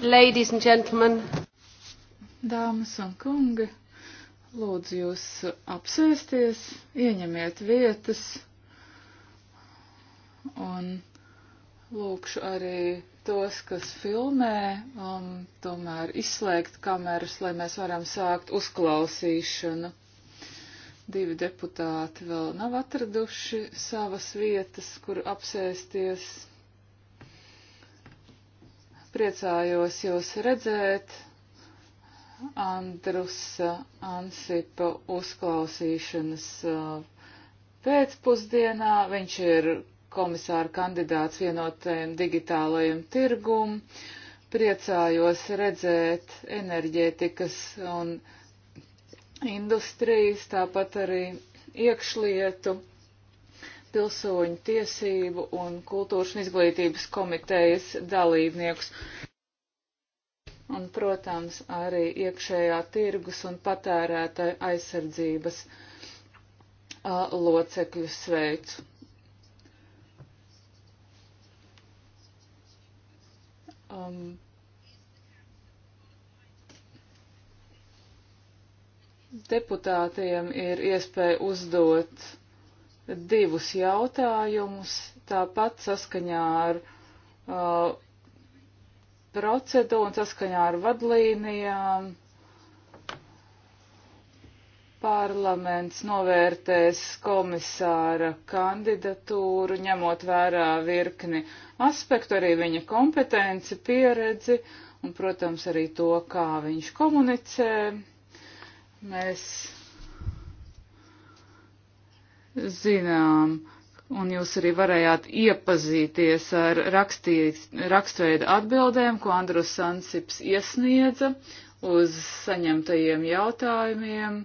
Ladies and gentlemen. Dāmas un kungi, lūdzu jūs apsēsties, ieņemiet vietas un lūkšu arī tos, kas filmē, um, tomēr izslēgt kameras, lai mēs varam sākt uzklausīšanu. Divi deputāti vēl nav atraduši savas vietas, kur apsēsties. Priecājos jūs redzēt. Andrusa uh, Ansipa uzklausīšanas uh, pēcpusdienā. Viņš ir komisāra kandidāts vienotajam digitālajam tirgum. Priecājos redzēt enerģētikas un industrijas, tāpat arī iekšlietu pilsoņu tiesību un kultūras un izglītības komitejas dalībniekus. Un, protams, arī iekšējā tirgus un patērētāju aizsardzības a, locekļu sveicu. Um, deputātiem ir iespēja uzdot divus jautājumus, tāpat saskaņā ar uh, procedūru un saskaņā ar vadlīnijām. Parlaments novērtēs komisāra kandidatūru, ņemot vērā virkni aspektu, arī viņa kompetenci, pieredzi un, protams, arī to, kā viņš komunicē. Mēs zinām, un jūs arī varējāt iepazīties ar rakstīs, rakstveida atbildēm, ko Andrus Sansips iesniedza uz saņemtajiem jautājumiem.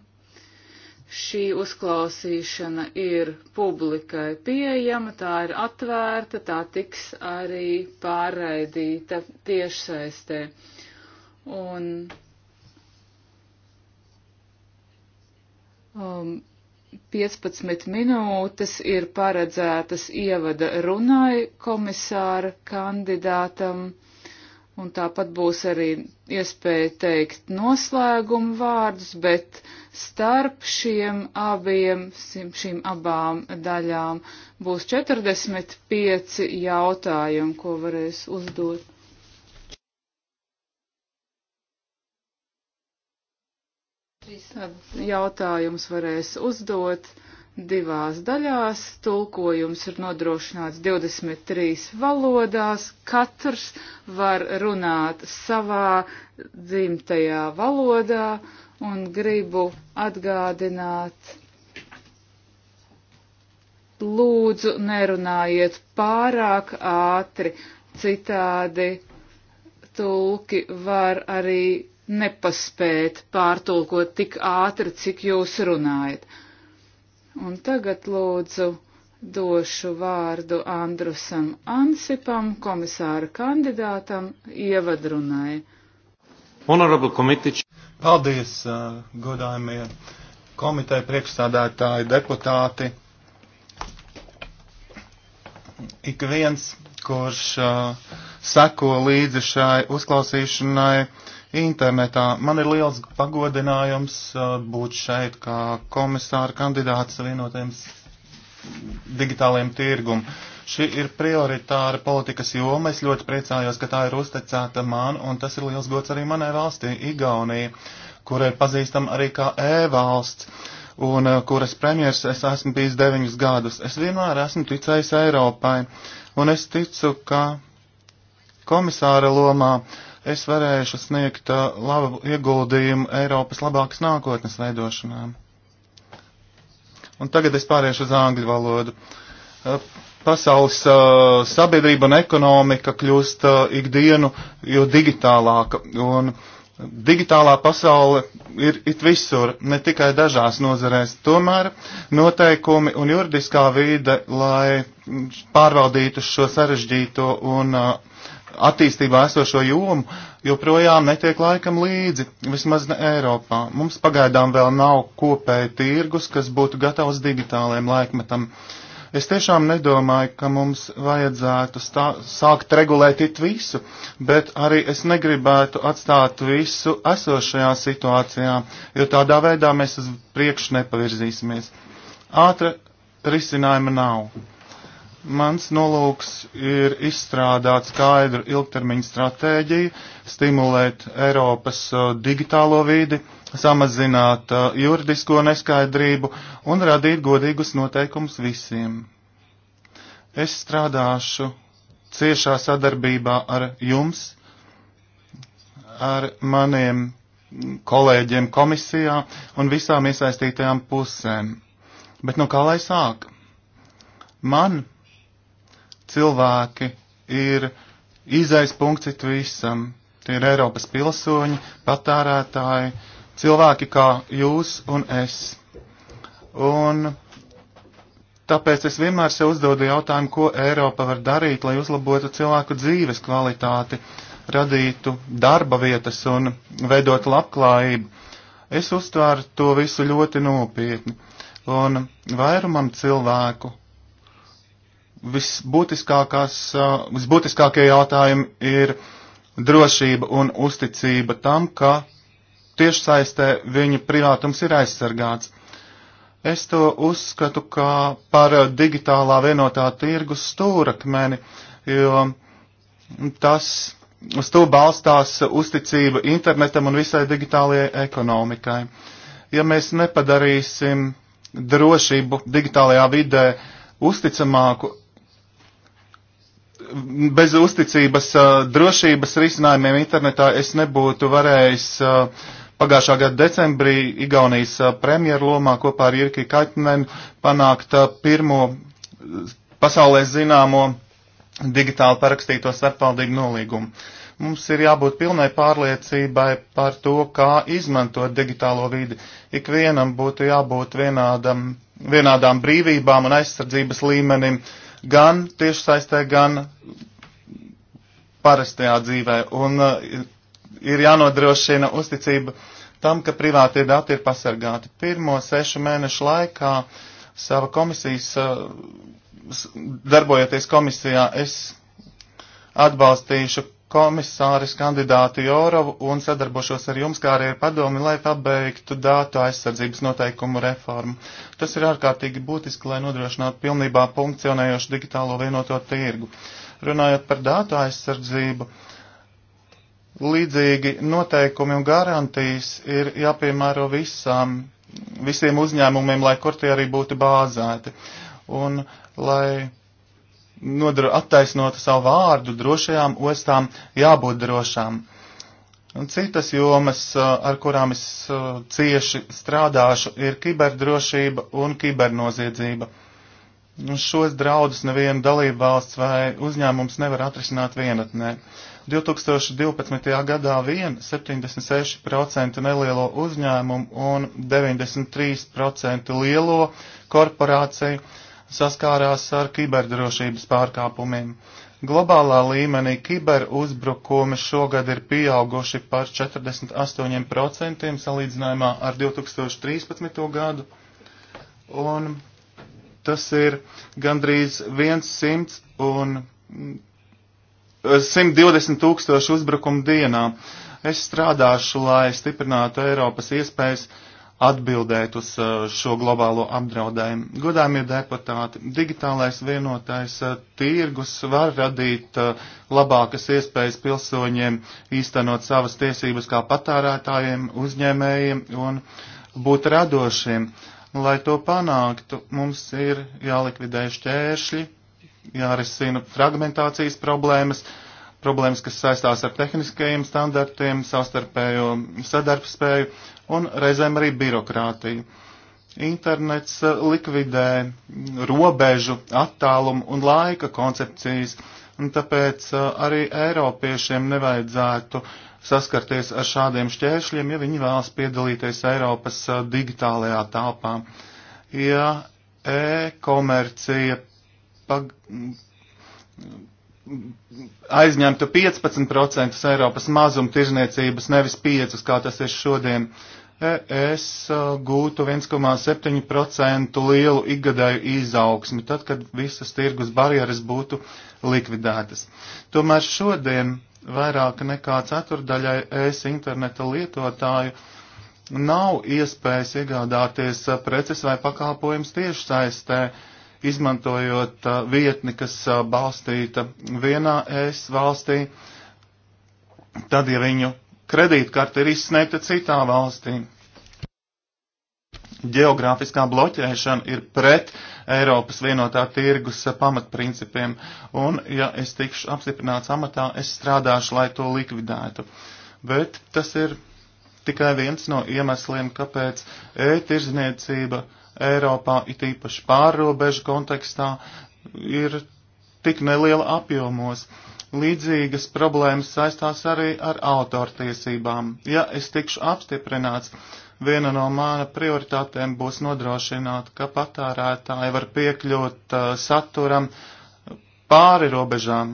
Šī uzklausīšana ir publikai pieejama, tā ir atvērta, tā tiks arī pārraidīta tiešsaistē. Un um, 15 minūtes ir paredzētas ievada runai komisāra kandidātam, un tāpat būs arī iespēja teikt noslēgumu vārdus, bet starp šiem abiem, šīm abām daļām būs 45 jautājumi, ko varēs uzdot. Tad jautājums varēs uzdot divās daļās. Tulkojums ir nodrošināts 23 valodās. Katrs var runāt savā dzimtajā valodā un gribu atgādināt. Lūdzu, nerunājiet pārāk ātri, citādi tulki var arī nepaspēt pārtulkot tik ātri, cik jūs runājat. Un tagad lūdzu došu vārdu Andrusam Ansipam, komisāra kandidātam, ievadrunai. Honorable Komitič. Paldies, uh, godājumie komiteja priekšstādātāji, deputāti. Ik viens, kurš uh, seko līdzi šai uzklausīšanai, uh, internetā. Man ir liels pagodinājums uh, būt šeit kā komisāra kandidāts vienotajiem digitāliem tirgum. Šī ir prioritāra politikas joma. Es ļoti priecājos, ka tā ir uzticēta man, un tas ir liels gods arī manai valstī, Igaunija, kura ir pazīstama arī kā e-valsts un uh, kuras premjers es esmu bijis deviņus gadus. Es vienmēr esmu ticējis Eiropai, un es ticu, ka komisāra lomā uh, es varēšu sniegt uh, labu ieguldījumu Eiropas labākas nākotnes veidošanām. Un tagad es pāriešu uz angļu valodu. Uh, pasaules uh, sabiedrība un ekonomika kļūst ikdienu jo digitālāka. Un, Digitālā pasaule ir it visur, ne tikai dažās nozarēs. Tomēr noteikumi un juridiskā vīde, lai pārvaldītu šo sarežģīto un uh, attīstībā esošo jomu joprojām netiek laikam līdzi, vismaz ne Eiropā. Mums pagaidām vēl nav kopēja tirgus, kas būtu gatavs digitālajiem laikmetam. Es tiešām nedomāju, ka mums vajadzētu stā, sākt regulēt it visu, bet arī es negribētu atstāt visu esošajā situācijā, jo tādā veidā mēs uz priekšu nepavirzīsimies. Ātra risinājuma nav Mans nolūks ir izstrādāt skaidru ilgtermiņu stratēģiju, stimulēt Eiropas uh, digitālo vīdi, samazināt uh, juridisko neskaidrību un radīt godīgus noteikumus visiem. Es strādāšu ciešā sadarbībā ar jums, ar maniem kolēģiem komisijā un visām iesaistītajām pusēm. Bet no nu kā lai sāk? Man cilvēki ir izaizpunkts it visam. Tie ir Eiropas pilsoņi, patērētāji, cilvēki kā jūs un es. Un tāpēc es vienmēr sev uzdodu jautājumu, ko Eiropa var darīt, lai uzlabotu cilvēku dzīves kvalitāti, radītu darba vietas un veidot labklājību. Es uztvēru to visu ļoti nopietni. Un vairumam cilvēku visbūtiskākie jautājumi ir drošība un uzticība tam, ka tiešsaistē viņa privātums ir aizsargāts. Es to uzskatu kā par digitālā vienotā tirgus stūrakmeni, jo tas uz to balstās uzticība internetam un visai digitālajai ekonomikai. Ja mēs nepadarīsim drošību digitālajā vidē uzticamāku, bez uzticības uh, drošības risinājumiem internetā es nebūtu varējis uh, pagājušā gada decembrī Igaunijas uh, premjerlomā kopā ar Irki Kaitnenu panākt uh, pirmo pasaulē zināmo digitāli parakstīto starpvaldību nolīgumu. Mums ir jābūt pilnai pārliecībai par to, kā izmantot digitālo vidi. Ikvienam būtu jābūt vienādam, vienādām brīvībām un aizsardzības līmenim. Uh, gan tiešsaistē, gan parastajā dzīvē. Un uh, ir jānodrošina uzticība tam, ka privātie dati ir pasargāti. Pirmo sešu mēnešu laikā sava komisijas, uh, darbojoties komisijā, es atbalstīšu komisāris kandidātu Jorovu un sadarbošos ar jums, kā arī ar padomi, lai pabeigtu dātu aizsardzības noteikumu reformu. Tas ir ārkārtīgi būtiski, lai nodrošinātu pilnībā funkcionējošu digitālo vienoto tirgu. Runājot par dātu aizsardzību, līdzīgi noteikumi un garantijas ir jāpiemēro visām, visiem uzņēmumiem, lai kur tie arī būtu bāzēti. Un lai nodro, attaisnotu savu vārdu, drošajām ostām jābūt drošām. Un citas jomas, ar kurām es cieši strādāšu, ir kiberdrošība un kibernoziedzība. Un nu, šos draudus neviena dalība valsts vai uzņēmums nevar atrisināt vienatnē. 2012. gadā vien 76% nelielo uzņēmumu un 93% lielo korporāciju saskārās ar kiberdrošības pārkāpumiem. Globālā līmenī kiberuzbrukumi šogad ir pieauguši par 48% salīdzinājumā ar 2013. gadu, un tas ir gandrīz 100 un 120 mm, tūkstoši uzbrukumu dienā. Es strādāšu, lai stiprinātu Eiropas iespējas uh, atbildēt uz uh, šo globālo apdraudējumu. Godāmie deputāti, digitālais vienotais uh, tirgus var radīt uh, labākas iespējas pilsoņiem īstenot savas tiesības kā patērētājiem, uzņēmējiem un būt radošiem. Lai to panāktu, mums ir jālikvidē šķēršļi, jārisina fragmentācijas problēmas, problēmas, kas saistās ar tehniskajiem standartiem, savstarpējo sadarbspēju un reizēm arī birokrātiju. Internets eh, likvidē robežu, attālumu un laika koncepcijas, un tāpēc eh, arī Eiropiešiem nevajadzētu saskarties ar šādiem šķēršļiem, ja viņi vēlas piedalīties Eiropas eh, digitālajā telpā. Ja e-komercija pag aizņemtu 15% Eiropas mazumtirzniecības, nevis 5%, kā tas ir šodien. Uh, ES eh, gūtu 1,7% lielu ikgadēju izaugsmi, tad, kad visas tirgus barjeras būtu likvidētas. Tomēr šodien vairāk nekā ceturdaļai ES interneta lietotāju nav iespējas iegādāties eh, preces vai pakalpojums tiešsaistē, izmantojot eh, vietni, kas balstīta vienā ES valstī, tad, ja viņu kredītkarte ir izsniegta citā valstī. Geogrāfiskā bloķēšana ir pret Eiropas vienotā tirgus pamatprincipiem, un, ja es tikšu apstiprināts amatā, es strādāšu, lai to likvidētu. Bet tas ir tikai viens no iemesliem, kāpēc e-tirzniecība Eiropā, it īpaši pārrobežu kontekstā, ir tik neliela apjomos. Uh, Līdzīgas problēmas saistās arī ar autortiesībām. Ja es tikšu apstiprināts, viena no mana prioritātēm būs nodrošināt, ka patērētāji var piekļūt uh, saturam pāri robežām.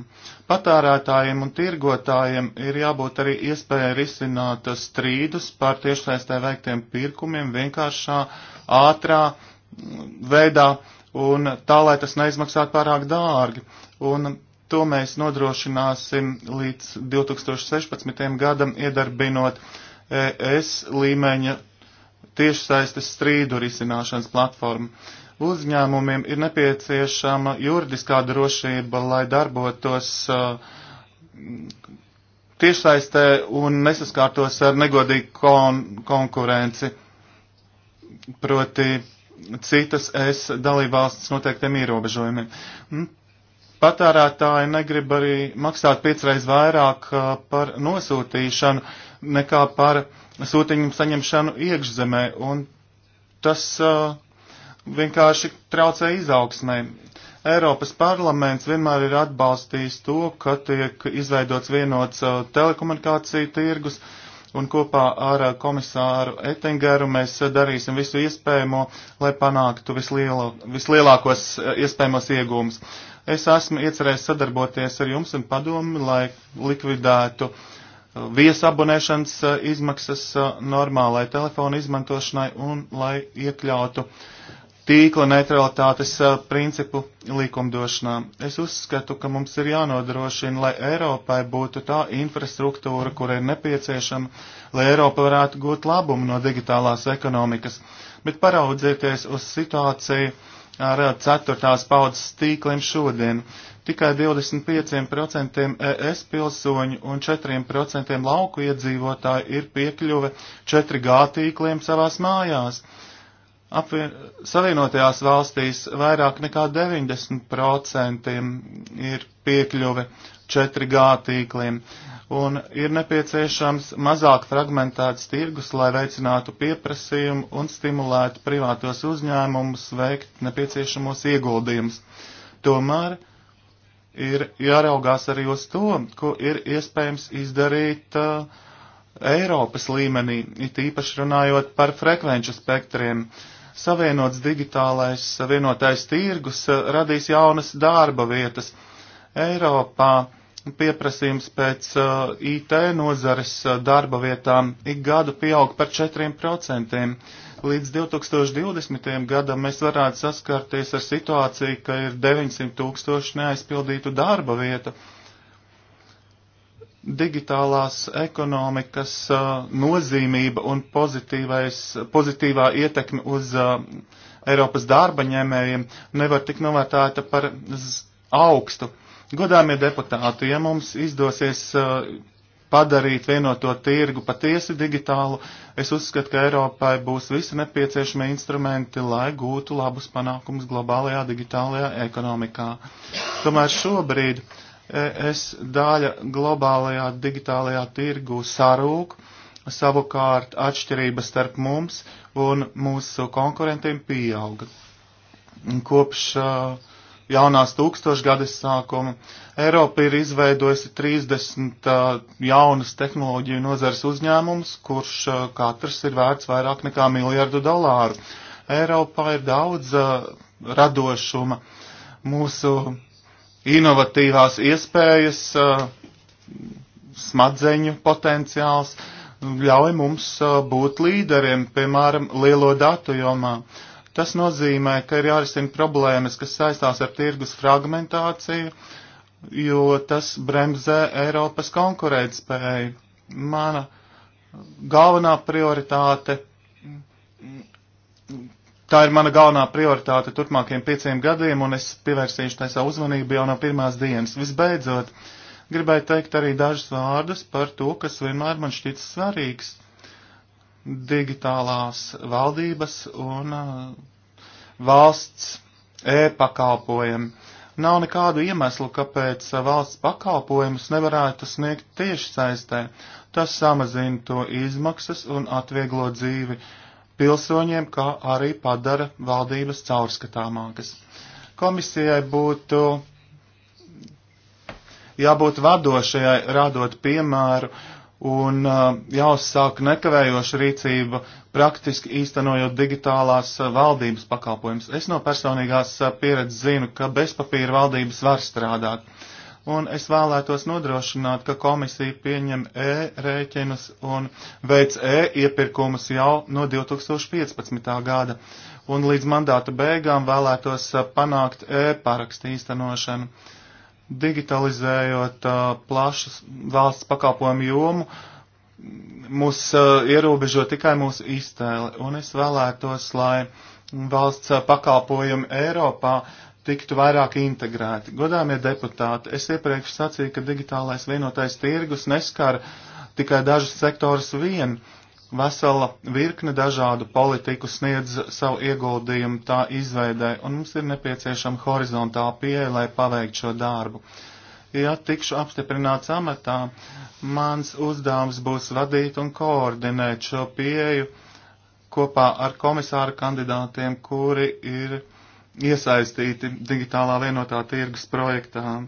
Patērētājiem un tirgotājiem ir jābūt arī iespēja risināt strīdus par tiešsaistē veiktiem pirkumiem vienkāršā, ātrā mm, veidā un tā, lai tas neizmaksātu pārāk dārgi. Un To mēs nodrošināsim līdz 2016. gadam, iedarbinot ES līmeņa tiešsaistes strīdu risināšanas platformu. Uzņēmumiem ir nepieciešama juridiskā drošība, lai darbotos uh, tiešsaistē un nesaskārtos ar negodīgu kon konkurenci, proti citas es dalībvalsts noteiktiem ierobežojumiem. Mm. Patērētāji negrib arī maksāt piecreiz vairāk uh, par nosūtīšanu nekā par sūtījumu saņemšanu iekšzemē, un tas uh, vienkārši traucē izaugsmē. Eiropas parlaments vienmēr ir atbalstījis to, ka tiek izveidots vienots uh, telekomunikāciju tirgus, un kopā ar uh, komisāru Ettingeru mēs darīsim visu iespējamo, lai panāktu vislielo, vislielākos iespējamos iegūmus. Es esmu iecerējis sadarboties ar jums un padomu, lai likvidētu uh, viesabonēšanas uh, izmaksas uh, normālai telefonu izmantošanai un lai iekļautu tīkla neutralitātes principu likumdošanā. Es uzskatu, ka mums ir jānodrošina, lai Eiropai būtu tā infrastruktūra, kura ir nepieciešama, lai Eiropa varētu gūt labumu no digitālās ekonomikas. Bet paraudzieties uz situāciju, ar ceturtās paudzes tīkliem šodien. Tikai 25% ES pilsoņu un 4% lauku iedzīvotāji ir piekļuve 4G tīkliem savās mājās. Apvien, savienotajās valstīs vairāk nekā 90% ir piekļuve 4G tīkliem. Un ir nepieciešams mazāk fragmentēts tirgus, lai veicinātu pieprasījumu un stimulētu privātos uzņēmumus veikt nepieciešamos ieguldījumus. Tomēr ir jāraugās arī uz to, ko ir iespējams izdarīt uh, Eiropas līmenī, it īpaši runājot par frekvenču spektriem. Savienots digitālais, savienotais tirgus uh, radīs jaunas darba vietas. Eiropā pieprasījums pēc uh, IT nozares uh, darba vietām ik gadu pieaug par 4%. Līdz 2020. gadam mēs varētu saskarties ar situāciju, ka ir 900 tūkstoši neaizpildītu darba vietu. Digitālās ekonomikas uh, nozīmība un pozitīvā ietekme uz uh, Eiropas darba ņēmējiem nevar tik novērtēta par augstu. Uh, Godāmie deputāti, ja mums izdosies uh, padarīt vienoto tirgu patiesi digitālu, es uzskatu, ka Eiropai būs visi nepieciešamie instrumenti, lai gūtu labus panākumus globālajā digitālajā ekonomikā. Tomēr šobrīd e, es daļa globālajā digitālajā tirgu sarūk, savukārt atšķirība starp mums un mūsu konkurentiem pieauga. Kopš uh, jaunās tūkstošgades sākuma, Eiropa ir izveidojusi 30 uh, jaunas tehnoloģiju nozars uzņēmums, kurš uh, katrs ir vērts vairāk nekā miljardu dolāru. Eiropā ir daudz uh, radošuma. Mūsu inovatīvās iespējas, smadzeņu potenciāls ļauj mums būt līderiem, piemēram, lielo datu jomā. Uh, Tas nozīmē, ka ir jārisina problēmas, kas saistās ar tirgus fragmentāciju, jo tas bremzē Eiropas konkurētspēju. Mana galvenā prioritāte, tā ir mana galvenā prioritāte turpmākajiem pieciem gadiem, un es pievērsīšu tai savu uzmanību jau no pirmās dienas. Visbeidzot, gribēju teikt arī dažus vārdus par to, kas vienmēr man šķiet svarīgs digitālās valdības un uh, valsts e-pakalpojumi. Nav nekādu iemeslu, kāpēc uh, valsts pakalpojumus nevarētu sniegt tieši saistē. Tas samazina to izmaksas un atvieglo dzīvi pilsoņiem, kā arī padara valdības caurskatāmākas. Komisijai būtu jābūt vadošajai, radot piemēru uh, un uh, jāuzsāk nekavējoša rīcība, praktiski īstenojot digitālās uh, valdības pakalpojumus. Es no personīgās uh, pieredzes zinu, ka bez papīra valdības var strādāt. Un es vēlētos nodrošināt, ka komisija pieņem e-rēķinus un veic e-iepirkumus jau no 2015. gada. Un līdz mandāta beigām vēlētos panākt e-parakstu īstenošanu digitalizējot uh, plašu valsts pakalpojumu jomu, mūs uh, ierobežo tikai mūsu iztēle. Un es vēlētos, lai valsts uh, pakalpojumi Eiropā tiktu vairāk integrēti. Godāmie deputāti, es iepriekš sacīju, ka digitālais vienotais tirgus neskar tikai dažus sektorus vienu vesela virkne dažādu politiku sniedz savu ieguldījumu tā izveidē, un mums ir nepieciešama horizontāla pieeja, lai paveiktu šo darbu. Ja tikšu apstiprināts amatā, mans uzdevums būs vadīt un koordinēt šo pieeju kopā ar komisāru kandidātiem, kuri ir iesaistīti digitālā vienotā tirgus projektā.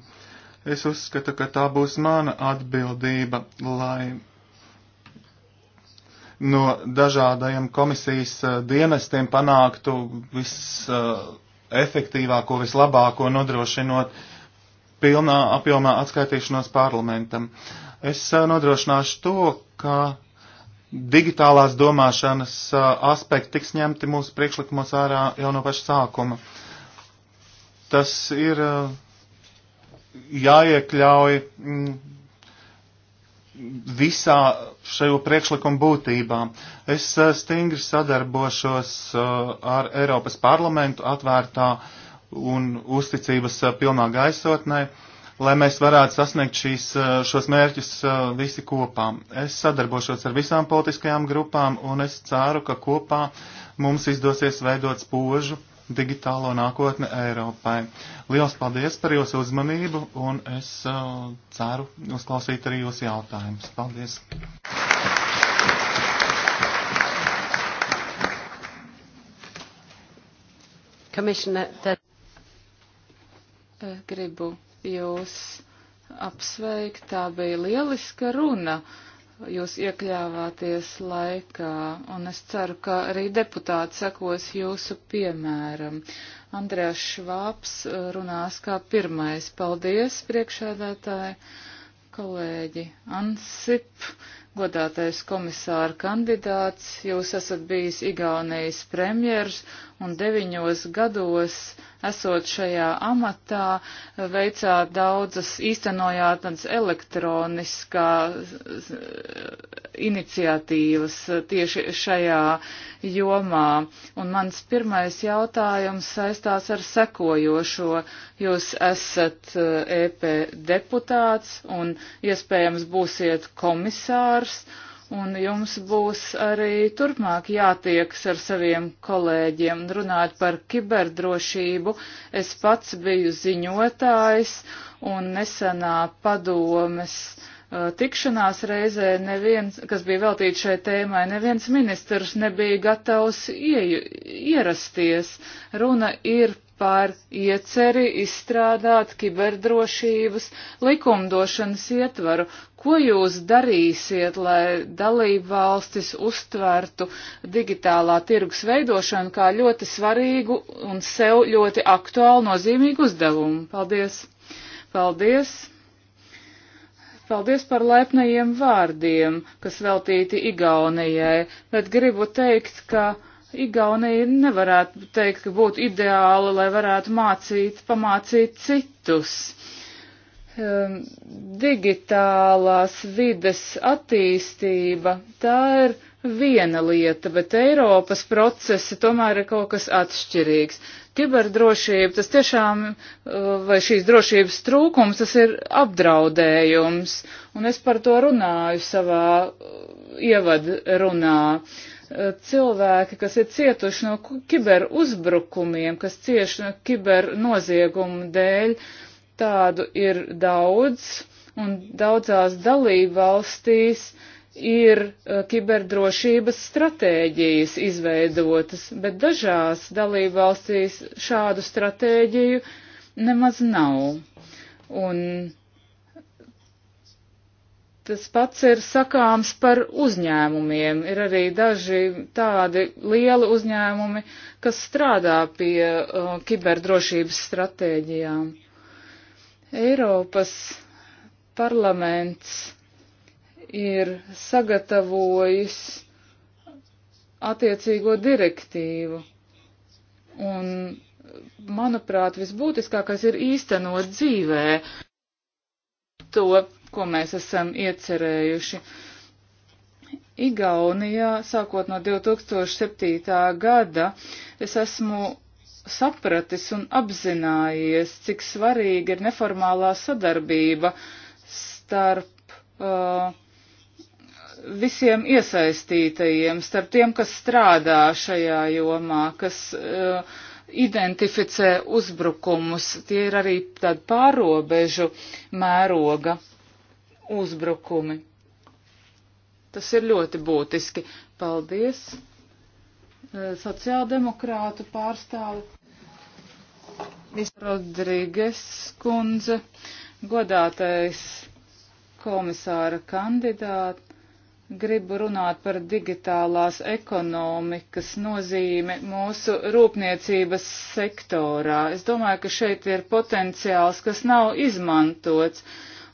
Es uzskatu, ka tā būs mana atbildība, lai no dažādajiem komisijas eh, dienestiem panāktu visefektīvāko, vislabāko nodrošinot pilnā apjomā atskaitīšanos parlamentam. Es eh, nodrošināšu to, ka digitālās domāšanas eh, aspekti tiks ņemti mūsu priekšlikumos ārā jau no paša sākuma. Tas ir jāiekļauj mm, visā šajā priekšlikuma būtībā. Es eh, stingri sadarbošos eh, ar Eiropas parlamentu atvērtā un uzticības eh, pilnā gaisotnē, lai mēs varētu sasniegt šīs, šos mērķus visi kopā. Es sadarbošos ar visām politiskajām grupām un es ceru, ka kopā mums izdosies veidot spožu digitālo nākotni Eiropai. Lielas paldies par jūsu uzmanību un es uh, ceru uzklausīt arī jūsu jautājumus. Paldies! Eh, gribu jūs apsveikt, tā bija lieliska runa. Uh, jūs iekļāvāties laikā, un es ceru, ka arī deputāti sekos jūsu piemēram. Andrēs Švāps runās kā pirmais. Paldies, priekšēdētāji, kolēģi Ansip, godātais komisāra kandidāts. Jūs esat bijis Igaunijas premjers, un deviņos gados esot šajā amatā, veicāt daudzas, īstenojāt tādas elektroniskā iniciatīvas tieši šajā jomā. Un mans pirmais jautājums saistās ar sekojošo. Jūs esat EP eh, e deputāts un iespējams būsiet komisārs. Uh, un jums būs arī turpmāk jātieks ar saviem kolēģiem runāt par kiberdrošību. Es pats biju ziņotājs un nesenā padomes uh, tikšanās reizē neviens, kas bija veltīts šai tēmai, neviens ministrs nebija gatavs ie, ierasties. Runa ir par ieceri izstrādāt kiberdrošības likumdošanas ietvaru. Ko jūs darīsiet, lai dalību valstis uztvertu digitālā tirgus veidošanu kā ļoti svarīgu un sev ļoti aktuālu nozīmīgu uzdevumu? Paldies! Paldies! Paldies par laipnajiem vārdiem, kas veltīti Igaunijai, bet gribu teikt, ka Igaunija nevarētu teikt, ka būtu ideāla, lai varētu mācīt, pamācīt citus. Um, digitālās vides attīstība, tā ir viena lieta, bet Eiropas procesi tomēr ir kaut kas atšķirīgs. Kiberdrošība, tas tiešām, eh, vai šīs drošības trūkums, tas ir apdraudējums, un es par to runāju savā eh, ievadrunā. runā E, cilvēki, kas ir cietuši no kiber uzbrukumiem, kas cieši no kiber noziegumu dēļ, tādu ir daudz, un daudzās dalībvalstīs ir e, kiberdrošības stratēģijas izveidotas, bet dažās dalībvalstīs šādu stratēģiju nemaz nav. Un Tas pats ir sakāms par uzņēmumiem. Ir arī daži tādi lieli uzņēmumi, kas strādā pie uh, kiberdrošības stratēģijām. Eiropas parlaments ir sagatavojis attiecīgo direktīvu. Un, manuprāt, visbūtiskākais ir īstenot dzīvē to, ko mēs esam iecerējuši. Igaunijā, sākot no 2007. gada, es esmu sapratis un apzinājies, cik svarīga ir neformālā sadarbība starp uh, visiem iesaistītajiem, starp tiem, kas strādā šajā jomā, kas uh, identificē uzbrukumus. Tie ir arī tādi pārobežu mēroga uzbrukumi. Tas ir ļoti būtiski. Paldies! E, sociāldemokrātu pārstāvi. Rodrīgas kundze, godātais komisāra kandidāti gribu runāt par digitālās ekonomikas nozīmi mūsu rūpniecības sektorā. Es domāju, ka šeit ir potenciāls, kas nav izmantots,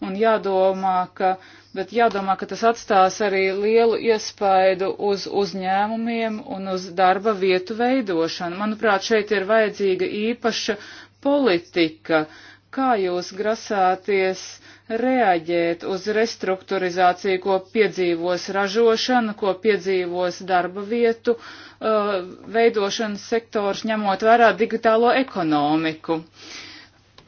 un jādomā, ka, bet jādomā, ka tas atstās arī lielu iespaidu uz uzņēmumiem un uz darba vietu veidošanu. Manuprāt, šeit ir vajadzīga īpaša politika. Uh, Kā jūs grasāties reaģēt uz restruktūrizāciju, ko piedzīvos ražošana, ko piedzīvos darba vietu uh, veidošanas sektors, ņemot vērā digitālo ekonomiku?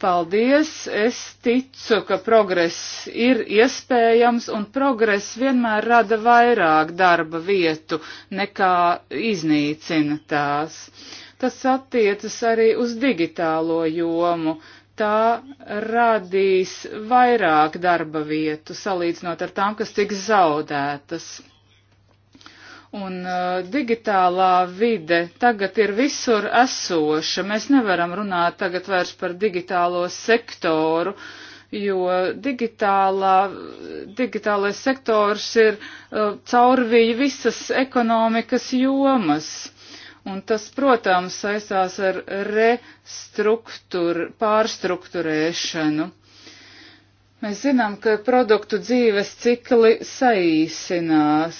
Paldies! Es ticu, ka progress ir iespējams, un progress vienmēr rada vairāk darba vietu nekā iznīcina tās. Tas attiecas arī uz digitālo jomu tā radīs vairāk darba vietu salīdzinot ar tām, kas tiks zaudētas. Un uh, digitālā vide tagad ir visur esoša. Mēs nevaram runāt tagad vairs par digitālo sektoru, jo digitālā, digitālais sektors ir uh, caurvīja visas ekonomikas jomas un tas, protams, saistās ar restruktur, pārstrukturēšanu. Mēs zinām, ka produktu dzīves cikli saīsinās.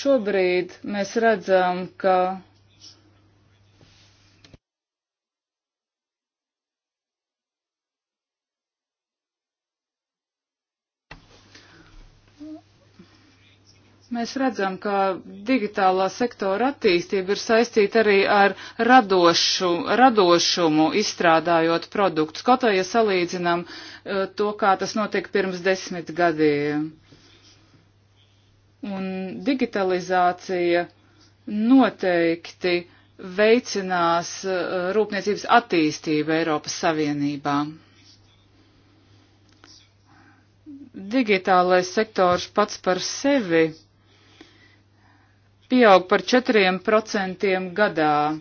Šobrīd mēs redzam, ka Mēs redzam, ka digitālā sektora attīstība ir saistīta arī ar radošu, radošumu, izstrādājot produktus, kaut vai ja salīdzinām e, to, kā tas notiek pirms desmit gadiem. Un digitalizācija noteikti veicinās e, rūpniecības attīstību Eiropas Savienībā. Digitālais sektors pats par sevi pieaug par 4% gadā.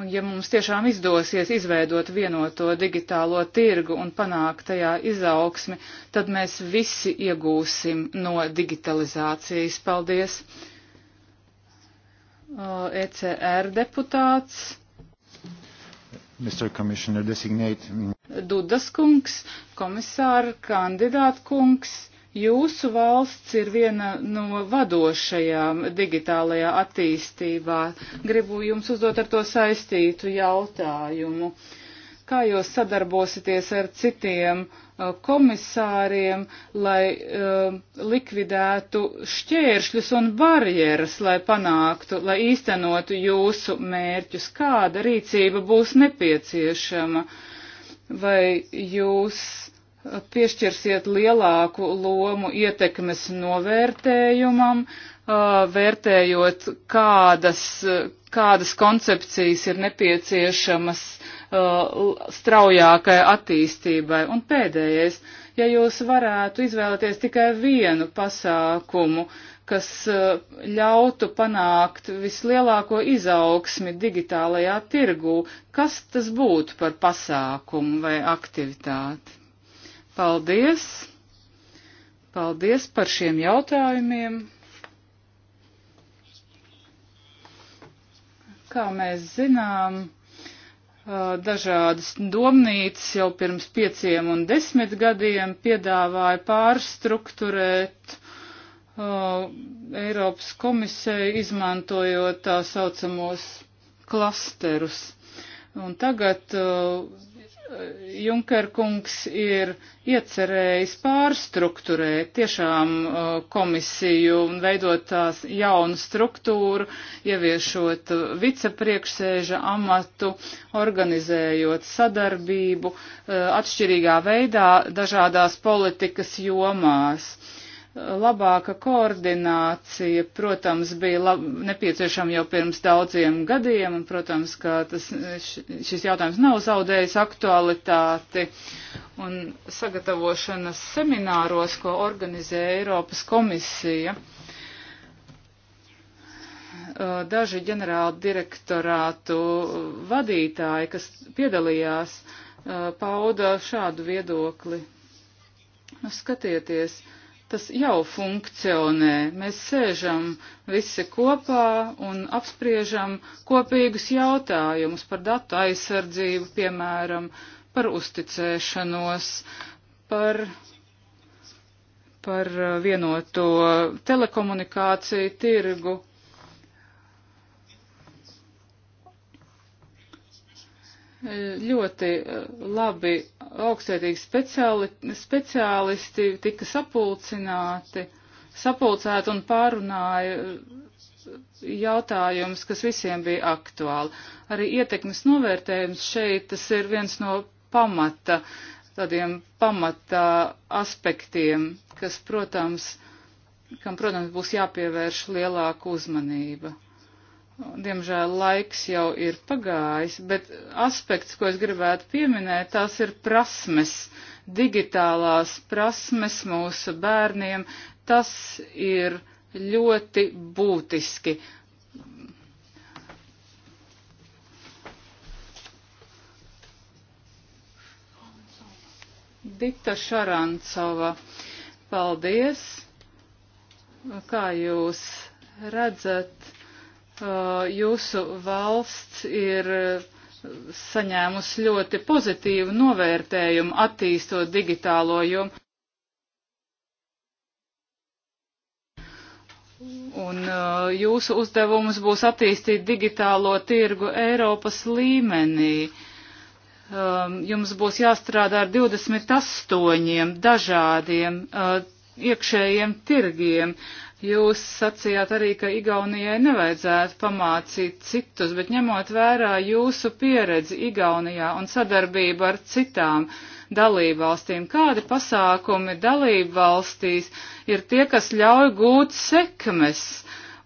Un ja mums tiešām izdosies izveidot vienoto digitālo tirgu un panākt tajā izaugsmi, tad mēs visi iegūsim no digitalizācijas. Paldies! ECR deputāts. Dudas kungs, komisāra kandidāta kungs Jūsu valsts ir viena no vadošajām digitālajā attīstībā. Gribu jums uzdot ar to saistītu jautājumu. Kā jūs sadarbosieties ar citiem uh, komisāriem, lai uh, likvidētu šķēršļus un barjeras, lai panāktu, lai īstenotu jūsu mērķus? Kāda rīcība būs nepieciešama? Vai jūs piešķirsiet lielāku lomu ietekmes novērtējumam, vērtējot, kādas, kādas koncepcijas ir nepieciešamas straujākai attīstībai. Un pēdējais, ja jūs varētu izvēlēties tikai vienu pasākumu, kas ļautu panākt vislielāko izaugsmi digitālajā tirgū, kas tas būtu par pasākumu vai aktivitāti? Paldies! Paldies par šiem jautājumiem! Kā mēs zinām, dažādas domnīcas jau pirms pieciem un desmit gadiem piedāvāja pārstruktūrēt uh, Eiropas komisiju, izmantojot tā saucamos klasterus. Un tagad uh, Junkerkungs ir iecerējis pārstruktūrēt tiešām uh, komisiju un veidot tās jaunu struktūru, ieviešot vicepriekšsēža amatu, organizējot sadarbību uh, atšķirīgā veidā dažādās politikas jomās labāka koordinācija, protams, bija lab, nepieciešama jau pirms daudziem gadiem, un, protams, ka tas, šis jautājums nav zaudējis aktualitāti, un sagatavošanas semināros, ko organizē Eiropas komisija, daži ģenerāla direktorātu vadītāji, kas piedalījās, pauda šādu viedokli. Nu, skatieties, uh, Tas jau funkcionē. Mēs sēžam visi kopā un apspriežam kopīgus jautājumus par datu aizsardzību, piemēram, par uzticēšanos, par, par vienoto telekomunikāciju tirgu ļoti eh, labi augstsvērtīgi speciāli, speciālisti tika sapulcināti, sapulcēti un pārunāja eh, jautājums, kas visiem bija aktuāli. Arī ietekmes novērtējums šeit, tas ir viens no pamata, tādiem pamata aspektiem, kas, protams, kam, protams, būs jāpievērš lielāka uzmanība. Diemžēl laiks jau ir pagājis, bet aspekts, ko es gribētu pieminēt, tās ir prasmes, digitālās prasmes mūsu bērniem. Tas ir ļoti būtiski. Dita Šarancova, paldies! Kā jūs redzat? jūsu valsts ir eh, saņēmusi ļoti pozitīvu novērtējumu attīstot digitālo jomu. Un eh, jūsu uzdevums būs attīstīt digitālo tirgu Eiropas līmenī. Um, jums būs jāstrādā ar 28 dažādiem uh, iekšējiem tirgiem. Jūs sacījāt arī, ka Igaunijai nevajadzētu pamācīt citus, bet ņemot vērā jūsu pieredzi Igaunijā un sadarbību ar citām dalībvalstīm, kādi pasākumi dalībvalstīs ir tie, kas ļauj gūt sekmes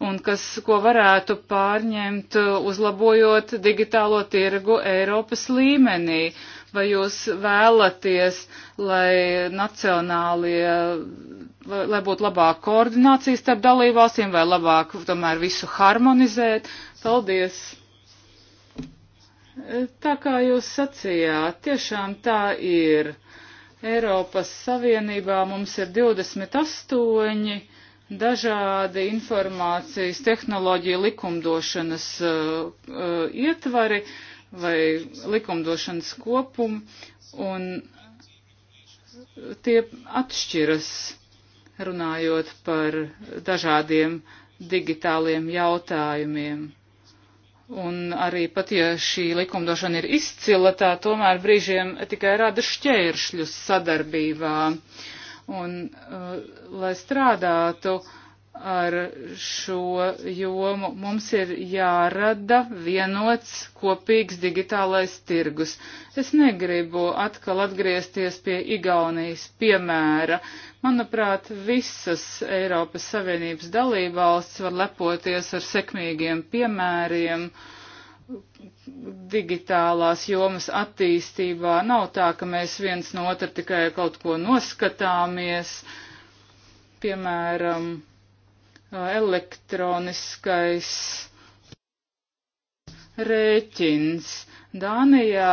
un kas, ko varētu pārņemt, uzlabojot digitālo tirgu Eiropas līmenī? Vai jūs vēlaties, lai nacionālie lai būtu labāka koordinācija starp dalībvalstīm vai labāk tomēr visu harmonizēt. Paldies! Tā kā jūs sacījāt, tiešām tā ir. Eiropas Savienībā mums ir 28 dažādi informācijas tehnoloģija likumdošanas uh, uh, ietvari vai likumdošanas kopumi, un tie atšķiras runājot par dažādiem digitāliem jautājumiem. Un arī pat, ja šī likumdošana ir izcila, tā tomēr brīžiem tikai rada šķēršļus sadarbībā. Un, uh, lai strādātu uh, ar šo jomu. Mums ir jārada vienots kopīgs digitālais tirgus. Es negribu atkal atgriezties pie Igaunijas piemēra. Manuprāt, visas Eiropas Savienības dalībvalsts var lepoties ar sekmīgiem piemēriem digitālās jomas attīstībā. Nav tā, ka mēs viens no otra tikai kaut ko noskatāmies. Piemēram, elektroniskais rēķins. Dānijā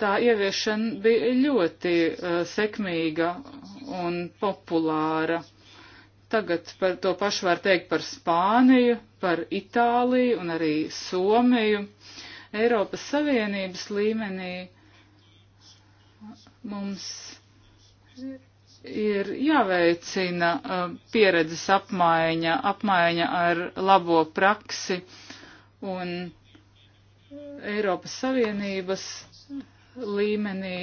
tā ieviešana bija ļoti uh, sekmīga un populāra. Tagad par to pašu var teikt par Spāniju, par Itāliju un arī Somiju. Eiropas Savienības līmenī mums ir jāveicina uh, pieredzes apmaiņa, apmaiņa ar labo praksi un Eiropas Savienības līmenī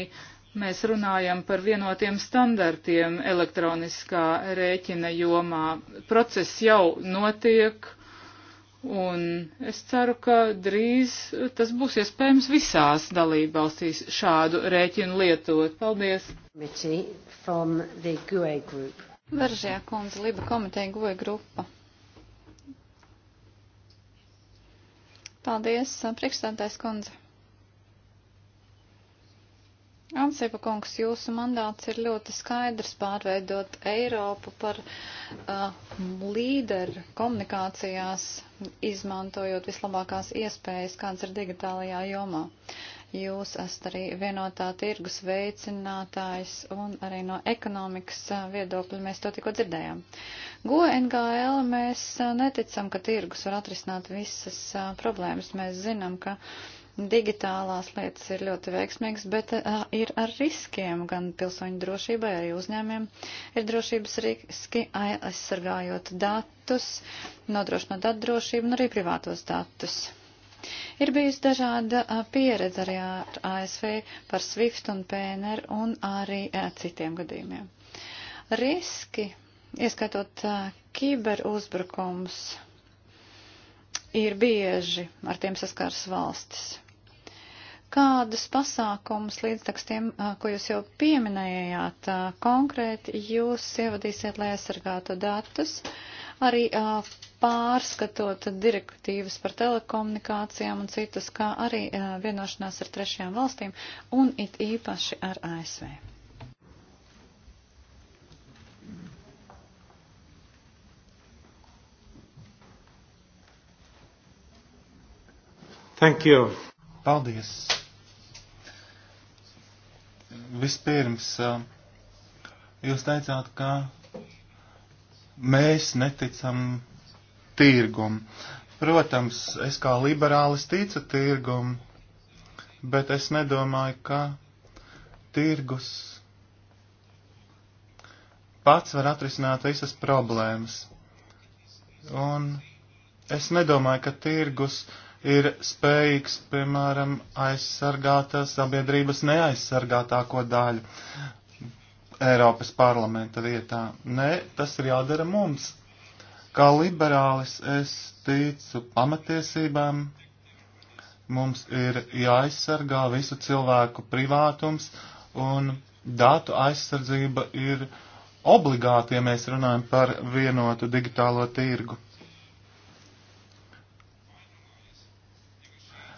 mēs runājam par vienotiem standartiem elektroniskā rēķina jomā. Process jau notiek Un es ceru, ka drīz tas būs iespējams visās dalībvalstīs šādu rēķinu lietot. Paldies! E Veržjā kundze, Liba komiteja Goja e grupa. Paldies, priekšstādājs kundze. Ansipa kungs, jūsu mandāts ir ļoti skaidrs pārveidot Eiropu par uh, līderu komunikācijās, izmantojot vislabākās iespējas, kādas ir digitālajā jomā. Jūs esat arī vienotā tirgus veicinātājs un arī no ekonomikas uh, viedokļa mēs to tikko dzirdējām. Go NGL mēs uh, neticam, ka tirgus var atrisināt visas uh, problēmas. Mēs zinām, ka. Uh, digitālās lietas ir ļoti veiksmīgas, bet uh, ir ar riskiem gan pilsoņu drošībai, arī uzņēmiem. Ir drošības riski aizsargājot datus, nodrošinot datu drošību un arī privātos datus. Ir bijusi dažāda pieredze arī ar ASV par SWIFT un PNR un arī citiem gadījumiem. Riski, ieskaitot kiberuzbrukums, ir bieži, ar tiem saskars valstis. Kādus pasākumus līdztaks tiem, ko jūs jau pieminējāt, konkrēti jūs ievadīsiet, lai aizsargātu datus, arī pārskatot direktīvas par telekomunikācijām un citus, kā arī vienošanās ar trešajām valstīm un it īpaši ar ASV? Thank you. Paldies! Vispirms, jūs teicāt, ka mēs neticam tirgumu. Protams, es kā liberālis ticu tirgumu, bet es nedomāju, ka tirgus pats var atrisināt visas problēmas. Un es nedomāju, ka tirgus uh, ir spējīgs, piemēram, aizsargāt sabiedrības neaizsargātāko daļu Eiropas parlamenta vietā. Nē, tas ir jādara mums. Kā liberālis es ticu pamatiesībām. Mums ir jāaizsargā visu cilvēku privātums un datu aizsardzība ir obligāti, ja mēs runājam par vienotu digitālo tirgu.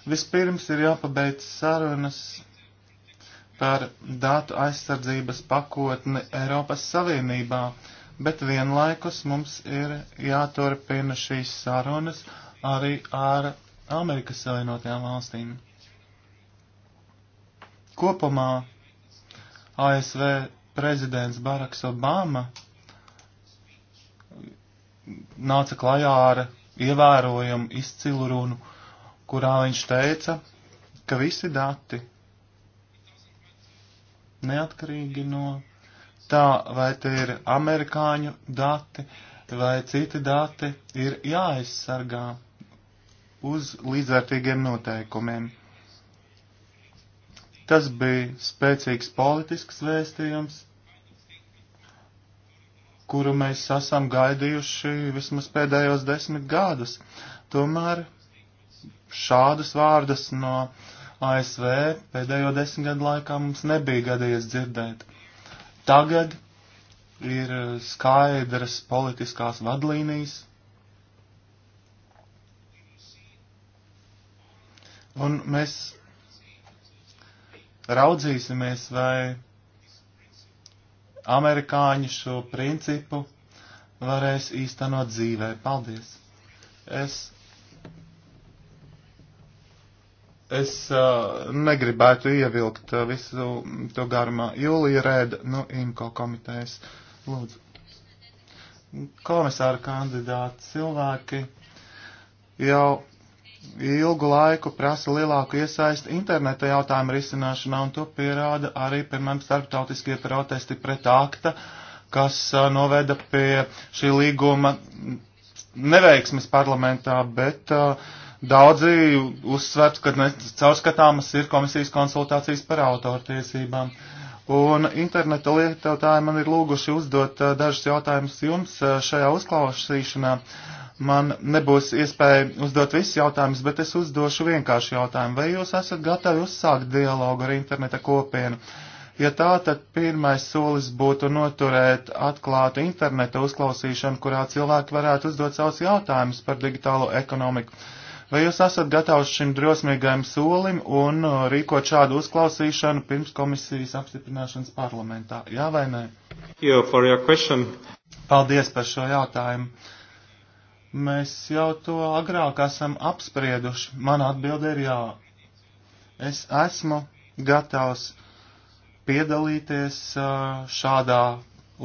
Vispirms ir jāpabeidz sarunas par datu aizsardzības pakotni Eiropas Savienībā, bet vienlaikus mums ir jāturpina šīs sarunas arī ar Amerikas Savienotajām valstīm. Kopumā ASV prezidents Baraks Obama nāca klajā ar ievērojumu izcilu runu kurā viņš teica, ka visi dati, neatkarīgi no tā, vai tie ir amerikāņu dati vai citi dati, ir jāaizsargā uz līdzvērtīgiem noteikumiem. Tas bija spēcīgs politisks vēstījums, kuru mēs esam gaidījuši vismaz pēdējos desmit gadus. Tomēr šādus vārdus no ASV pēdējo desmit gadu laikā mums nebija gadījies dzirdēt. Tagad ir skaidras politiskās vadlīnijas. Un mēs raudzīsimies, vai amerikāņi šo principu varēs īstenot dzīvē. Paldies! Es Es uh, negribētu ievilkt uh, visu to garumā. Jūlija Rēda no nu, IMCO komitejas. Lūdzu. Komisāra kandidāti cilvēki jau ilgu laiku prasa lielāku iesaisti interneta jautājumu risināšanā, un to pierāda arī, piemēram, starptautiskie protesti pret akta, kas uh, noveda pie šī līguma neveiksmes parlamentā, bet uh, Daudzi uzsver, ka caurskatāmas ir komisijas konsultācijas par autortiesībām. Un interneta lietotāji man ir lūguši uzdot uh, dažus jautājumus jums uh, šajā uzklausīšanā. Man nebūs iespēja uzdot visus jautājumus, bet es uzdošu vienkāršu jautājumu. Vai jūs esat gatavi uzsākt dialogu ar interneta kopienu? Ja tā, tad pirmais solis būtu noturēt atklātu interneta uzklausīšanu, kurā cilvēki varētu uzdot savus jautājumus par digitālo ekonomiku Vai jūs esat gatavs šim drosmīgajam solim un uh, rīkot šādu uzklausīšanu pirms komisijas apstiprināšanas parlamentā? Jā vai nē? You Paldies par šo jautājumu. Mēs jau to agrāk esam apsprieduši. Mana atbilde ir jā. Es esmu gatavs piedalīties uh, šādā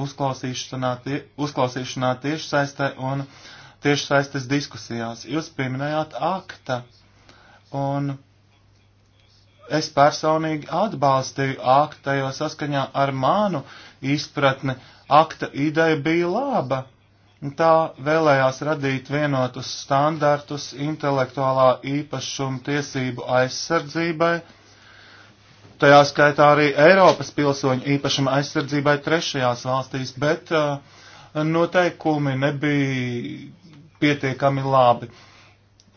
uzklausīšanā, tie, uzklausīšanā tiešsaistē un uh, tiešsaistes diskusijās. Jūs pieminējāt akta, un es personīgi atbalstīju akta, jo saskaņā ar manu izpratni akta ideja bija laba. Tā vēlējās radīt vienotus standartus intelektuālā īpašuma tiesību aizsardzībai, tajā skaitā arī Eiropas pilsoņu īpašuma aizsardzībai trešajās valstīs, bet uh, noteikumi nebija pietiekami labi.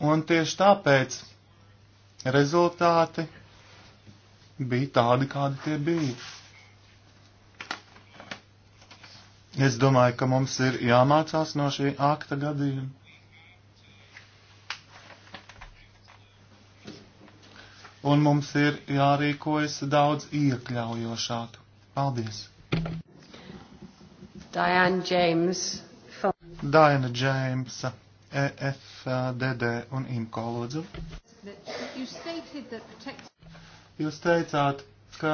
Un tieši tāpēc rezultāti bija tādi, kādi tie bija. Es domāju, ka mums ir jāmācās no šī akta gadījuma. Un mums ir jārīkojas daudz iekļaujošāk. Paldies! Diane James. Daina Džeimsa, EFDD un IMCO lūdzu. Jūs teicāt, ka.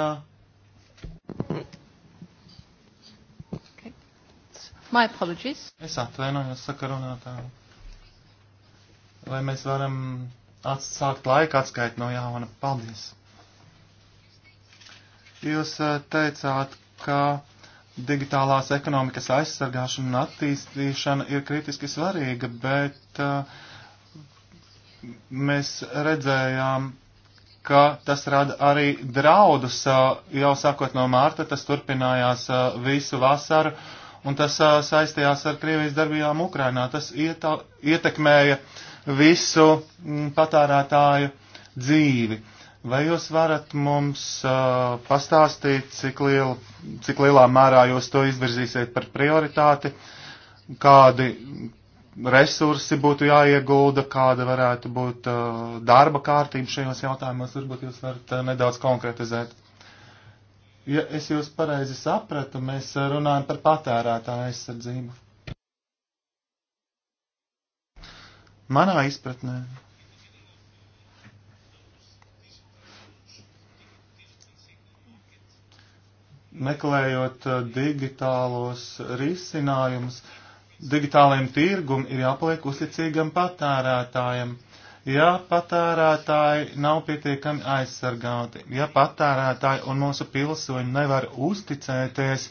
Okay. My apologies. Es atvainojos sakarunātāju. Vai mēs varam atsākt laika atskaitu no jauna? Paldies. Jūs eh, teicāt, ka digitālās ekonomikas aizsargāšana un attīstīšana ir kritiski svarīga, bet uh, mēs redzējām, ka tas rada arī draudus. Uh, jau sākot no mārta tas turpinājās uh, visu vasaru, un tas uh, saistījās ar Krievijas darbībām Ukrainā. Tas ieta, ietekmēja visu m, mm, patērētāju dzīvi. Vai jūs varat mums uh, pastāstīt, cik, liel, cik lielā mērā jūs to izvirzīsiet par prioritāti, kādi resursi būtu jāiegulda, kāda varētu būt uh, darba kārtība šajos jautājumos, varbūt jūs varat uh, nedaudz konkretizēt? Ja es jūs pareizi sapratu, mēs uh, runājam par patērētāju aizsardzību. Manā izpratnē. meklējot eh, digitālos risinājumus, digitāliem tirgum ir jāpaliek uzticīgam patērētājiem. Ja patērētāji nav pietiekami aizsargāti, ja patērētāji un mūsu pilsoņi nevar uzticēties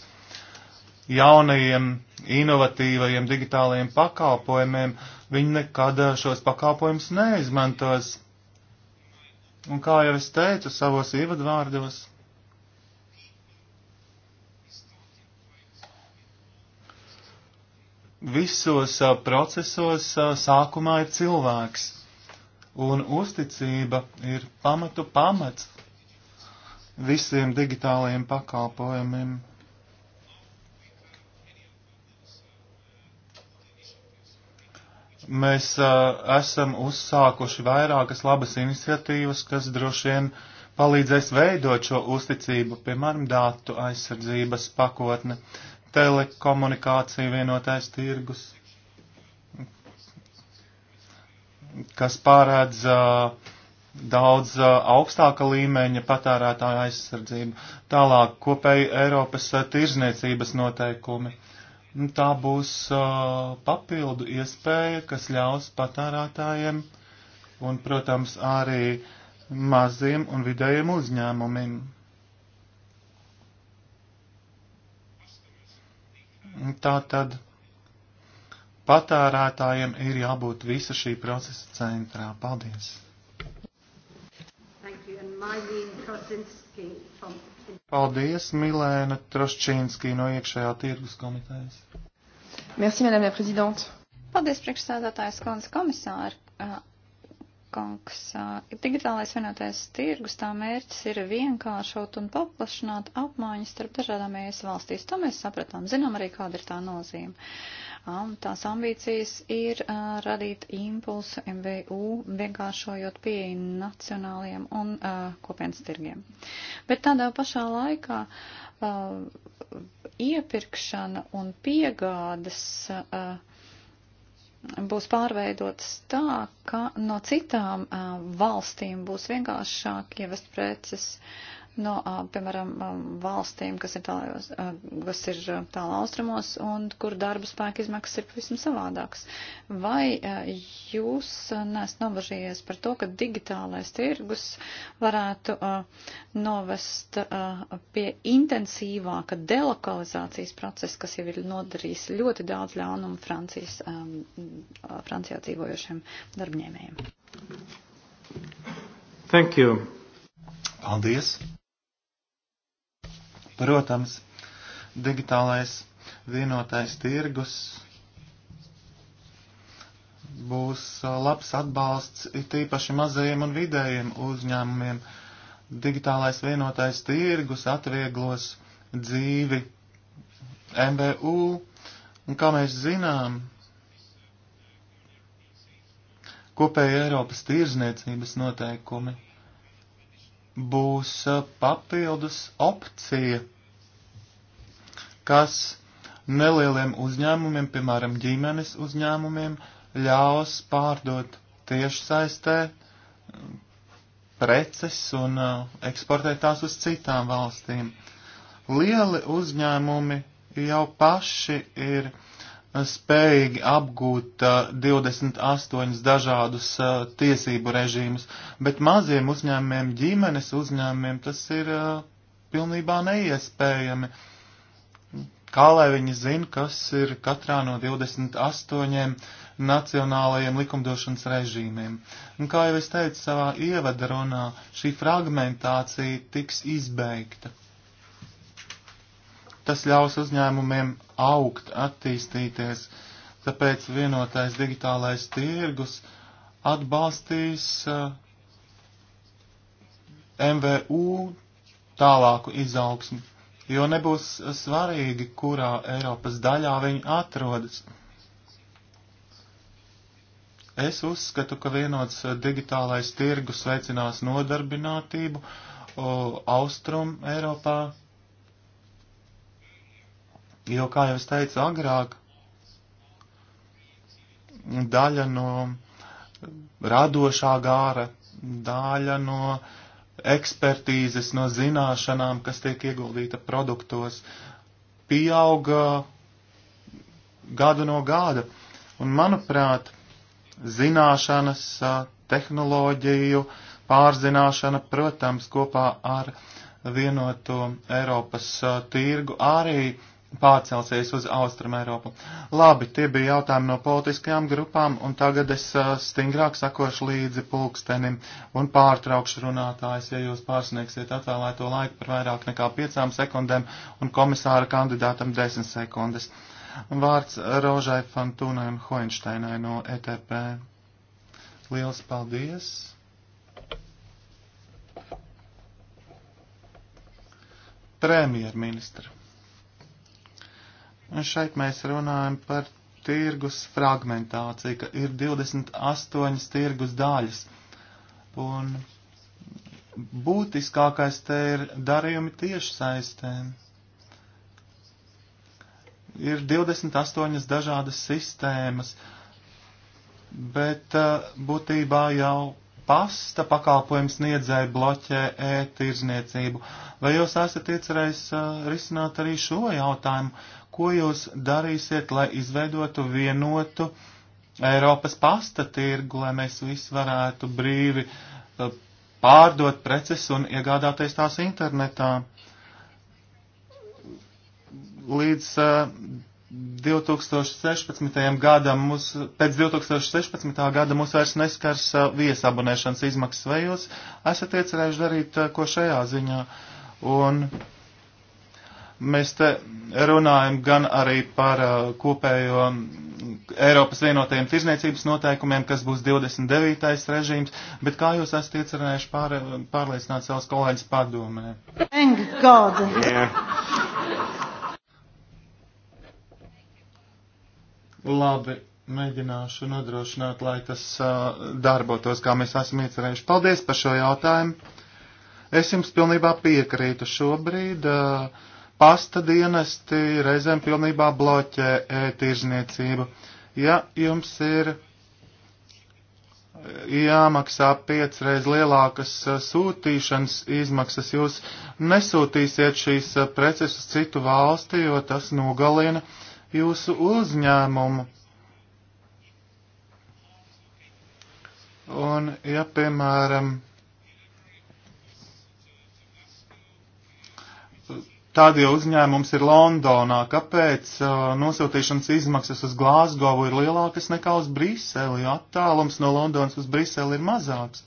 jaunajiem, inovatīvajiem digitālajiem pakalpojumiem, viņi nekad eh, šos pakalpojumus neizmantos. Un kā jau es teicu savos ievadvārdos, visos a, procesos a, sākumā ir cilvēks, un uzticība ir pamatu pamats visiem digitālajiem pakalpojumiem. Mēs a, esam uzsākuši vairākas labas iniciatīvas, kas droši vien palīdzēs veidot šo uzticību, piemēram, datu aizsardzības pakotne. Uh, telekomunikācija vienotais tirgus, kas pārēdz uh, daudz uh, augstāka līmeņa patērētāja aizsardzību, tālāk kopēji Eiropas uh, tirzniecības noteikumi. Tā būs papildu iespēja, kas ļaus patērētājiem un, protams, arī maziem un vidējiem uzņēmumiem Tā tad patērētājiem ir jābūt visa šī procesa centrā. Paldies! Paldies, Milēna Troščīnskī no iekšējā tirgus komitejas. Merci, madame la présidente. Paldies, priekšsēdētājs Kons komisāri kungs. Digitālais vienotais tirgus tā mērķis ir vienkāršot un paplašināt apmaiņas starp dažādām ES valstīs. To mēs sapratām, zinām arī, kāda ir tā nozīme. Tās ambīcijas ir radīt impulsu MVU, vienkāršojot pieeju nacionāliem un kopienas tirgiem. Bet tādā pašā laikā iepirkšana un piegādas. Uh, būs pārveidotas tā, ka no citām valstīm būs vienkāršāk ievest preces no, piemēram, valstīm, kas ir, tālajos, kas ir tālā austrumos un kur darba spēka izmaksas ir pavisam savādākas. Vai jūs nesat nobažījies par to, ka digitālais tirgus varētu novest pie intensīvāka delokalizācijas procesa, kas jau ir nodarījis ļoti daudz ļaunumu Francijas, Francijā dzīvojošiem darbņēmējiem? Thank you. Paldies! Protams, digitālais vienotais tirgus būs labs atbalsts it īpaši mazajiem un vidējiem uzņēmumiem. Digitālais vienotais tirgus atvieglos dzīvi MBU, un kā mēs zinām, kopēja Eiropas tirzniecības noteikumi būs papildus opcija, kas nelieliem uzņēmumiem, piemēram, ģimenes uzņēmumiem, ļaus pārdot tiešsaistē preces un eksportēt tās uz citām valstīm. Lieli uzņēmumi jau paši ir spējīgi apgūt uh, 28 dažādus uh, tiesību režīmus, bet maziem uzņēmumiem, ģimenes uzņēmumiem tas ir uh, pilnībā neiespējami. Kā lai viņi zina, kas ir katrā no 28 nacionālajiem likumdošanas režīmiem? Un kā jau es teicu savā ievadarunā, šī fragmentācija tiks izbeigta. Tas ļaus uzņēmumiem augt, attīstīties, tāpēc vienotais digitālais tirgus atbalstīs uh, eh, MVU tālāku izaugsmu, jo nebūs svarīgi, kurā Eiropas daļā viņi atrodas. Es uzskatu, ka vienots digitālais tirgus veicinās nodarbinātību o, Austrum Eiropā Jo, kā jau es teicu agrāk, daļa no radošā gāra, daļa no ekspertīzes, no zināšanām, kas tiek ieguldīta produktos, pieauga gadu no gada. Un, manuprāt, zināšanas, tehnoloģiju pārzināšana, protams, kopā ar vienoto Eiropas tirgu arī pārcelsies uz Austrum Eiropu. Labi, tie bija jautājumi no politiskajām grupām, un tagad es uh, stingrāk sakošu līdzi pulkstenim un pārtraukšu runātājs, ja jūs pārsniegsiet atvēlēto laiku par vairāk nekā piecām sekundēm un komisāra kandidātam desmit sekundes. Vārds Rožai Fantūnai un Hoinšteinai no ETP. Liels paldies! Premjerministra. Un šeit mēs runājam par tirgus fragmentāciju, ka ir 28 tirgus daļas. Un būtiskākais te ir darījumi tiešsaistēm. Ir 28 dažādas sistēmas, bet eh, būtībā jau pasta pakalpojums niedzēja bloķē e-tirzniecību. Vai jūs esat iecerējis eh, risināt arī šo jautājumu? Ko jūs darīsiet, lai izveidotu vienotu Eiropas pasta tirgu, lai mēs visi varētu brīvi eh, pārdot preces un iegādāties tās internetā? Līdz uh, eh, 2016. gadam mums, pēc 2016. gada mums vairs neskars eh, viesabonēšanas izmaksas, vai jūs esat iecerējuši darīt ko šajā ziņā? Un Mēs te runājam gan arī par uh, kopējo Eiropas vienotajiem tirzniecības noteikumiem, kas būs 29. režīms, bet kā jūs esat iecerējuši pār, pārliecināt savus kolēģus padomē? Thank God! Yeah. Labi, mēģināšu nodrošināt, lai tas uh, darbotos, kā mēs esam iecerējuši. Paldies par šo jautājumu! Es jums pilnībā piekrītu šobrīd. Uh, Pasta dienesti reizēm pilnībā bloķē e-tirzniecību. Ja jums ir jāmaksā piecreiz lielākas sūtīšanas izmaksas, jūs nesūtīsiet šīs preces uz citu valsti, jo tas nogalina jūsu uzņēmumu. Un, ja, piemēram, Tad, ja uzņēmums ir Londonā, kāpēc uh, nosūtīšanas izmaksas uz Glāzgovu ir lielākas nekā uz Briseli, jo attālums no Londonas uz Briseli ir mazāks?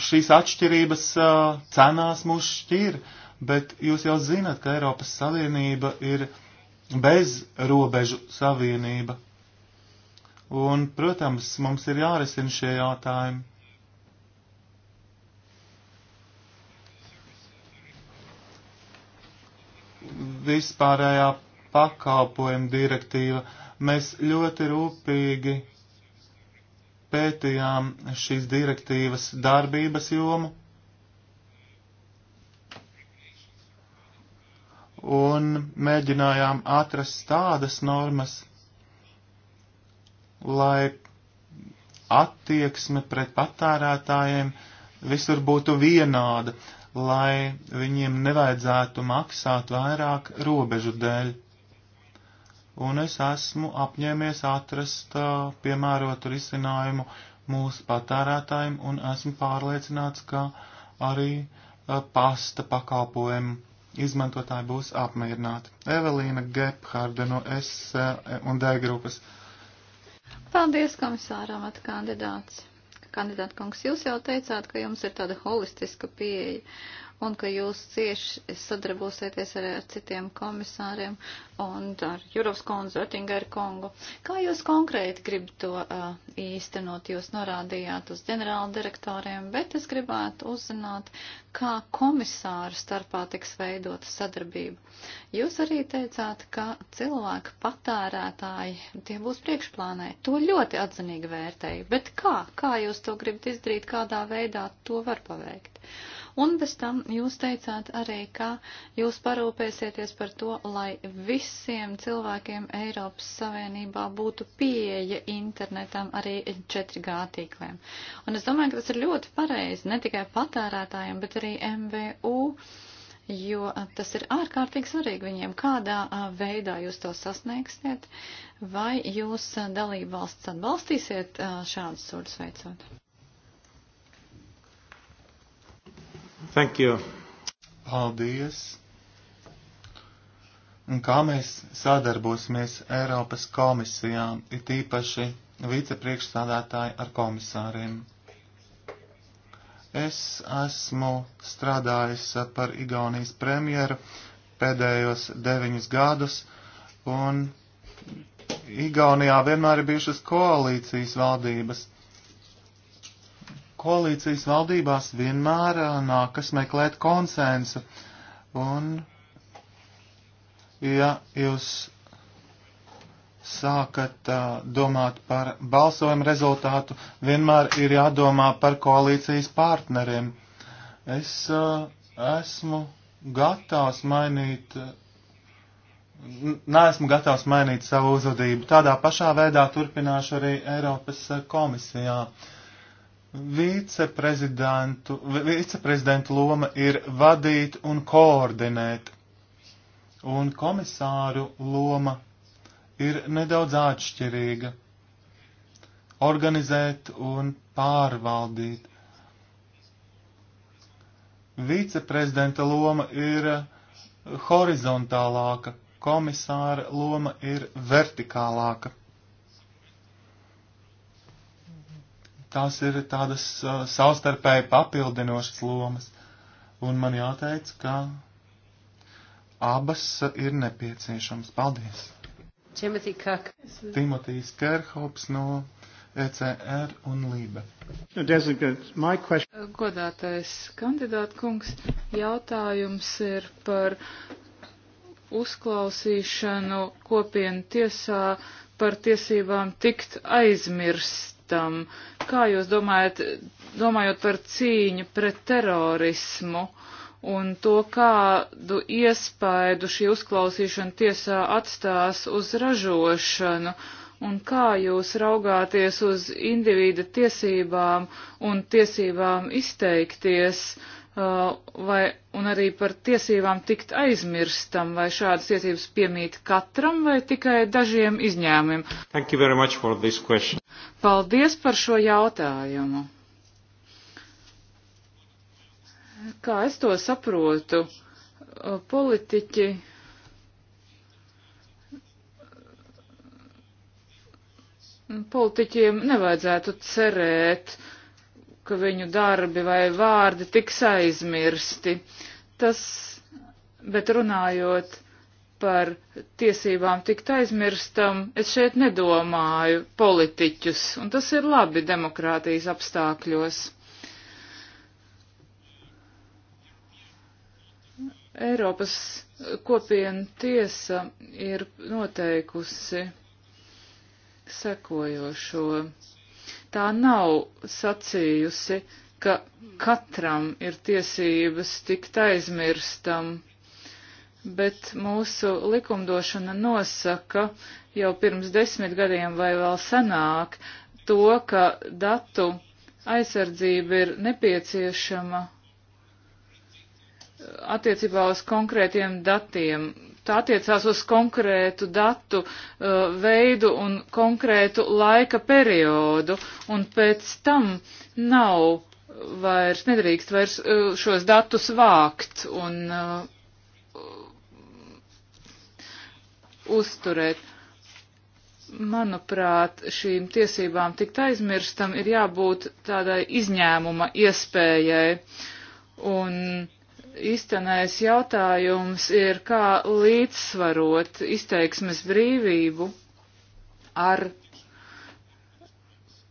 Šīs atšķirības uh, cenās mūs šķir, bet jūs jau zinat, ka Eiropas Savienība ir bez robežu savienība. Un, protams, mums ir jārisina šie jautājumi. vispārējā pakalpojuma direktīva. Mēs ļoti rūpīgi pētījām šīs direktīvas darbības jomu. Un mēģinājām atrast tādas normas, lai attieksme pret patērētājiem visur būtu vienāda lai viņiem nevajadzētu maksāt vairāk robežu dēļ. Un es esmu apņēmies atrast piemērotu risinājumu mūsu patērētājiem, un esmu pārliecināts, ka arī pasta pakalpojumu izmantotāji būs apmierināti. Evelīna Gepharda no S un D grupas. Paldies komisāram at kandidāts. Kandidāta kungs, jūs jau teicāt, ka jums ir tāda holistiska pieeja un ka jūs cieši sadarbosieties ar, ar citiem komisāriem un ar Jurovs kundzu, Oettingeru kungu. Kā jūs konkrēti gribat to uh, īstenot? Jūs norādījāt uz ģenerāla direktoriem, bet es gribētu uzzināt, kā komisāru starpā tiks veidota sadarbība. Jūs arī teicāt, ka cilvēku patērētāji tie būs priekšplānē. To ļoti atzinīgi vērtēju, bet kā? Kā jūs to gribat izdarīt, kādā veidā to var paveikt? Un bez tam jūs teicāt arī, ka jūs parūpēsieties par to, lai visiem cilvēkiem Eiropas Savienībā būtu pieeja internetam arī 4G tīkliem. Un es domāju, ka tas ir ļoti pareizi ne tikai patērētājiem, bet arī MVU jo tas ir ārkārtīgi svarīgi viņiem, kādā veidā jūs to sasniegsiet, vai jūs dalību valsts atbalstīsiet šādus sūdus veicot. Thank you. Paldies. Un kā mēs sadarbosimies Eiropas komisijā, it īpaši vicepriekšstādātāji ar komisāriem? Es esmu strādājis par Igaunijas premjeru pēdējos deviņus gadus, un Igaunijā vienmēr ir bijušas koalīcijas valdības koalīcijas valdībās vienmēr nākas meklēt konsensu. Un, ja jūs sākat uh, domāt par balsojumu rezultātu, vienmēr ir jādomā par koalīcijas partneriem. Es uh, esmu gatavs mainīt, neesmu gatavs mainīt savu uzvedību. Tādā pašā veidā turpināšu arī Eiropas komisijā. Uh, Viceprezidentu, viceprezidentu loma ir vadīt un koordinēt, un komisāru loma ir nedaudz atšķirīga - organizēt un pārvaldīt. Viceprezidenta loma ir horizontālāka, komisāra loma ir vertikālāka. tās ir tādas uh, savstarpēji papildinošas lomas. Un man jāteic, ka abas ir nepieciešams. Paldies! Timothy Kirk. Timotīs Kerhops no ECR un Lība. Godātais kandidāt kungs, jautājums ir par uzklausīšanu kopienu tiesā par tiesībām tikt aizmirst budžetam. Kā jūs domājat, domājot par cīņu pret terorismu un to, kādu iespaidu šī uzklausīšana tiesā atstās uz ražošanu? un kā jūs raugāties uz individa tiesībām un tiesībām izteikties Uh, vai, un arī par tiesībām tikt aizmirstam, vai šādas tiesības piemīt katram vai tikai dažiem izņēmumiem. Paldies par šo jautājumu. Kā es to saprotu, uh, politiķi politiķiem nevajadzētu cerēt ka viņu darbi vai vārdi tiks aizmirsti. Tas, bet runājot par tiesībām tikt aizmirstam, es šeit nedomāju politiķus, un tas ir labi demokrātijas apstākļos. Eiropas kopiena tiesa ir noteikusi sekojošo tā nav sacījusi, ka katram ir tiesības tikt aizmirstam, bet mūsu likumdošana nosaka jau pirms desmit gadiem vai vēl senāk to, ka datu aizsardzība ir nepieciešama attiecībā uz konkrētiem datiem, tā attiecās uz konkrētu datu uh, veidu un konkrētu laika periodu, un pēc tam nav vairs, nedrīkst vairs uh, šos datus vākt un uh, uzturēt. Manuprāt, šīm tiesībām tikt aizmirstam ir jābūt tādai izņēmuma iespējai. Un, uh, īstenais jautājums ir, kā līdzsvarot izteiksmes brīvību ar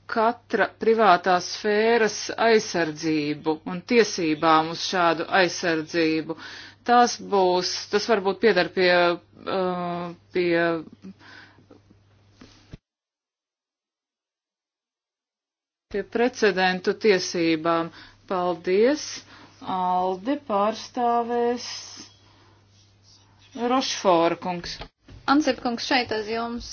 katra privātā sfēras aizsardzību un tiesībām uz šādu aizsardzību. Tas būs, tas varbūt piedar pie, uh, pie pie precedentu tiesībām. Paldies! Aldi pārstāvēs Rošfora kungs. Ansip kungs šeit aiz jums.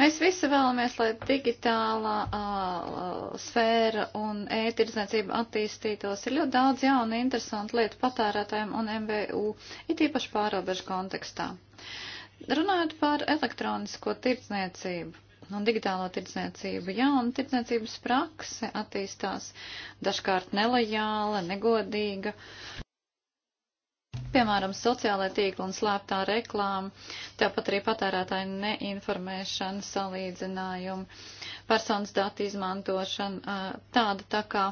Mēs visi vēlamies, lai digitālā uh, sfēra un ētirdzniecība attīstītos. Ir ļoti daudz jaunu interesantu lietu patērētājiem un MVU, it īpaši pārobežu kontekstā. Runājot par elektronisko tirdzniecību, Nu, un digitālo tirdzniecību. Jauna tirdzniecības prakse attīstās dažkārt nelojāla, negodīga, piemēram, sociālai tīkli un slēptā reklāma, tāpat arī patērētāja neinformēšana, salīdzinājumi, personas datu izmantošana, tāda tā kā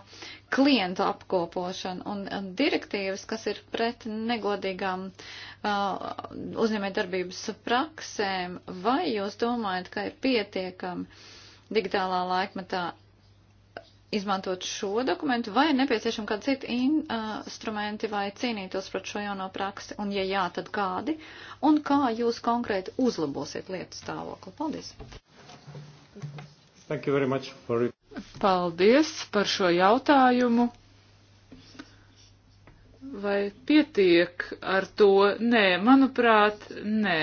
klientu apkopošana un direktīvas, kas ir pret negodīgām uzņēmē darbības praksēm, vai jūs domājat, ka ir pietiekami digitālā laikmetā izmantot šo dokumentu, vai nepieciešami kādi citi instrumenti, vai cīnītos pret šo jauno praksi, un ja jā, tad kādi, un kā jūs konkrēti uzlabosiet lietu stāvokli. Paldies! Thank you very much for it. Paldies par šo jautājumu. Vai pietiek ar to? Nē, manuprāt, nē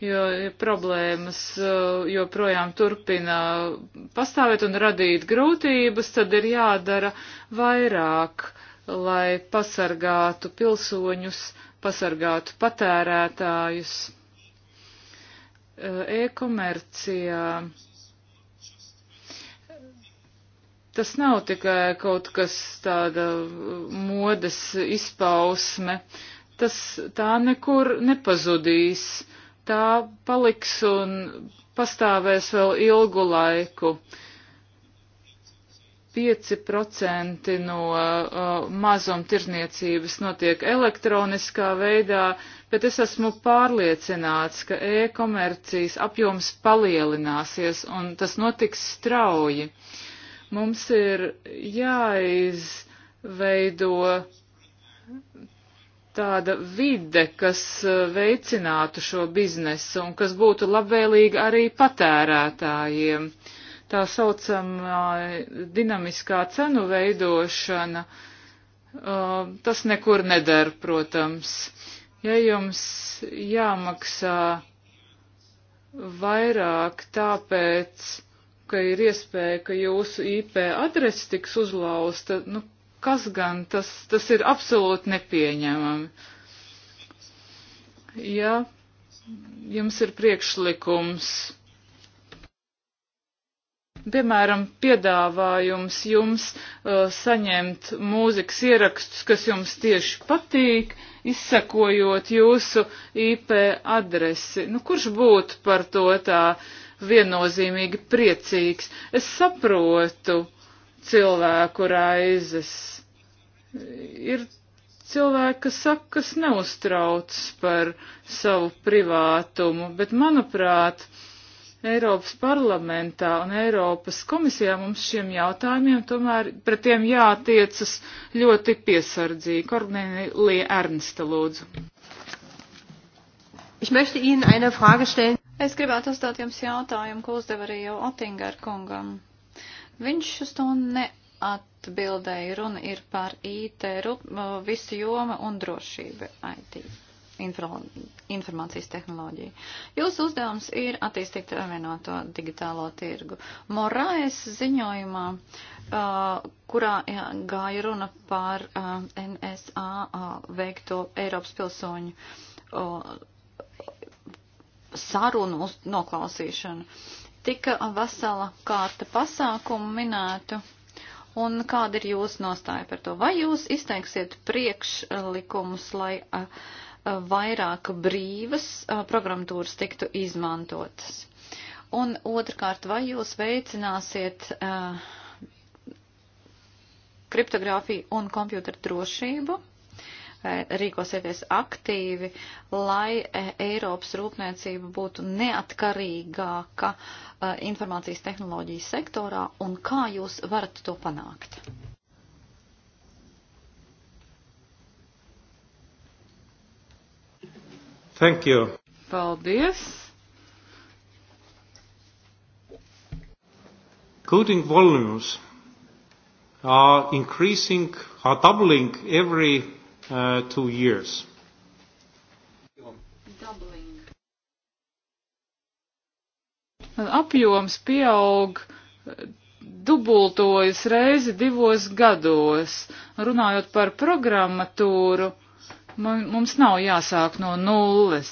jo problēmas uh, joprojām turpina pastāvēt un radīt grūtības, tad ir jādara vairāk, lai pasargātu pilsoņus, pasargātu patērētājus. Uh, E-komercijā tas nav tikai kaut kas tāda modes izpausme, tas tā nekur nepazudīs. Uh, tā paliks un pastāvēs vēl ilgu laiku. 5% no uh, mazumtirdzniecības notiek elektroniskā veidā, bet es esmu pārliecināts, ka e-komercijas apjoms palielināsies un tas notiks strauji. Mums ir jāizveido tāda vide, kas e, veicinātu šo biznesu un kas būtu labvēlīga arī patērētājiem. Tā saucamā e, dinamiskā cenu veidošana, e, tas nekur neder, protams. Ja jums jāmaksā vairāk tāpēc, ka ir iespēja, ka jūsu IP adrese tiks uzlausta, nu, Kas gan tas, tas ir absolūti nepieņemami. Ja jums ir priekšlikums, piemēram, piedāvājums jums uh, saņemt mūzikas ierakstus, kas jums tieši patīk, izsakojot jūsu IP adresi. Nu, kurš būtu par to tā viennozīmīgi priecīgs? Es saprotu cilvēku raizes. Ir cilvēki, kas saka, kas neuztrauc par savu privātumu, bet manuprāt, Eiropas parlamentā un Eiropas komisijā mums šiem jautājumiem tomēr pret tiem jātiecas ļoti piesardzīgi. Kornelija Ernsta lūdzu. Es gribētu uzdot jums jautājumu, ko uzdev arī jau Otingar kungam. Viņš uz to neatbildēja. Runa ir par IT, visu joma un drošību IT informācijas tehnoloģiju. Jūsu uzdevums ir attīstīt vienoto digitālo tirgu. Morais ziņojumā, uh, kurā jā, gāja runa par uh, NSA uh, veikto Eiropas pilsoņu sarunu noklausīšanu. Tika vesela kārta pasākumu minētu. Un kāda ir jūsu nostāja par to? Vai jūs izteiksiet priekšlikumus, lai vairāk brīvas programmatūras tiktu izmantotas? Un otrkārt, vai jūs veicināsiet kriptogrāfiju un kompjūtera drošību? E, rīkosieties aktīvi, lai e, Eiropas rūpniecība būtu neatkarīgāka e, informācijas tehnoloģijas sektorā un kā jūs varat to panākt? Thank you. Paldies. Coding volumes are increasing, are doubling every uh, two years. Doubling. Apjoms pieaug dubultojas reizi divos gados. Runājot par programmatūru, man, mums nav jāsāk no nulles.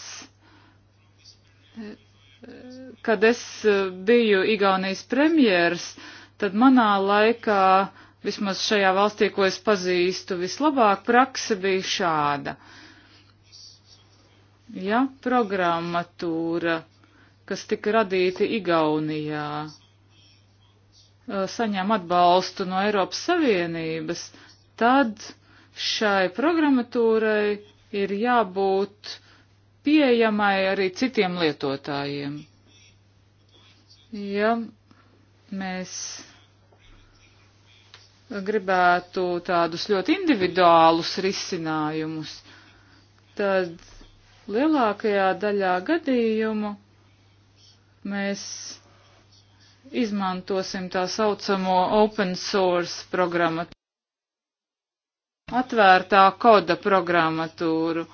Kad es biju Igaunijas premjers, tad manā laikā uh, vismaz šajā valstī, ko es pazīstu, vislabāk prakse bija šāda. Ja programmatūra, kas tika radīta Igaunijā, saņem atbalstu no Eiropas Savienības, tad šai programmatūrai ir jābūt pieejamai arī citiem lietotājiem. Ja mēs gribētu tādus ļoti individuālus risinājumus, tad lielākajā daļā gadījumu mēs izmantosim tā saucamo open source programmatūru, atvērtā koda programmatūru,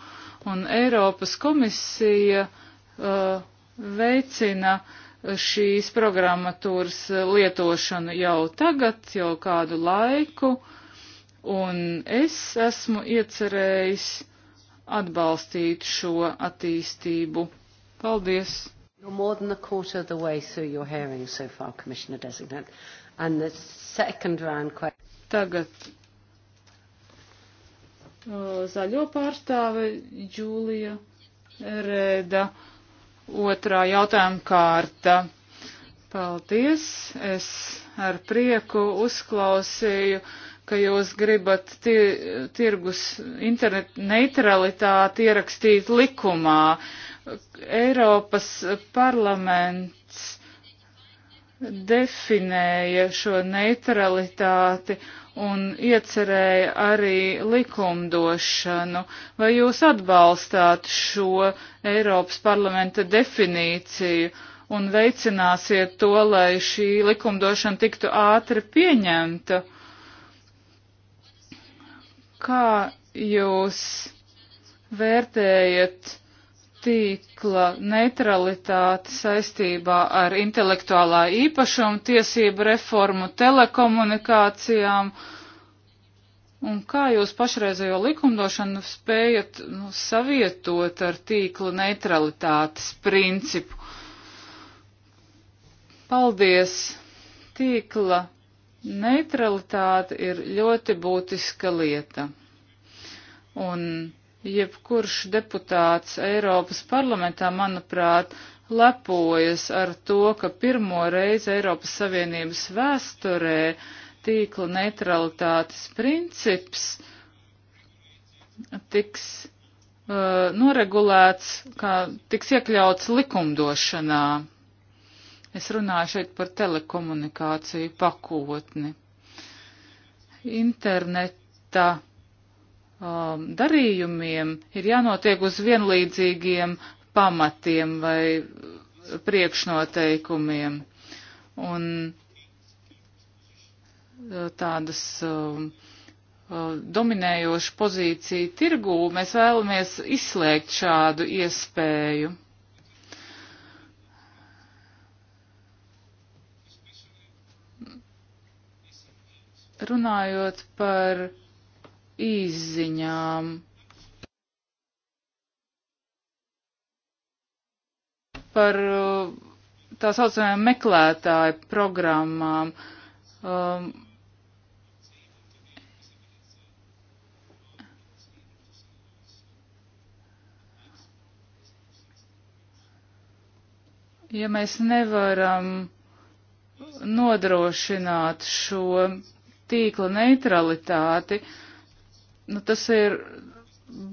un Eiropas komisija uh, veicina uh, šīs programmatūras lietošanu jau tagad, jau kādu laiku, un es esmu iecerējis atbalstīt šo attīstību. Paldies! You're more than a quarter of the way through your hearing so far, Commissioner Designate. And the second round question. Tagad uh, zaļo pārstāve Jūlija Rēda otrā jautājuma kārta. Paldies! Es ar prieku uzklausīju, ka jūs gribat tir tirgus internet neutralitāti ierakstīt likumā. Eiropas parlaments definēja šo neutralitāti un iecerēja arī likumdošanu. Vai jūs atbalstāt šo Eiropas parlamenta definīciju un veicināsiet to, lai šī likumdošana tiktu ātri pieņemta? Kā jūs vērtējat? tīkla neutralitāte saistībā ar intelektuālā īpašuma tiesību reformu, telekomunikācijām. Un kā jūs pašreizējo likumdošanu spējat nu, savietot ar tīkla neutralitātes principu? Paldies! Tīkla neutralitāte ir ļoti būtiska lieta. Un jebkurš deputāts Eiropas parlamentā, manuprāt, lepojas ar to, ka pirmo reizi Eiropas Savienības vēsturē tīkla neutralitātes princips tiks uh, noregulēts, kā tiks iekļauts likumdošanā. Es runāju šeit par telekomunikāciju pakotni. Interneta um, darījumiem ir jānotiek uz vienlīdzīgiem pamatiem vai priekšnoteikumiem. Un uh, tādas um, uh, dominējošu pozīciju tirgū mēs vēlamies izslēgt šādu iespēju. Runājot par izziņām. Par uh, tā saucamajām meklētāju programmām. Um, ja mēs nevaram nodrošināt šo tīkla neutralitāti, uh, nu, tas ir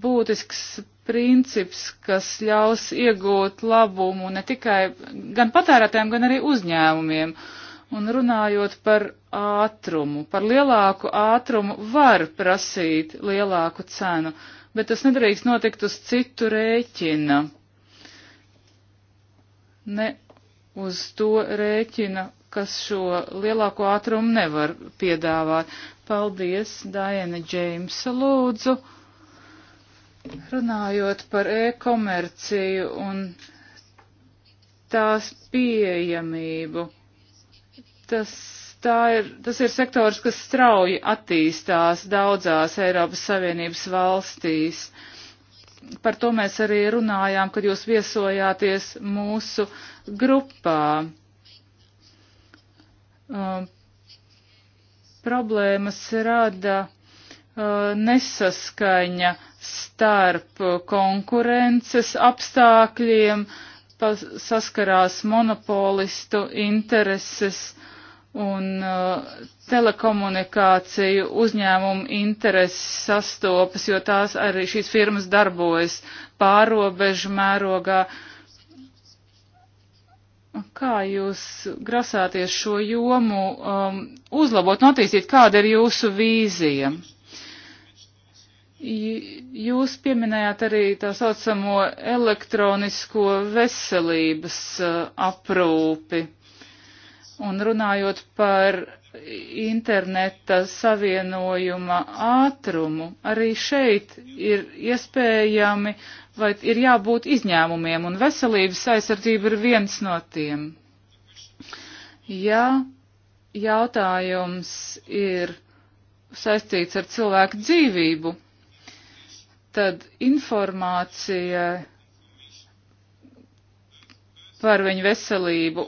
būtisks princips, kas ļaus iegūt labumu ne tikai gan patērētājiem, gan arī uzņēmumiem. Un runājot par ātrumu, par lielāku ātrumu var prasīt lielāku cenu, bet tas nedrīkst notikt uz citu rēķina. Ne uz to rēķina, kas šo lielāko ātrumu nevar piedāvāt. Paldies, Diana Džeimsa lūdzu. Runājot par e-komerciju un tās pieejamību, tas, tā ir, tas ir sektors, kas strauji attīstās daudzās Eiropas Savienības valstīs par to mēs arī runājām, kad jūs viesojāties mūsu grupā uh, problēmas rada uh, nesaskaņa starp konkurences apstākļiem, saskarās monopolistu intereses un uh, telekomunikāciju uzņēmumu intereses sastopas, jo tās arī šīs firmas darbojas pārobežu mērogā. Uh, Kā jūs grasāties šo jomu um, uzlabot, notīstīt, kāda ir jūsu vīzija? Jūs pieminējāt arī tā saucamo elektronisko veselības uh, aprūpi. Un runājot par interneta savienojuma ātrumu, arī šeit ir iespējami vai ir jābūt izņēmumiem, un veselības aizsardzība ir viens no tiem. Ja jautājums ir saistīts ar cilvēku dzīvību, tad informācija par viņu veselību,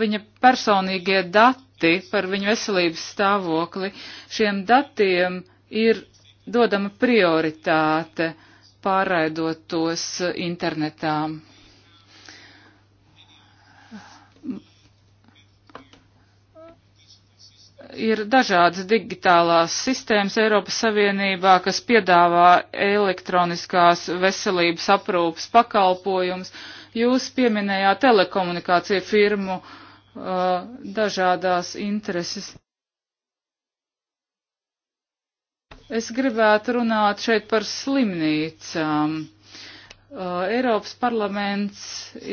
viņa personīgie dati par viņu veselības stāvokli, šiem datiem ir dodama prioritāte pārraidot tos internetā. ir dažādas digitālās sistēmas Eiropas Savienībā, kas piedāvā elektroniskās veselības aprūpas pakalpojumus. Jūs pieminējāt telekomunikāciju firmu uh, dažādās intereses. Es gribētu runāt šeit par slimnīcām. Uh, Eiropas parlaments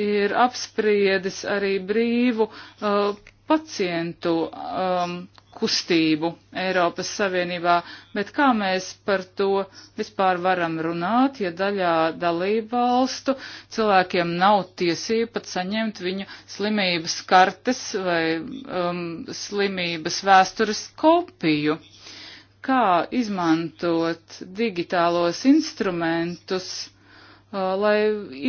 ir apspriedis arī brīvu uh, pacientu um, kustību Eiropas Savienībā, bet kā mēs par to vispār varam runāt, ja daļā dalību valstu cilvēkiem nav tiesība pat saņemt viņu slimības kartes vai um, slimības vēstures kopiju? Uh, kā izmantot digitālos instrumentus, uh, lai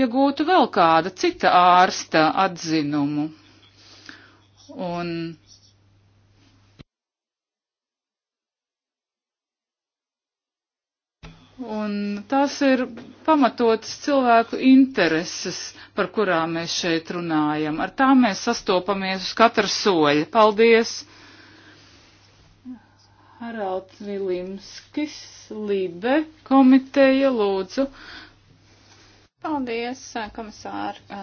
iegūtu vēl kāda cita ārsta atzinumu. Un Un tās ir pamatotas cilvēku intereses, par kurām mēs šeit runājam. Ar tām mēs sastopamies uz katra soļa. Paldies! Haralds Vilimskis, Libe komiteja, lūdzu. Paldies, komisāra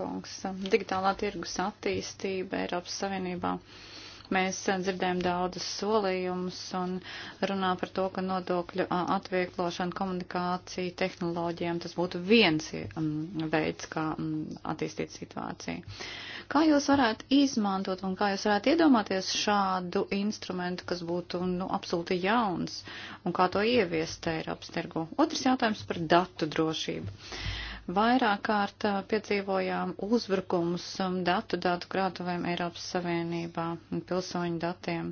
kungs. Digitālā tirgus attīstība Eiropas Savienībā. Uh, Mēs eh, dzirdējam daudzus solījumus un runā par to, ka nodokļu atvieglošana komunikācija tehnoloģijām tas būtu viens veids, kā attīstīt situāciju. Kā jūs varētu izmantot un kā jūs varētu iedomāties šādu instrumentu, kas būtu nu, absolūti jauns un kā to ieviest Eiropas tirgu? Otrs jautājums par datu drošību. Vairāk kārt piedzīvojām uzbrukumus datu datu krātuvēm Eiropas Savienībā un pilsoņu datiem.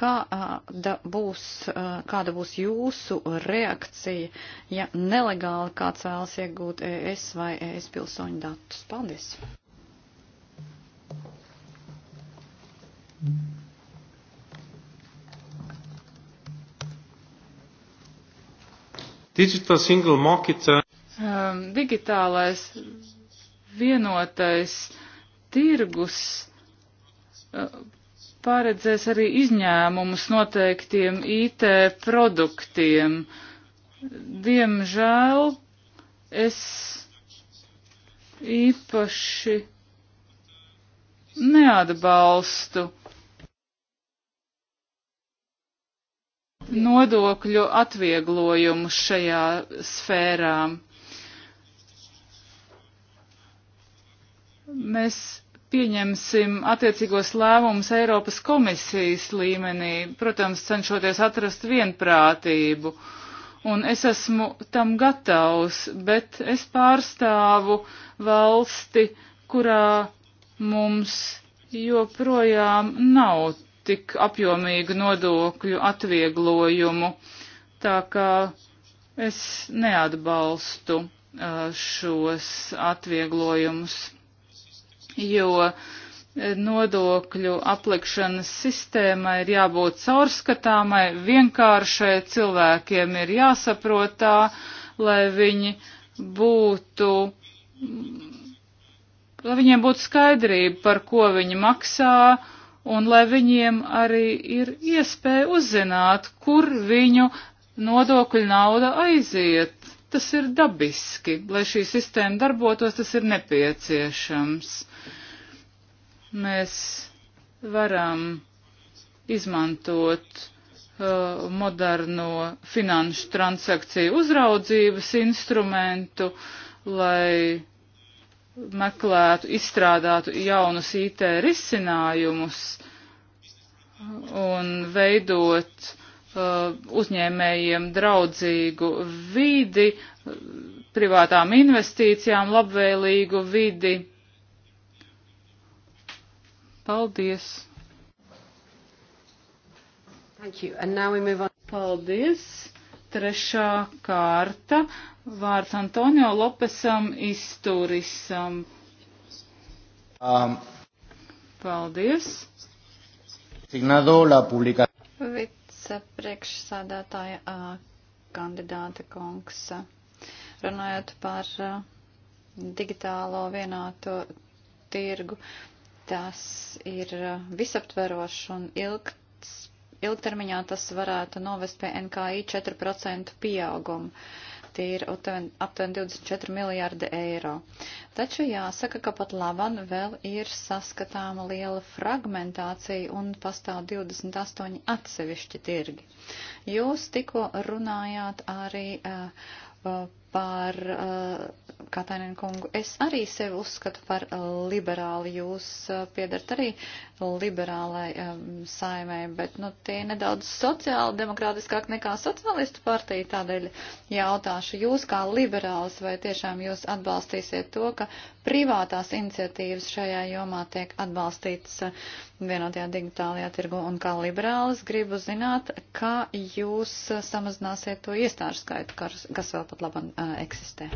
Kāda būs, kāda būs jūsu reakcija, ja nelegāli kāds vēlas iegūt ES vai ES pilsoņu datus? Paldies! Digital single market. Uh um, digitālais vienotais tirgus uh, paredzēs arī izņēmumus noteiktiem IT produktiem. Diemžēl es īpaši neatbalstu nodokļu atvieglojumu šajā sfērām. mēs pieņemsim attiecīgos lēmumus Eiropas komisijas līmenī, protams, cenšoties atrast vienprātību. Un es esmu tam gatavs, bet es pārstāvu valsti, kurā mums joprojām nav tik apjomīgu nodokļu atvieglojumu, tā kā es neatbalstu šos atvieglojumus jo nodokļu aplikšanas sistēmai ir jābūt caurskatāmai, vienkāršai, cilvēkiem ir jāsaprot tā, lai viņi būtu, lai viņiem būtu skaidrība, par ko viņi maksā, un lai viņiem arī ir iespēja uzzināt, kur viņu nodokļu nauda aiziet. Tas ir dabiski. Lai šī sistēma darbotos, tas ir nepieciešams. Mēs varam izmantot uh, moderno finanšu transakciju uzraudzības instrumentu, lai meklētu, izstrādātu jaunus IT risinājumus un veidot Uh, uzņēmējiem draudzīgu vidi, privātām investīcijām labvēlīgu vidi. Paldies! Paldies! Trešā kārta. Vārds Antonio Lopesam izturisam. Um, Paldies! Signado la publicación priekšsādātāja kandidāta kungs. Runājot par digitālo vienāto tirgu, tas ir visaptverošs un ilgts, ilgtermiņā tas varētu novest pie NKI 4% pieauguma. Uh, tie ir aptuveni 24 miljārdi eiro. Taču jāsaka, ka pat laban vēl ir saskatāma liela fragmentācija un pastāv 28 atsevišķi tirgi. Jūs tikko runājāt arī uh, uh, par uh, Katainen kungu. Es arī sevi uzskatu par liberāli. Jūs uh, piedarat arī liberālai um, saimē, bet nu, tie nedaudz sociāli demokrātiskāk nekā socialistu partija. Tādēļ jautāšu jūs kā liberāls, vai tiešām jūs atbalstīsiet to, ka privātās iniciatīvas šajā jomā tiek atbalstītas uh, vienotajā digitālajā tirgu. Un kā liberālis gribu zināt, kā jūs samazināsiet to iestāžu skaitu, kas vēl pat labam. Uh, uh, eksistē.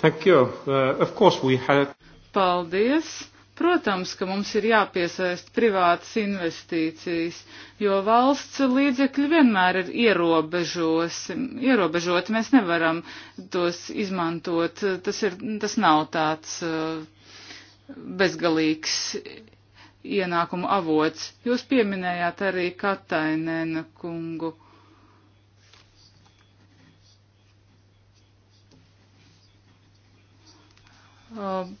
Thank you. Uh, of course we had... Paldies. Protams, ka mums ir jāpiesaist privātas investīcijas, jo valsts līdzekļi vienmēr ir ierobežoti. Mēs nevaram tos izmantot. Tas, ir, tas nav tāds uh, bezgalīgs ienākumu avots. Jūs pieminējāt arī Katainēna kungu. Um,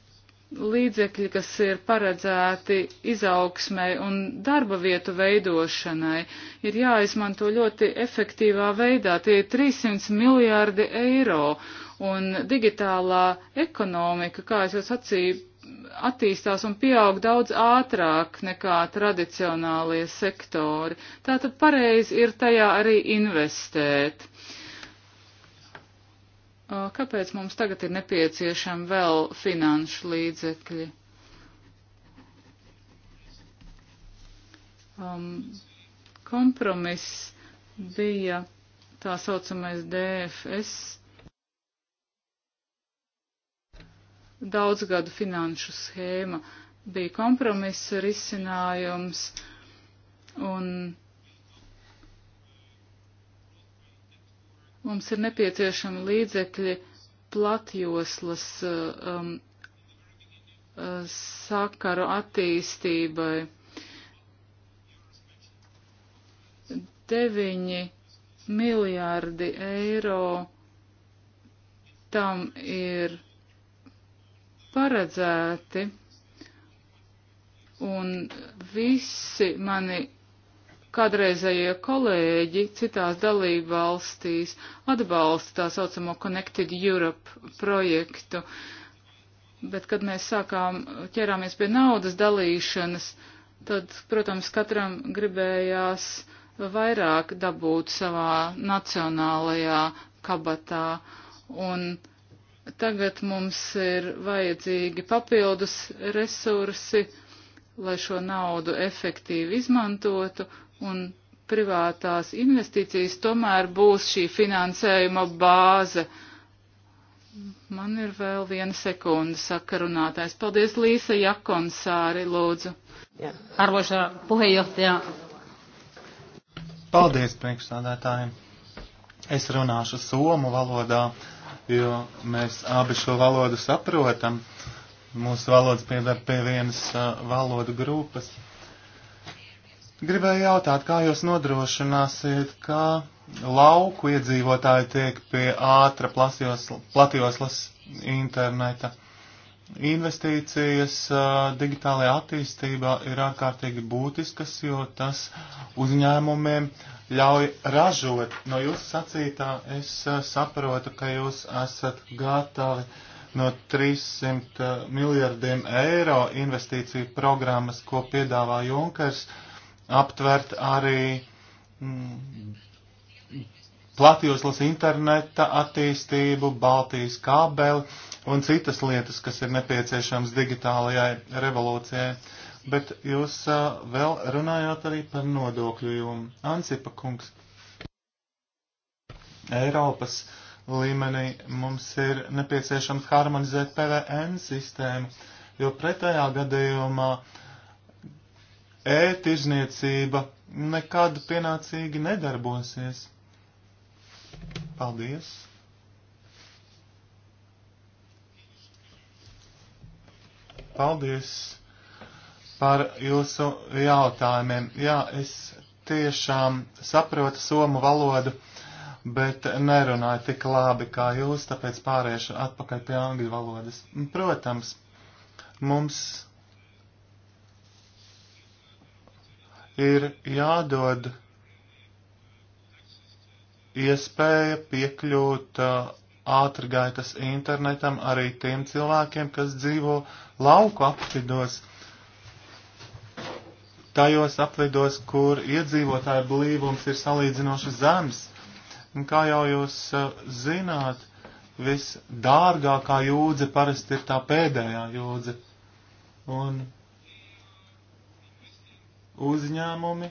līdzekļi, kas ir paredzēti izaugsmai un darba vietu veidošanai, ir jāizmanto ļoti efektīvā veidā. Tie ir 300 miljārdi eiro un digitālā ekonomika, kā es jau sacīju, attīstās un pieaug daudz ātrāk nekā tradicionālie sektori. Tātad pareizi ir tajā arī investēt. Kāpēc mums tagad ir nepieciešami vēl finanšu līdzekļi? um, kompromiss bija tā saucamais DFS daudzgadu finanšu schēma, bija kompromiss risinājums, un Mums ir nepieciešami līdzekļi platjoslas um, uh, sakaru attīstībai. Deviņi miljārdi eiro tam ir paredzēti, un visi mani kādreizējie kolēģi citās dalību valstīs atbalsta tā saucamo Connected Europe projektu, bet kad mēs sākām ķērāmies pie naudas dalīšanas, tad, protams, katram gribējās vairāk dabūt savā nacionālajā kabatā. Un tagad mums ir vajadzīgi papildus resursi, lai šo naudu efektīvi izmantotu, un privātās investīcijas tomēr būs šī finansējuma bāze. Man ir vēl viena sekunde sakarunātājs. Paldies, Līsa Jakonsāri, lūdzu. Arvošā puhejohtajā. Paldies, priekšstādātājiem. Es runāšu somu valodā, jo mēs abi šo valodu saprotam. Mūsu valodas piedar pie vienas uh, valodu grupas. Gribēju jautāt, kā jūs nodrošināsiet, ka lauku iedzīvotāji tiek pie ātra platjoslas interneta? Investīcijas digitālajā attīstībā ir ārkārtīgi būtiskas, jo tas uzņēmumiem ļauj ražot. No jūsu sacītā es saprotu, ka jūs esat gatavi no 300 miljardiem eiro investīciju programmas, ko piedāvā Junkers, uh, aptvert arī mm, platjoslas interneta attīstību, Baltijas kabeli un citas lietas, kas ir nepieciešams digitālajai revolūcijai. Bet jūs vēl runājāt arī par nodokļu jomu. Ansipa kungs, Eiropas līmenī mums ir nepieciešams harmonizēt PVN sistēmu, jo pretējā gadījumā uh, ētirzniecība e nekad pienācīgi nedarbosies. Paldies! Paldies par jūsu jautājumiem. Jā, es tiešām saprotu somu valodu, bet nerunāju tik labi kā jūs, tāpēc pāriešu atpakaļ pie angļu valodas. Protams, mums ir jādod iespēja piekļūt ātrgaitas internetam arī tiem cilvēkiem, kas dzīvo lauku apvidos, tajos apvidos, kur iedzīvotāju blīvums ir salīdzinoši zems. Un kā jau jūs zināt, visdārgākā jūdze parasti ir tā pēdējā jūdze. Un uzņēmumi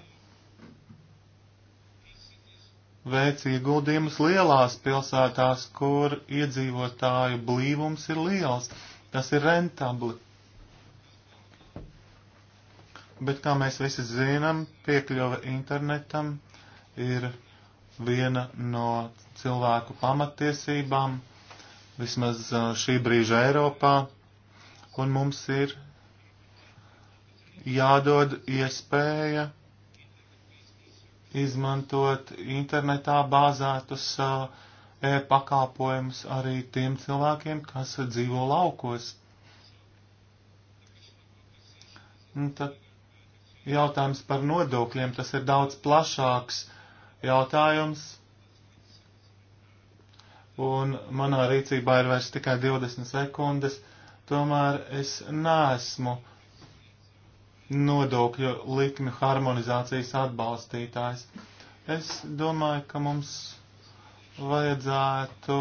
veic ieguldījumus lielās pilsētās, kur iedzīvotāju blīvums ir liels. Tas ir rentabli. Bet, kā mēs visi zinām, piekļuve internetam ir viena no cilvēku pamatiesībām, vismaz šī brīža Eiropā, un mums ir jādod iespēja izmantot internetā bāzētus uh, e-pakalpojumus arī tiem cilvēkiem, kas dzīvo laukos. Un tad jautājums par nodokļiem, tas ir daudz plašāks jautājums. Un manā rīcībā ir vairs tikai 20 sekundes, tomēr es neesmu uh, nodokļu likmju harmonizācijas atbalstītājs. Es domāju, ka mums vajadzētu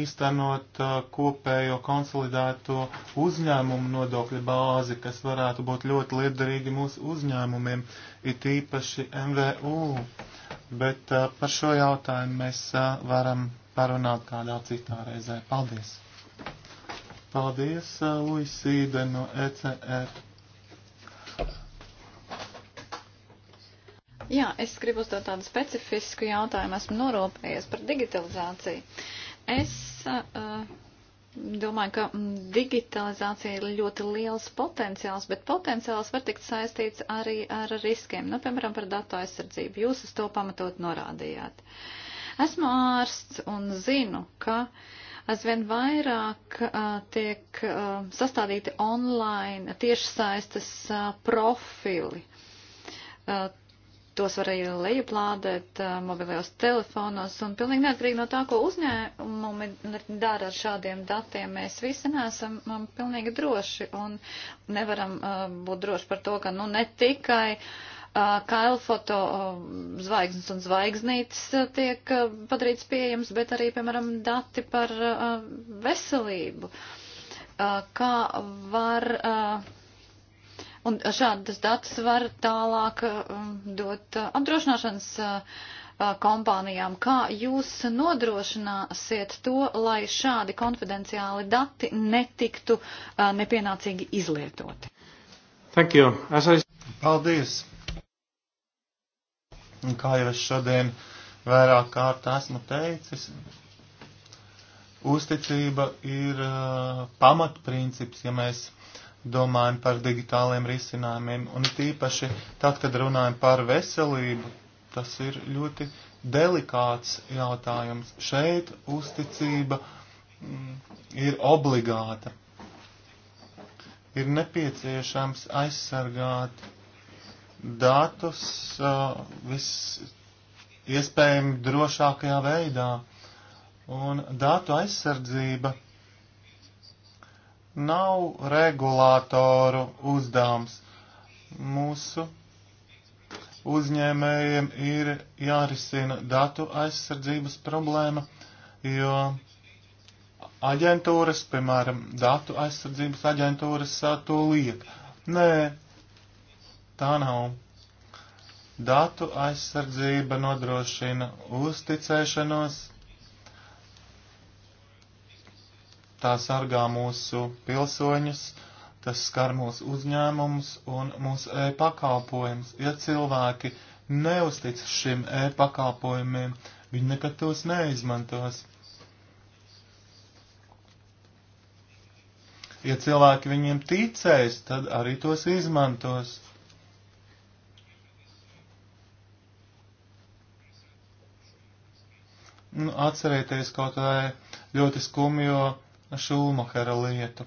īstenot uh, kopējo konsolidēto uzņēmumu nodokļu bāzi, kas varētu būt ļoti liederīgi mūsu uzņēmumiem, it īpaši MVU. Bet uh, par šo jautājumu mēs uh, varam parunāt kādā citā reizē. Paldies! Paldies, Luisīde no ECR e. Jā, es gribu uzdot tādu specifisku jautājumu. Esmu norūpējies par digitalizāciju. Es uh, domāju, ka digitalizācija ir ļoti liels potenciāls, bet potenciāls var tikt saistīts arī ar riskiem. Nu, piemēram, par datu aizsardzību. Jūs uz to pamatot norādījāt. Esmu ārsts un zinu, ka aizvien vairāk uh, tiek uh, sastādīti online tiešsaistes uh, profili. Uh, tos var arī lejuplādēt eh, mobilajos telefonos un pilnīgi neatkarīgi no tā, ko uzņēmumi dara ar šādiem datiem, mēs visi neesam mm, pilnīgi droši un nevaram eh, būt droši par to, ka nu ne tikai eh, kailfoto zvaigznes un zvaigznītes tiek padarīts pieejams, bet arī, piemēram, dati par veselību. Kā var Un šādas datus var tālāk um, dot uh, apdrošināšanas uh, uh, kompānijām. Kā jūs nodrošināsiet to, lai šādi konfidenciāli dati netiktu nepienācīgi izlietoti? Thank you. As I... Paldies. Un kā jau es šodien vairāk kārt esmu teicis, uzticība ir uh, pamatprincips, ja mēs domājam par digitāliem risinājumiem, un it īpaši tad, kad runājam par veselību, tas ir ļoti delikāts jautājums. Šeit uzticība mm, ir obligāta. Ir nepieciešams aizsargāt datus uh, vis iespējami drošākajā veidā. Un datu aizsardzība nav regulātoru uzdevums. Mūsu uzņēmējiem ir jārisina datu aizsardzības problēma, jo aģentūras, piemēram, datu aizsardzības aģentūras to liek. Nē, tā nav. Datu aizsardzība nodrošina uzticēšanos tā sargā mūsu pilsoņus, tas skar mūsu uzņēmumus un mūsu e-pakalpojumus. Ja cilvēki neuztic šim e-pakalpojumiem, viņi nekad tos neizmantos. Ja cilvēki viņiem ticēs, tad arī tos izmantos. Nu, atcerieties kaut vai ļoti skumjo Šūmahera lietu.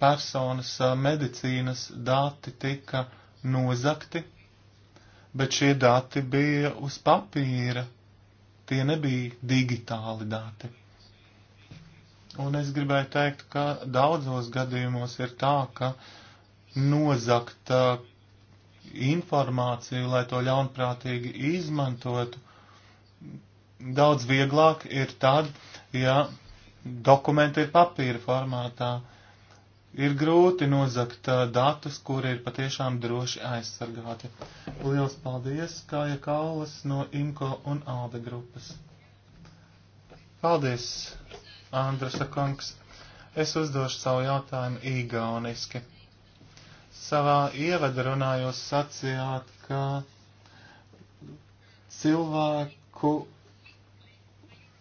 Personas medicīnas dati tika nozakti, bet šie dati bija uz papīra, tie nebija digitāli dati. Un es gribēju teikt, ka daudzos gadījumos ir tā, ka nozakt informāciju, lai to ļaunprātīgi izmantotu, daudz vieglāk ir tad, ja dokumenti ir papīra formātā. Ir grūti nozakt datus, kuri ir patiešām droši aizsargāti. Lielas paldies, Kāja Kaulas no IMCO un ALDE grupas. Paldies, Andrasa kungs. Es uzdošu savu jautājumu īgauniski. Savā ievadarunā jūs sacījāt, ka cilvēku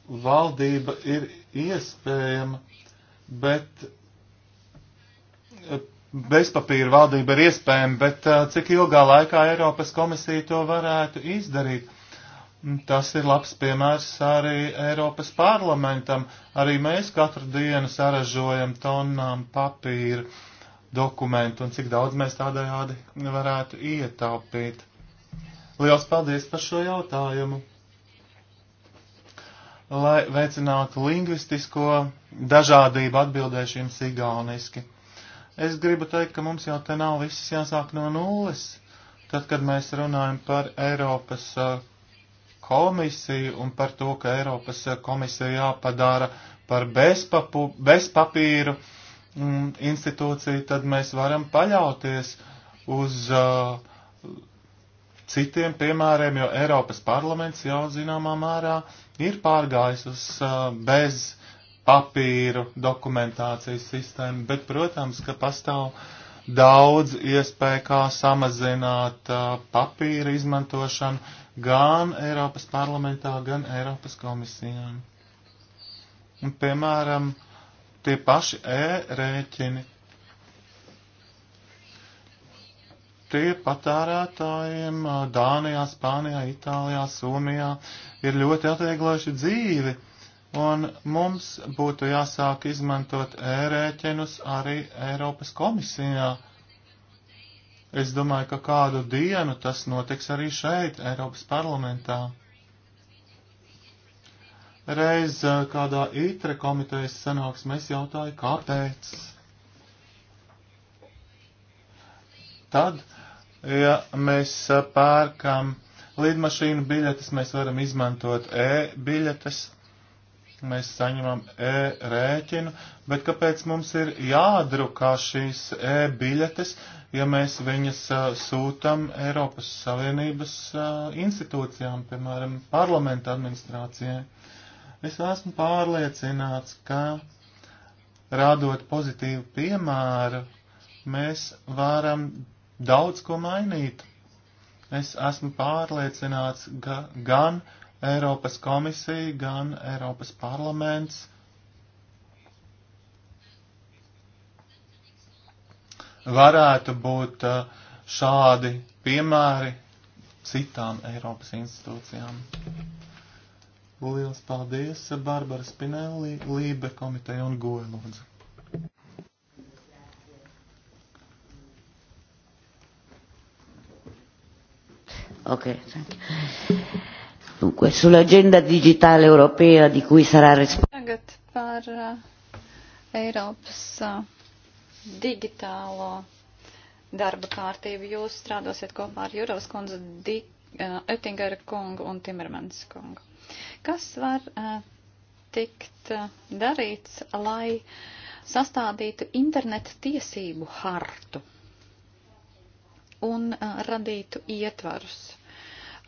valdība ir iespējama, bet eh, bezpapīra valdība ir iespējama, bet eh, cik ilgā laikā Eiropas komisija to varētu izdarīt? Tas ir labs piemērs arī Eiropas parlamentam. Arī mēs katru dienu saražojam tonnām papīra dokumentu un cik daudz mēs tādējādi varētu ietaupīt. Liels paldies par šo jautājumu! lai veicinātu lingvistisko dažādību atbildēšu jums igauniski. Es gribu teikt, ka mums jau te nav viss jāsāk no nulles. Tad, kad mēs runājam par Eiropas uh, komisiju un par to, ka Eiropas uh, komisija jāpadara par bezpapu, bezpapīru mm, institūciju, tad mēs varam paļauties uz uh, citiem piemēriem, jo Eiropas parlaments jau zināmā mērā ir pārgājis uz uh, bez papīru dokumentācijas sistēmu, bet, protams, ka pastāv daudz iespēju, kā samazināt uh, papīra izmantošanu gan Eiropas parlamentā, gan Eiropas komisijām. Un, piemēram, tie paši e-rēķini tie patērētājiem Dānijā, Spānijā, Itālijā, Somijā ir ļoti atvieglojuši dzīvi, un mums būtu jāsāk izmantot ērēķinus arī Eiropas komisijā. Es domāju, ka kādu dienu tas notiks arī šeit, Eiropas parlamentā. Reiz kādā itre komitejas sanāksmē es jautāju, kāpēc. Tad Ja mēs pērkam lidmašīnu biļetes, mēs varam izmantot e-biļetes, mēs saņemam e-rēķinu, bet kāpēc mums ir jādrukā šīs e-biļetes, ja mēs viņas sūtam Eiropas Savienības institūcijām, piemēram, parlamenta administrācijai? Es esmu pārliecināts, ka rādot pozitīvu piemēru, mēs varam daudz ko mainīt. Es esmu pārliecināts, ka gan Eiropas komisija, gan Eiropas parlaments varētu būt uh, šādi piemēri citām Eiropas institūcijām. Lielas paldies Barbara Spinelli, Lībe komiteja un Goja lūdzu. Ok, Dunque, sull'agenda digitale europea di cui sarà responsabile. Tagad par uh, Eiropas uh, digitālo darba kārtību jūs strādāsiet kopā ar Jurovas kundzu, Di, uh, Oettingera kungu un Timermans kungu. Kas var uh, tikt uh, darīts, lai sastādītu internetu tiesību hartu? un radītu ietvarus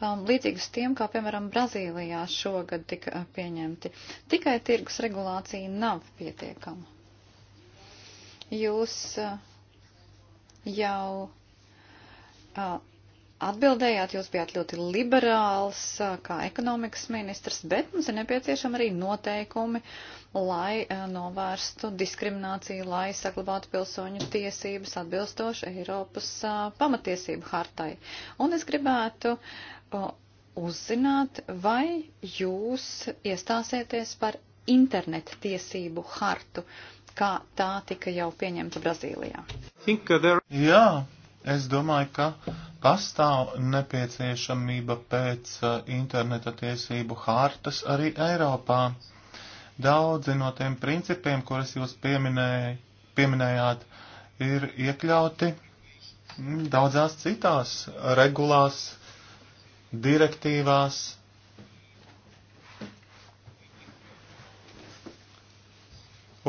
um, līdzīgus tiem, kā piemēram Brazīlijā šogad tika pieņemti. Tikai tirgus regulācija nav pietiekama. Jūs uh, jau uh, atbildējāt, jūs bijāt ļoti liberāls kā ekonomikas ministrs, bet mums ir nepieciešama arī noteikumi, lai novērstu diskrimināciju, lai saglabātu pilsoņu tiesības atbilstoši Eiropas pamatiesību hartai. Un es gribētu uzzināt, vai jūs iestāsieties par internetu tiesību hartu, kā tā tika jau pieņemta Brazīlijā. Uh, there... Jā, Es domāju, ka pastāv nepieciešamība pēc uh, interneta tiesību hārtas arī Eiropā. Daudzi no tiem principiem, kurus jūs pieminēj, pieminējāt, ir iekļauti daudzās citās regulās, direktīvās,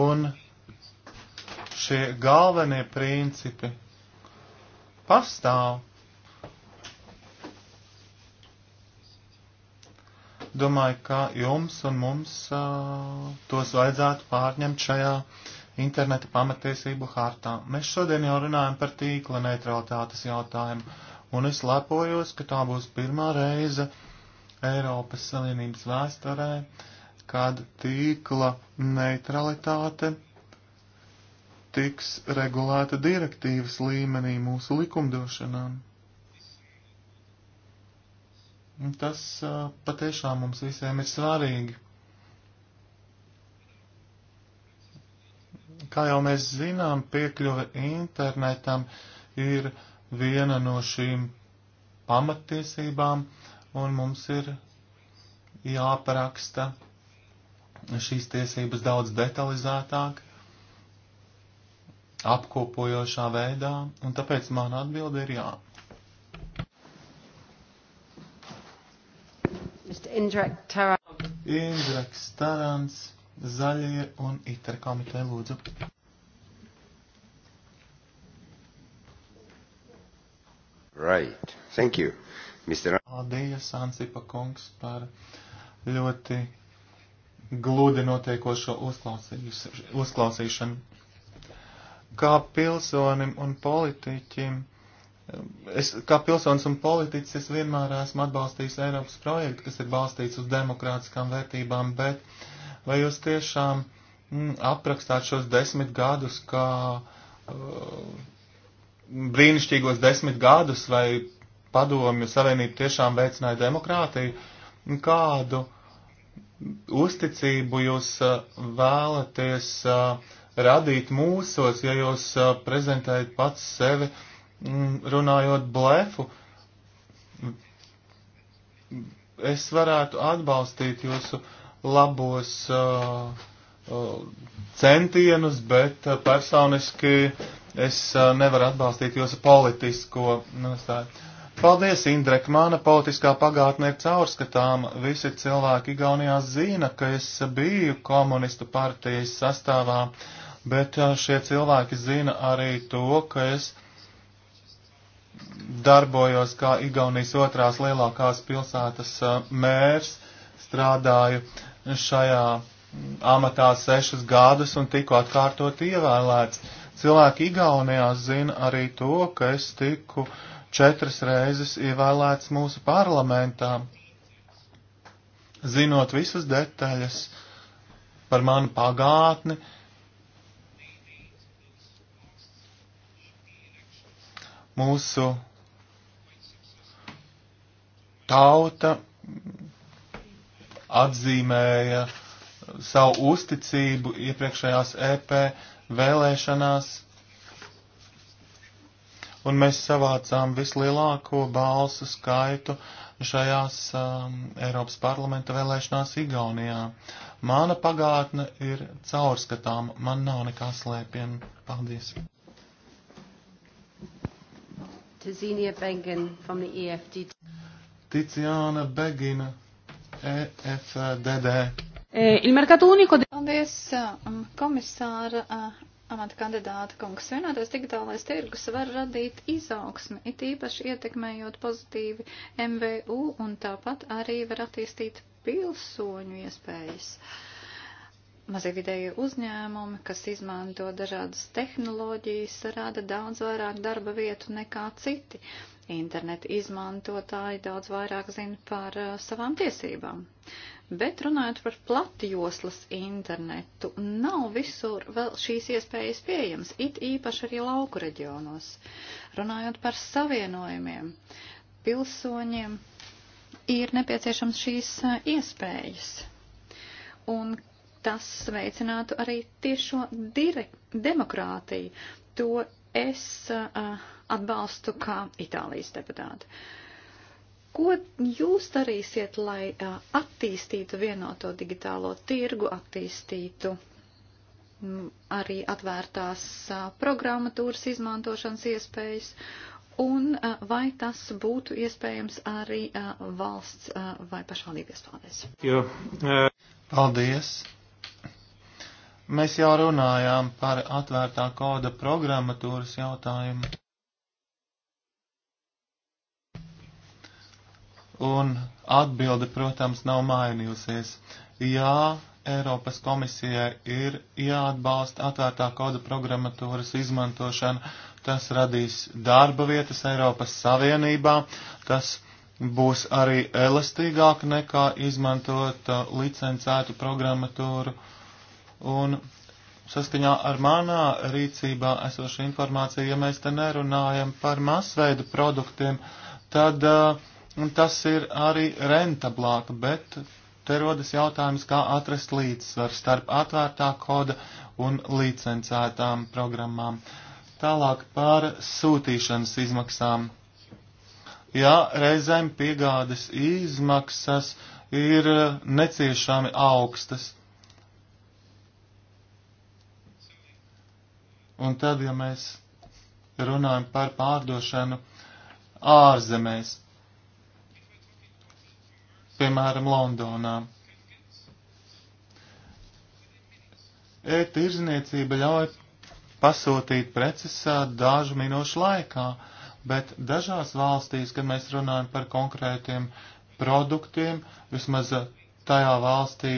un šie galvenie principi pastāv. Domāju, ka jums un mums uh, tos vajadzētu pārņemt šajā interneta pamatiesību hartā. Mēs šodien jau runājam par tīkla neutralitātes jautājumu, un es lepojos, ka tā būs pirmā reize Eiropas Savienības vēsturē, kad tīkla neutralitāte tiks regulēta direktīvas līmenī mūsu likumdošanām. Tas uh, patiešām mums visiem ir svarīgi. Kā jau mēs zinām, piekļuve internetam ir viena no šīm pamattiesībām, un mums ir jāparaksta šīs tiesības daudz detalizētāk, apkopojošā veidā, un tāpēc mana atbilde ir jā. Indreks Tarants, Zaļie un Iter komiteja lūdzu. Right. Thank you, Mr. Paldies, Ansipa kungs, par ļoti glūdi notiekošo uzklausīšanu kā pilsonim un politiķim. Es, kā pilsonis un politiķis es vienmēr esmu atbalstījis Eiropas projektu, kas ir balstīts uz demokrātiskām vērtībām, bet vai jūs tiešām mm, aprakstāt šos desmit gadus kā uh, brīnišķīgos desmit gadus, vai padomju savienība tiešām veicināja demokrātiju? Kādu uzticību jūs uh, vēlaties uh, radīt mūsos, ja jūs prezentējat pats sevi, mm, runājot blefu. Es varētu atbalstīt jūsu labos centienus, bet personiski es nevaru atbalstīt jūsu politisko nostāju. Paldies, Indrek, mana politiskā pagātne ir caurskatāma. Visi cilvēki Igaunijā zina, ka es biju komunistu partijas sastāvā bet šie cilvēki zina arī to, ka es darbojos kā Igaunijas otrās lielākās pilsētas mērs, strādāju šajā amatā sešus gadus un tiku atkārtot ievēlēts. Cilvēki Igaunijā zina arī to, ka es tiku četras reizes ievēlēts mūsu parlamentā. Zinot visas detaļas par manu pagātni, uh, mūsu tauta atzīmēja savu uzticību iepriekšējās EP vēlēšanās, un mēs savācām vislielāko balsu skaitu šajās um, Eiropas parlamenta vēlēšanās Igaunijā. Mana pagātne ir caurskatām, man nav nekā slēpjama. Paldies! Tiziana Begin from the EFD. Tiziana Begina, EFDD. E, il mercato unico. Paldies, komisāra amata kandidāta kungs. Vienotais digitālais tirgus var radīt izaugsmi, it īpaši ietekmējot pozitīvi MVU un tāpat arī var attīstīt pilsoņu iespējas. Uh, Mazīvidēji uzņēmumi, kas izmanto dažādas tehnoloģijas, rada daudz vairāk darba vietu nekā citi. Interneta izmantotāji daudz vairāk zina par uh, savām tiesībām. Bet runājot par platjoslas internetu, nav visur vēl šīs iespējas pieejamas, it īpaši arī lauku reģionos. Runājot par savienojumiem, pilsoņiem ir nepieciešams šīs uh, iespējas. Un tas veicinātu arī tiešo demokrātiju. To es uh, atbalstu kā Itālijas deputāti. Ko jūs darīsiet, lai uh, attīstītu vienoto digitālo tirgu, attīstītu m, arī atvērtās uh, programmatūras izmantošanas iespējas Un vai tas būtu iespējams arī valsts vai pašvaldības pārēs? Jo. Paldies. Mēs jau runājām par atvērtā koda programmatūras jautājumu. Un atbilde, protams, nav mainījusies. Jā, Eiropas komisijai ir jāatbalsta atvērtā koda programmatūras izmantošana. Tas radīs darba vietas Eiropas Savienībā. Tas būs arī elastīgāk nekā izmantot uh, licencētu programmatūru Un saskaņā ar manā rīcībā esošu informāciju, ja mēs te nerunājam par masveidu produktiem, tad uh, tas ir arī rentablāk, bet te rodas jautājums, kā atrast līdzsvaru starp atvērtā koda un licencētām programmām. Tālāk par sūtīšanas izmaksām. Jā, reizēm piegādes izmaksas ir neciešami augstas Un tad, ja mēs runājam par pārdošanu ārzemēs, piemēram, Londonā. E-tirzniecība ļauj pasūtīt preces dažu minūšu laikā, bet dažās valstīs, kad mēs runājam par konkrētiem produktiem, vismaz tajā valstī,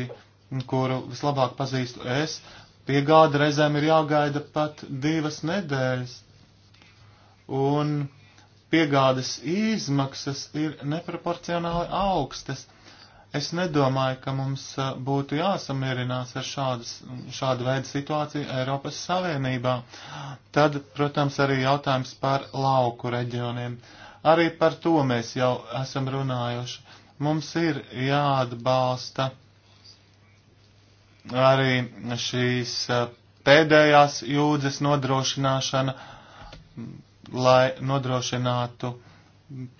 kuru vislabāk pazīstu es, piegāda reizēm ir jāgaida pat divas nedēļas. Un piegādes izmaksas ir neproporcionāli augstas. Es nedomāju, ka mums būtu jāsamierinās ar šādas, šādu veidu situāciju Eiropas Savienībā. Tad, protams, arī jautājums par lauku reģioniem. Arī par to mēs jau esam runājuši. Mums ir jāatbalsta arī šīs pēdējās jūdzes nodrošināšana, lai nodrošinātu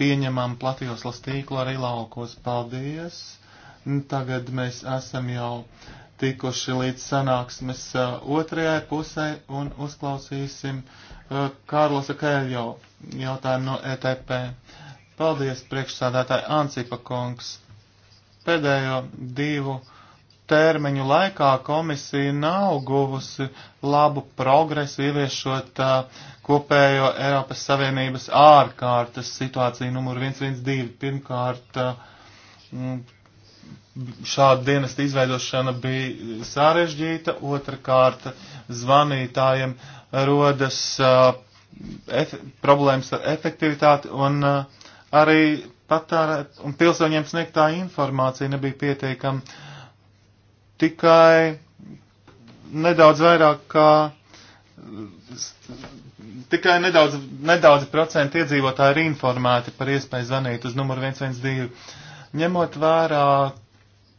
pieņemam platjoslas tīklu arī laukos. Paldies! Nu, tagad mēs esam jau tikuši līdz sanāksmes otrajai pusē un uzklausīsim Kārlosa Kēļo jautājumu no ETP. Paldies, priekšsādātāji Ancipa kungs! Pēdējo divu termiņu laikā komisija nav guvusi labu progresu ieviešot uh, kopējo Eiropas Savienības ārkārtas situāciju numur 112. Pirmkārt, uh, šāda dienesta izveidošana bija sarežģīta, otrkārt zvanītājiem rodas uh, problēmas ar efektivitāti un uh, arī patērēt un pilsoņiem sniegtā informācija nebija pietiekama tikai nedaudz vairāk kā tikai nedaudz, nedaudz procenti iedzīvotāji ir informēti par iespēju zvanīt uz numuru 112. Ņemot vērā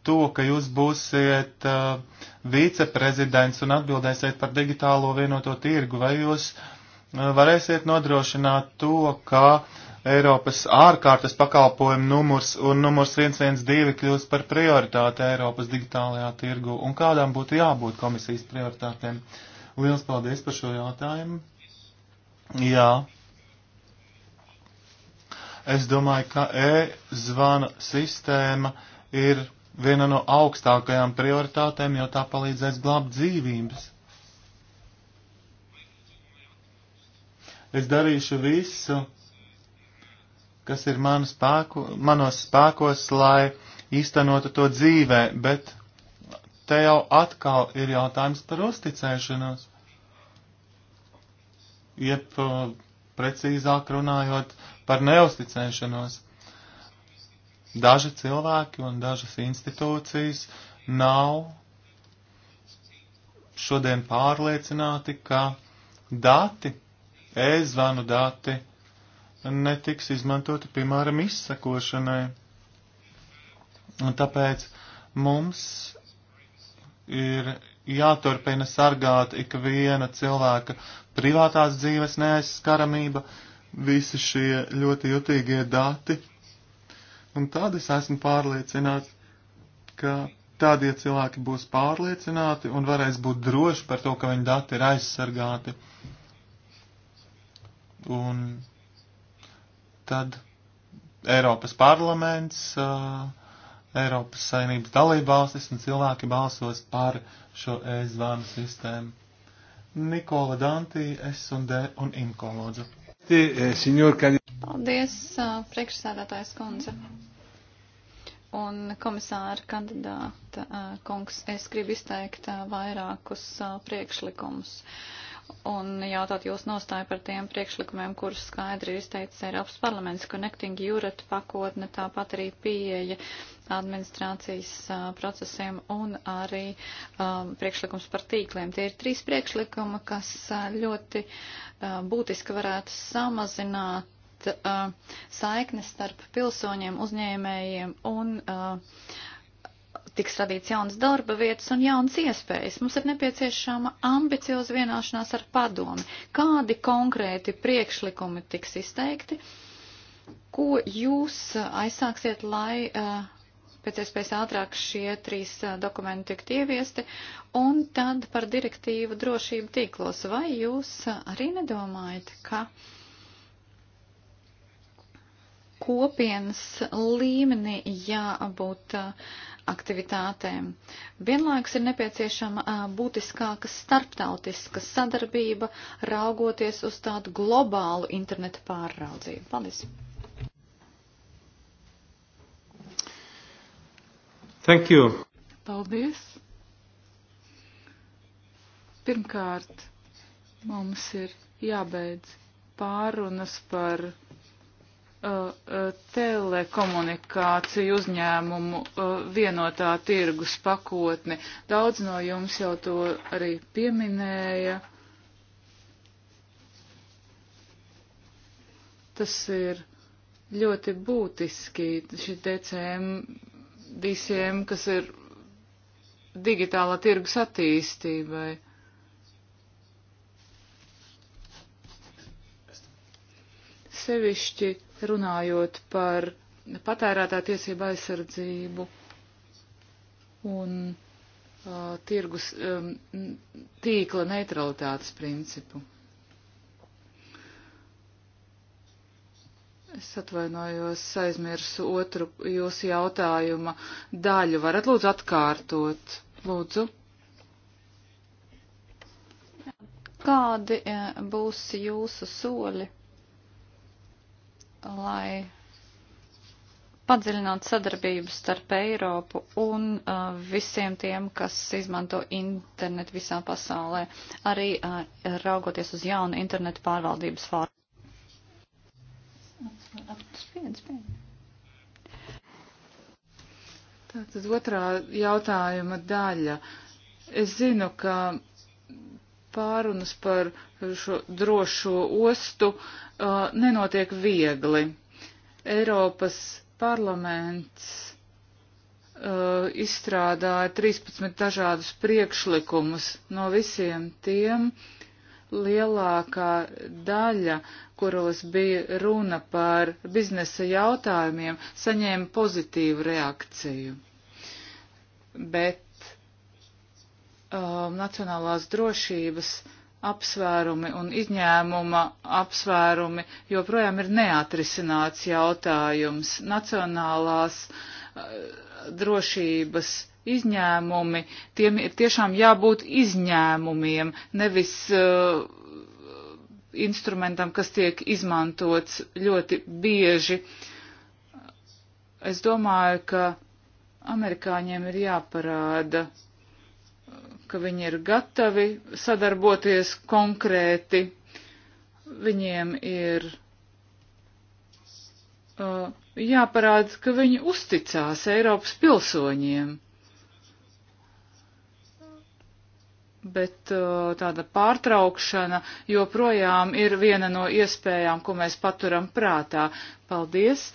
to, ka jūs būsiet uh, viceprezidents un atbildēsiet par digitālo vienoto tirgu, vai jūs uh, varēsiet nodrošināt to, ka uh, Eiropas ārkārtas pakalpojumu numurs un numurs 112 kļūst par prioritāti Eiropas digitālajā tirgu un kādām būtu jābūt komisijas prioritātēm? Liels paldies par šo jautājumu. Jā. Es domāju, ka e-zvana sistēma ir viena no augstākajām prioritātēm, jo tā palīdzēs glābt dzīvības. Es darīšu visu, kas ir manu spēku, manos spēkos, lai īstenotu to dzīvē, bet te jau atkal ir jautājums par uzticēšanos. Jeb uh, precīzāk runājot par neusticēšanos. Daži cilvēki un dažas institūcijas nav šodien pārliecināti, ka dati, e-zvanu dati, netiks izmantoti, piemēram, izsakošanai. Un tāpēc mums ir jāturpina sargāt ikviena cilvēka privātās dzīves neaizskaramība, visi šie ļoti jutīgie dati. Un tad es esmu pārliecināts, ka tādie cilvēki būs pārliecināti un varēs būt droši par to, ka viņu dati ir aizsargāti. Un tad Eiropas parlaments, uh, Eiropas saimnības dalībvalstis un cilvēki balsos par šo e-zvanu sistēmu. Nikola Dantī, S&D un Imko Lodzu. Eh, Paldies, uh, priekšsēdētājs kundze. Un komisāra kandidāta uh, kungs, es gribu izteikt vairākus priekšlikumus. Uh, un jautāt jūs nostāju par tiem priekšlikumiem, kurus skaidri ir izteicis Eiropas parlaments. Connecting Europe pakotne, tāpat arī pieeja administrācijas uh, procesiem un arī um, priekšlikums par tīkliem. Tie ir trīs priekšlikuma, kas uh, ļoti uh, būtiski varētu samazināt saiknes starp pilsoņiem, uzņēmējiem un uh, tiks radīts jauns darba vietas un jauns iespējas. Mums ir nepieciešama ambicioza vienāšanās ar padomi. Kādi konkrēti priekšlikumi tiks izteikti? Ko jūs uh, aizsāksiet, lai uh, pēc iespējas ātrāk šie trīs uh, dokumenti tiktu ieviesti? Un tad par direktīvu drošību tīklos. Vai jūs arī nedomājat, ka kopienas līmenī jābūt uh, aktivitātēm. Vienlaiks ir nepieciešama būtiskāka starptautiska sadarbība, raugoties uz tādu globālu interneta pārraudzību. Paldies! Thank you. Paldies! Pirmkārt, mums ir jābeidz pārunas par Uh, telekomunikāciju uzņēmumu uh, vienotā tirgus pakotni. Daudz no jums jau to arī pieminēja. Tas ir ļoti būtiski, šī DCM visiem, kas ir digitālā tirgus attīstībai. Sevišķi runājot par patērētā tiesība aizsardzību un uh, tirgus um, tīkla neutralitātes principu. Es atvainojos, aizmirsu otru jūsu jautājuma daļu. Varat lūdzu atkārtot? Lūdzu. Kādi eh, būs jūsu soļi? lai padziļināt sadarbību starp Eiropu un uh, visiem tiem, kas izmanto internetu visā pasaulē, arī uh, raugoties uz jaunu internetu pārvaldības formu. Tātad otrā jautājuma daļa. Es zinu, ka pārunas par šo drošo ostu uh, nenotiek viegli. Eiropas parlaments uh, izstrādāja 13 dažādus priekšlikumus. No visiem tiem lielākā daļa, kuros bija runa par biznesa jautājumiem, saņēma pozitīvu reakciju. Bet um, nacionālās drošības apsvērumi un izņēmuma apsvērumi joprojām ir neatrisināts jautājums. Nacionālās uh, drošības izņēmumi, tiem ir tiešām jābūt izņēmumiem, nevis uh, instrumentam, kas tiek izmantots ļoti bieži. Es domāju, ka amerikāņiem ir jāparāda ka viņi ir gatavi sadarboties konkrēti. Viņiem ir uh, jāparāda, ka viņi uzticās Eiropas pilsoņiem. Bet uh, tāda pārtraukšana joprojām ir viena no iespējām, ko mēs paturam prātā. Paldies!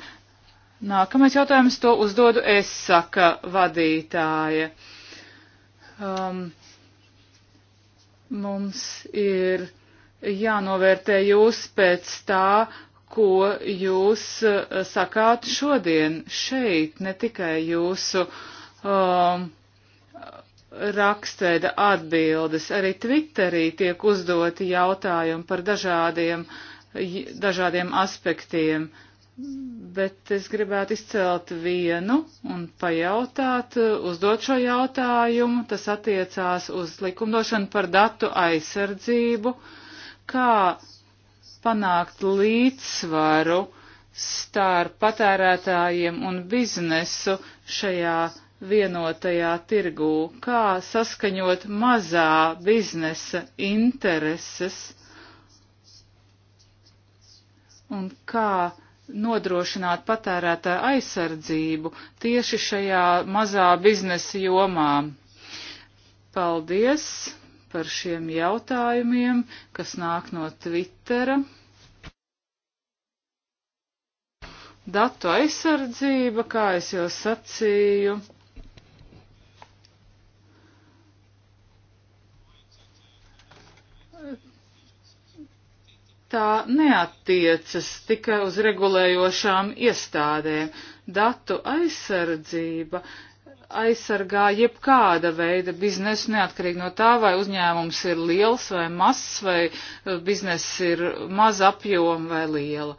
Nākamais jautājums to uzdodu es, saka vadītāja. Um, Mums ir jānovērtē jūs pēc tā, ko jūs eh, sakāt šodien šeit, ne tikai jūsu um, raksteida atbildes. Arī Twitterī tiek uzdoti jautājumi par dažādiem, dažādiem aspektiem. Uh, bet es gribētu izcelt vienu un pajautāt, uzdot šo jautājumu. Tas attiecās uz likumdošanu par datu aizsardzību. Kā panākt līdzsvaru starp patērētājiem un biznesu šajā vienotajā tirgū? Kā saskaņot mazā biznesa intereses? Un kā nodrošināt patērētāju aizsardzību tieši šajā mazā biznesa jomā. Paldies par šiem jautājumiem, kas nāk no Twittera. Datu aizsardzība, kā es jau sacīju tā neattiecas tikai uz regulējošām iestādēm. Datu aizsardzība aizsargā jebkāda veida biznesu, neatkarīgi no tā, vai uzņēmums ir liels vai mazs, vai uh, bizness ir maz apjoma vai liela.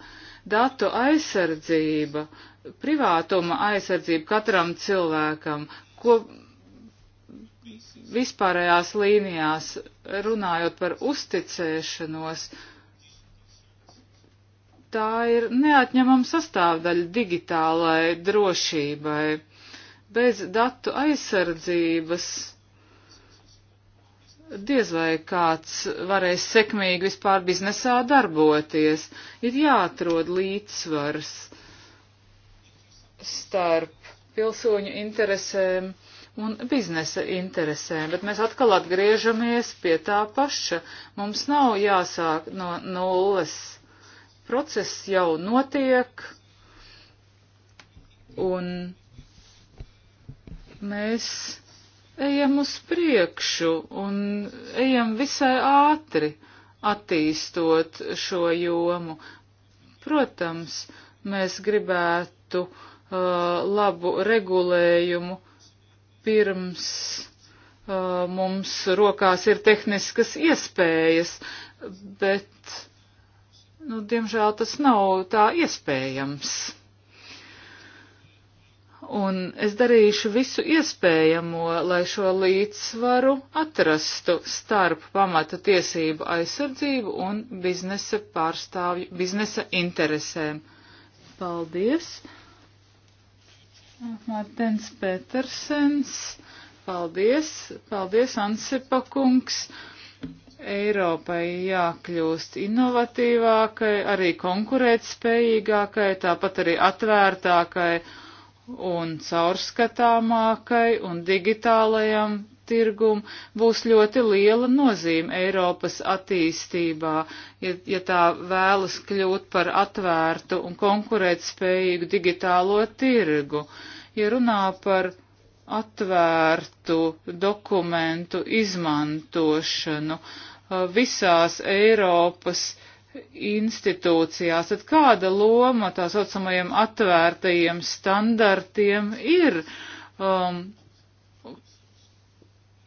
Datu aizsardzība, privātuma aizsardzība katram cilvēkam, ko vispārējās līnijās runājot par uzticēšanos, uh, tā ir neatņemama sastāvdaļa digitālai drošībai. Bez datu aizsardzības diez vai kāds varēs sekmīgi vispār biznesā darboties. Ir jāatrod līdzsvars starp pilsoņu interesēm un biznesa interesēm, bet mēs atkal atgriežamies pie tā paša. Mums nav jāsāk no nulles. Process jau notiek, un mēs ejam uz priekšu un ejam visai ātri attīstot šo jomu. Protams, mēs gribētu uh, labu regulējumu pirms uh, mums rokās ir tehniskas iespējas, bet nu, diemžēl tas nav tā iespējams. Un es darīšu visu iespējamo, lai šo līdzsvaru atrastu starp pamata tiesību aizsardzību un biznesa pārstāvju, biznesa interesēm. Paldies! Martens Petersens, paldies, paldies Ansepa kungs. Eiropai jākļūst inovatīvākai, arī konkurētspējīgākai, tāpat arī atvērtākai un caurskatāmākai un digitālajam tirgum būs ļoti liela nozīme Eiropas attīstībā, ja, ja tā vēlas kļūt par atvērtu un konkurētspējīgu digitālo tirgu. Ja runā par atvērtu dokumentu izmantošanu, uh, visās Eiropas institūcijās, tad kāda loma tā saucamajiem atvērtajiem standartiem ir? Um,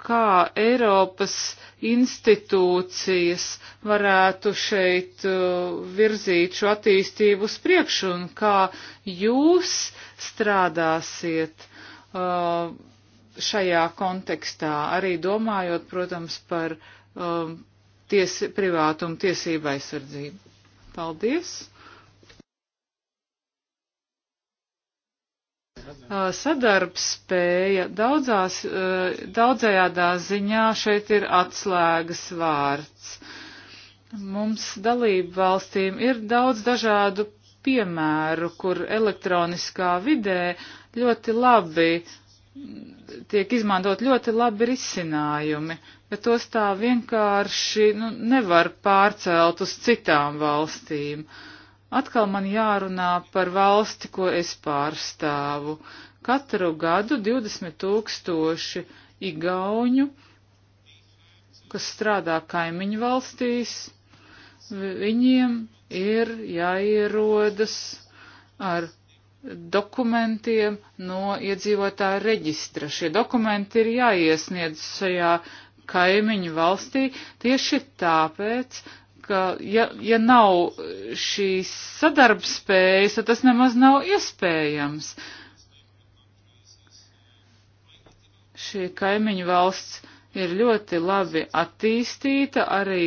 kā Eiropas institūcijas varētu šeit uh, virzīt šo attīstību uz priekšu un kā jūs strādāsiet uh, šajā kontekstā, arī domājot, protams, par uh, um, ties, privātuma tiesība aizsardzību. Paldies! Uh, sadarbspēja daudzās, uh, daudzējādā ziņā šeit ir atslēgas vārds. Mums dalību valstīm ir daudz dažādu piemēru, kur elektroniskā vidē ļoti labi tiek izmantot ļoti labi risinājumi, bet tos tā vienkārši nu, nevar pārcelt uz citām valstīm. Atkal man jārunā par valsti, ko es pārstāvu. Katru gadu 20 tūkstoši igauņu, kas strādā kaimiņu valstīs, viņiem ir jāierodas ar dokumentiem no iedzīvotāja reģistra. Šie dokumenti ir jāiesniedz šajā kaimiņu valstī tieši tāpēc, ka ja, ja nav šīs sadarbspējas, tad tas nemaz nav iespējams. Šī kaimiņu valsts ir ļoti labi attīstīta, arī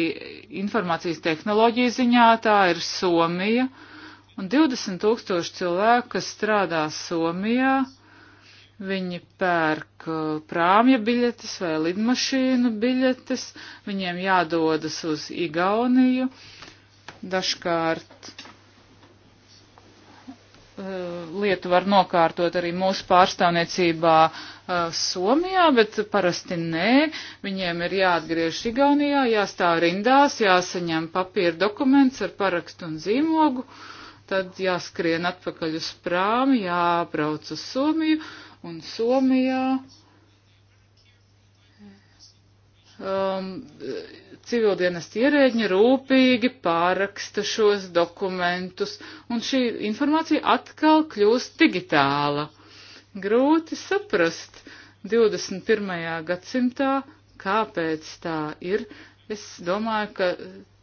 informācijas tehnoloģija ziņā tā ir Somija. Uh, Un 20 tūkstoši cilvēku, kas strādā Somijā, viņi pērk uh, prāmja biļetes vai lidmašīnu biļetes, viņiem jādodas uz Igauniju. Dažkārt uh, lietu var nokārtot arī mūsu pārstāvniecībā uh, Somijā, bet parasti nē. Viņiem ir jāatgriež Igaunijā, jāstāv rindās, jāsaņem papīra dokuments ar parakstu un zīmogu. Uh, tad jāskrien atpakaļ uz prāmi, jābrauc uz Somiju, un Somijā um, civildienas ierēģi rūpīgi pāraksta šos dokumentus, un šī informācija atkal kļūst digitāla. Grūti saprast 21. gadsimtā, kāpēc tā ir. Es domāju, ka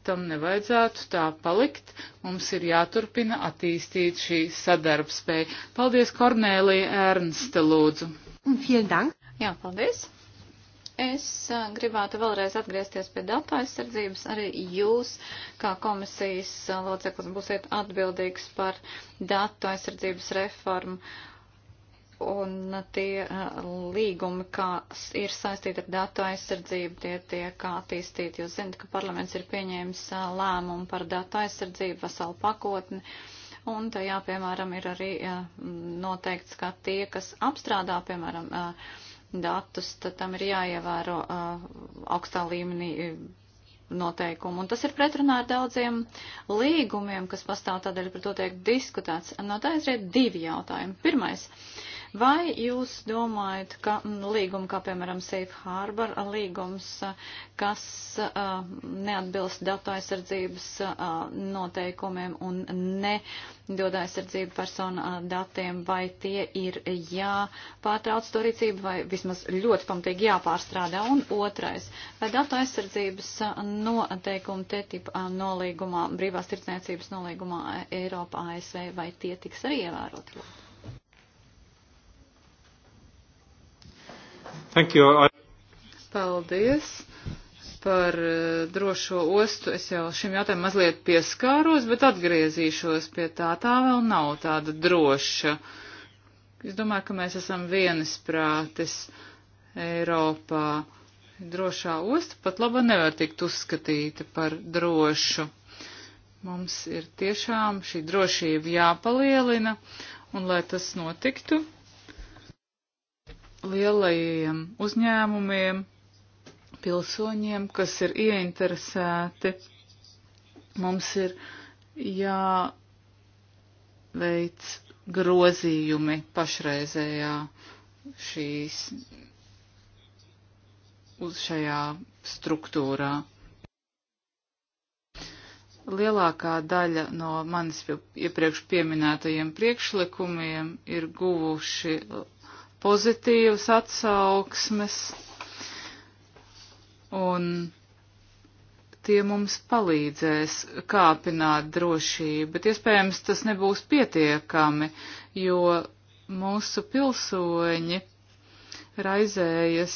tam nevajadzētu tā palikt. Mums ir jāturpina attīstīt šī sadarbspēja. Paldies, Kornēlija Ernsta, lūdzu. Jā, paldies. Es gribētu vēlreiz atgriezties pie datu aizsardzības. Arī jūs, kā komisijas loceklis, būsiet atbildīgs par datu aizsardzības reformu. Uh, Un tie līgumi, kas ir saistīti ar datu aizsardzību, tie tiek attīstīti. Jūs zinat, ka parlaments ir pieņēmis lēmumu par datu aizsardzību, veselu pakotni. Un tajā, piemēram, ir arī noteikts, ka tie, kas apstrādā, piemēram, datus, tad tam ir jāievēro augstā līmenī noteikumu. Un tas ir pretrunā ar daudziem līgumiem, kas pastāv tādēļ par to tiek diskutēts. No tā izriet divi jautājumi. Pirmais. Uh, Vai jūs domājat, ka mm, līguma, kā piemēram Safe Harbor līgums, kas neatbilst datu aizsardzības noteikumiem un nedod aizsardzību personu datiem, vai tie ir jāpārtrauc to rīcību vai vismaz ļoti pamatīgi jāpārstrādā? Un otrais, vai datu aizsardzības noteikumi TTIP nolīgumā, brīvās tirdzniecības nolīgumā Eiropā, ASV, vai tie tiks arī ievēroti? Thank you. Paldies par eh, drošo ostu. Es jau šim jautājumam mazliet pieskāros, bet atgriezīšos pie tā. Tā vēl nav tāda droša. Es domāju, ka mēs esam vienisprātis Eiropā. Drošā osta pat laba nevar tikt uzskatīta par drošu. Mums ir tiešām šī drošība jāpalielina, un lai tas notiktu, lielajiem uzņēmumiem, pilsoņiem, kas ir ieinteresēti. Mums ir jāveic grozījumi pašreizējā šīs uz šajā struktūrā. Lielākā daļa no manis iepriekš pieminētajiem priekšlikumiem ir guvuši pozitīvas atsauksmes, un tie mums palīdzēs kāpināt drošību, bet iespējams tas nebūs pietiekami, jo mūsu pilsoņi raizējas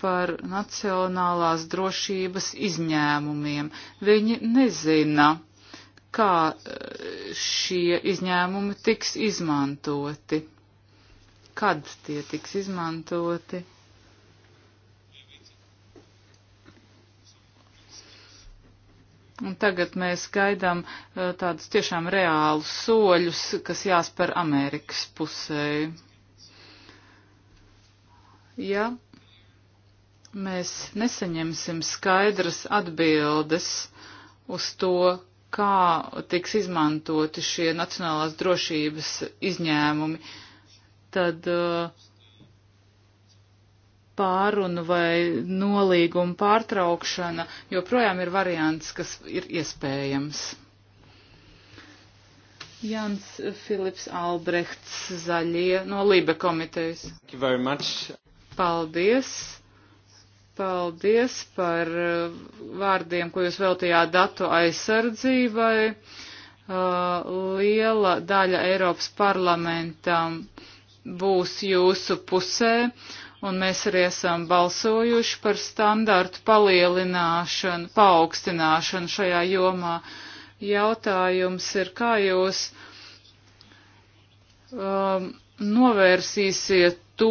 par nacionālās drošības izņēmumiem. Viņi nezina, kā eh, šie izņēmumi tiks izmantoti kad tie tiks izmantoti. Un tagad mēs gaidām e, tādus tiešām reālus soļus, kas jāspēr Amerikas pusē. Ja mēs nesaņemsim skaidras atbildes uz to, kā tiks izmantoti šie nacionālās drošības izņēmumi, uh, tad uh, pārunu vai nolīgumu pārtraukšana joprojām ir variants, kas ir iespējams. Jans Filips Albrechts Zaļie no Lībe komitejas. Paldies! Paldies par uh, vārdiem, ko jūs veltījāt datu aizsardzībai. Uh, liela daļa Eiropas parlamentam būs jūsu pusē, un mēs arī esam balsojuši par standartu palielināšanu, paaugstināšanu šajā jomā. Jautājums ir, kā jūs um, novērsīsiet to,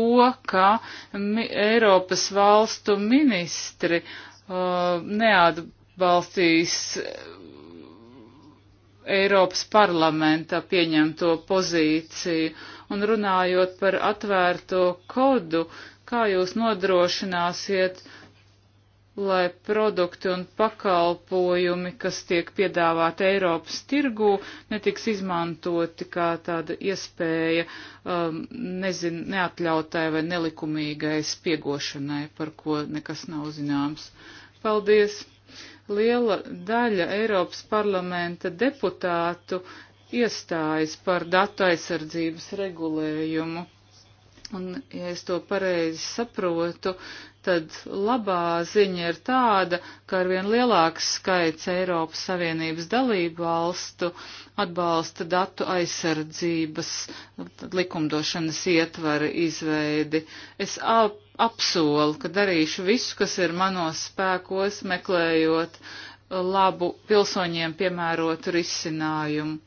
ka mi Eiropas valstu ministri uh, neatbalstīs Eiropas parlamenta pieņemto pozīciju. Un runājot par atvērto kodu, kā jūs nodrošināsiet, lai produkti un pakalpojumi, kas tiek piedāvāti Eiropas tirgū, netiks izmantoti kā tāda iespēja um, nezin, neatļautai vai nelikumīgai spiegošanai, par ko nekas nav zināms. Paldies! liela daļa Eiropas parlamenta deputātu iestājas par datu aizsardzības regulējumu. Un, ja es to pareizi saprotu, tad labā ziņa ir tāda, ka arvien lielāks skaits Eiropas Savienības dalību valstu atbalsta datu aizsardzības nu, likumdošanas ietvara izveidi. Es ap, apsolu, ka darīšu visu, kas ir manos spēkos, meklējot labu pilsoņiem piemērotu risinājumu.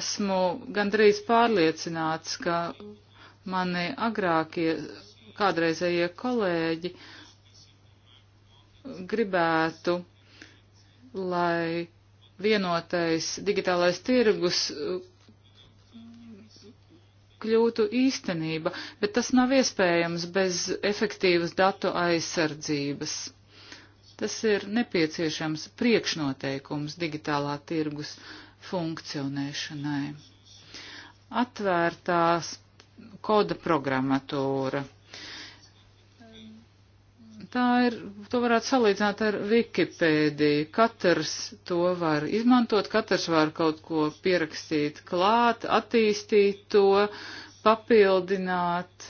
Esmu gandrīz pārliecināts, ka mani agrākie kādreizējie kolēģi gribētu, lai vienotais digitālais tirgus uh, kļūtu īstenība, bet tas nav iespējams bez efektīvas datu aizsardzības. Tas ir nepieciešams priekšnoteikums digitālā tirgus funkcionēšanai. Atvērtās koda programmatūra Tā ir, to varētu salīdzināt ar Wikipēdiju. Katrs to var izmantot, katrs var kaut ko pierakstīt klāt, attīstīt to, papildināt.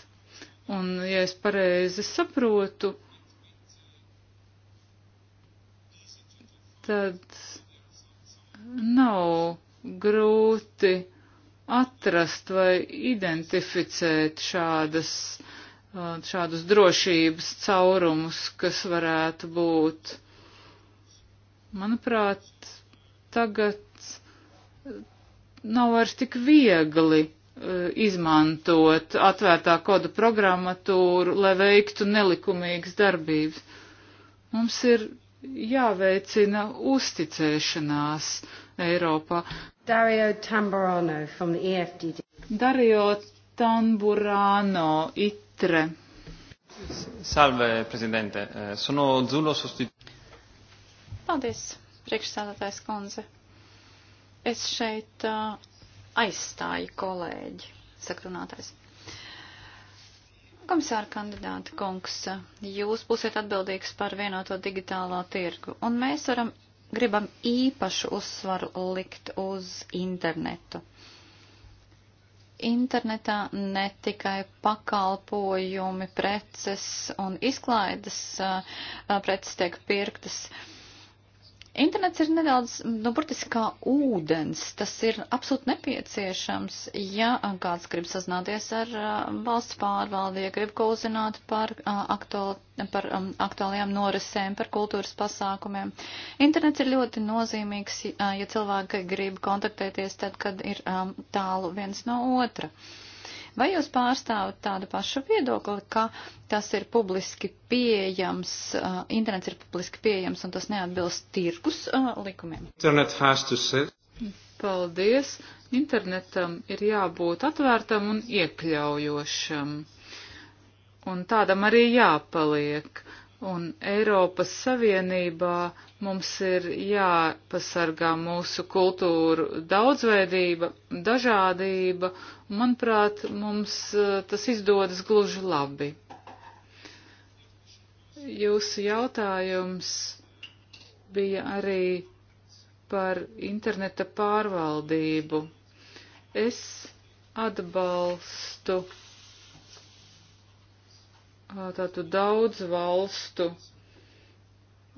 Un, ja es pareizi saprotu, tad nav grūti atrast vai identificēt šādas uh, Uh, šādus drošības caurumus, kas varētu būt. Manuprāt, tagad uh, nav vairs tik viegli uh, izmantot atvērtā koda programmatūru, lai veiktu nelikumīgas darbības. Mums ir jāveicina uzticēšanās Eiropā. Dario Tamburano from the EFDD. Dario Tamburano, it ITRE. Salve, prezidente. Eh, sono Zulo sostituto. Paldies, priekšsēdētājs Konze. Es šeit uh, aizstāju kolēģi, sakrunātājs. Komisāra kandidāta kungs, jūs būsiet atbildīgs par vienoto digitālo tirgu, un mēs varam, gribam īpašu uzsvaru likt uz internetu internetā ne tikai pakalpojumi, preces un izklaides uh, uh, preces tiek pirktas. Uh, Internets ir nedaudz, nu, burtiski kā ūdens. Tas ir absolūti nepieciešams, ja kāds grib sazināties ar uh, valsts pārvaldi, ja grib ko uzzināt par, uh, aktuāl, par um, aktuālajām norisēm, par kultūras pasākumiem. Internets ir ļoti nozīmīgs, uh, ja cilvēki grib kontaktēties tad, kad ir um, tālu viens no otra. Uh, Vai jūs pārstāvat tādu pašu viedokli, ka tas ir publiski pieejams, uh, internets ir publiski pieejams un tas neatbilst tirgus uh, likumiem? Paldies! Internetam ir jābūt atvērtam un iekļaujošam. Un tādam arī jāpaliek Un Eiropas Savienībā mums ir jāpasargā mūsu kultūru daudzveidība, dažādība, un manuprāt, mums eh, tas izdodas gluži labi. Jūsu jautājums bija arī par interneta pārvaldību. Es atbalstu tātad daudz valstu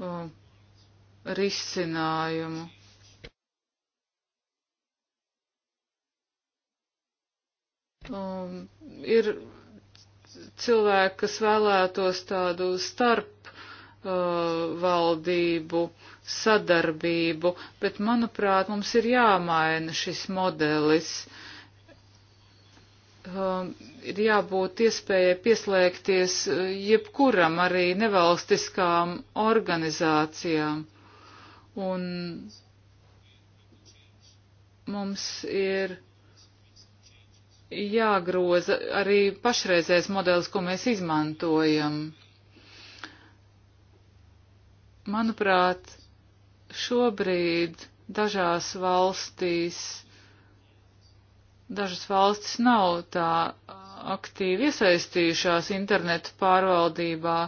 uh, risinājumu. Um, ir cilvēki, kas vēlētos tādu starp uh, valdību sadarbību, bet, manuprāt, mums ir jāmaina šis modelis. Uh, um, ir jābūt iespējai pieslēgties uh, jebkuram arī nevalstiskām organizācijām. Un mums ir jāgroza arī pašreizējais modelis, ko mēs izmantojam. Manuprāt, šobrīd dažās valstīs Dažas valstis nav tā aktīvi iesaistījušās internetu pārvaldībā,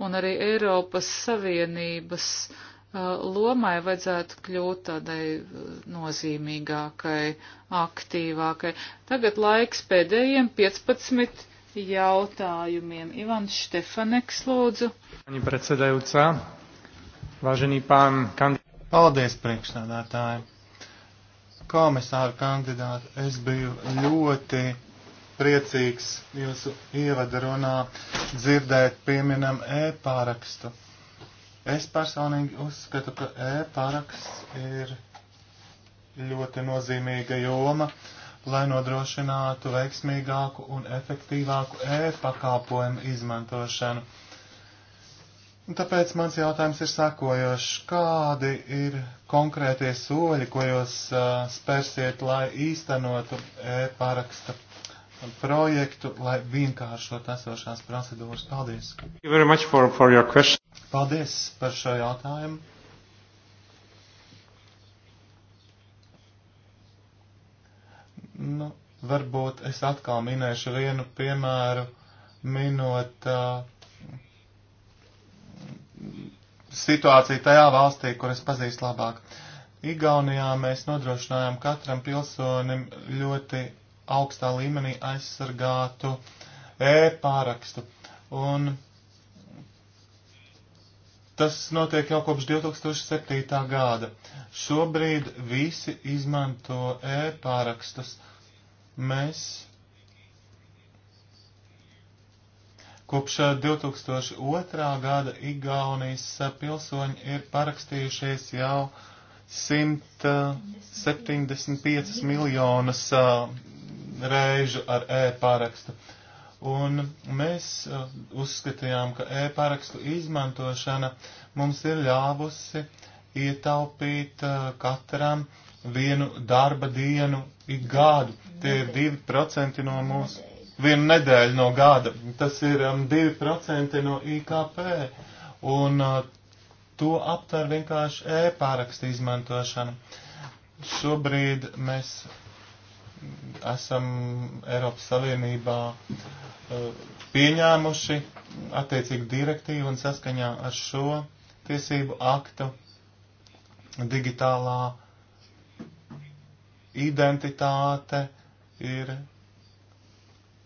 un arī Eiropas Savienības uh, lomai vajadzētu kļūt tādai uh, nozīmīgākai, aktīvākai. Tagad laiks pēdējiem 15 jautājumiem. Ivans Štefaneks, lūdzu. Pani precedējucā, važenī pān kandidāti. Paldies, priekšstādātāji komisāru kandidātu. Es biju ļoti priecīgs jūsu ievada runā dzirdēt pieminam e-pārakstu. Es personīgi uzskatu, ka e-paraksts ir ļoti nozīmīga joma, lai nodrošinātu veiksmīgāku un efektīvāku e-pakalpojumu izmantošanu Tāpēc mans jautājums ir sakojošs. Kādi ir konkrētie soļi, ko jūs uh, spērsiet, lai īstenotu e-paraksta projektu, lai vienkāršot esošās procedūras? Paldies! For, for Paldies par šo jautājumu! Nu, varbūt es atkal minēšu vienu piemēru, minot uh, situāciju tajā valstī, kur es pazīstu labāk. Igaunijā mēs nodrošinājām katram pilsonim ļoti augstā līmenī aizsargātu e-pārakstu. Un tas notiek jau kopš 2007. gada. Šobrīd visi izmanto e-pārakstus. Mēs Kopš 2002. Eh, gada Igaunijas eh, pilsoņi ir parakstījušies jau 175 miljonus eh, reižu ar e-parakstu. Un mēs uzskatījām, ka e-parakstu izmantošana mums ir ļāvusi ietaupīt katram vienu darba dienu ik gadu. Tie ir 2% no mūsu vienu nedēļu no gada. Tas ir um, 2% no IKP. Un uh, to aptver vienkārši e-pārakstu izmantošana. Šobrīd mēs esam Eiropas Savienībā uh, pieņēmuši attiecīgu direktīvu un saskaņā ar šo tiesību aktu digitālā identitāte ir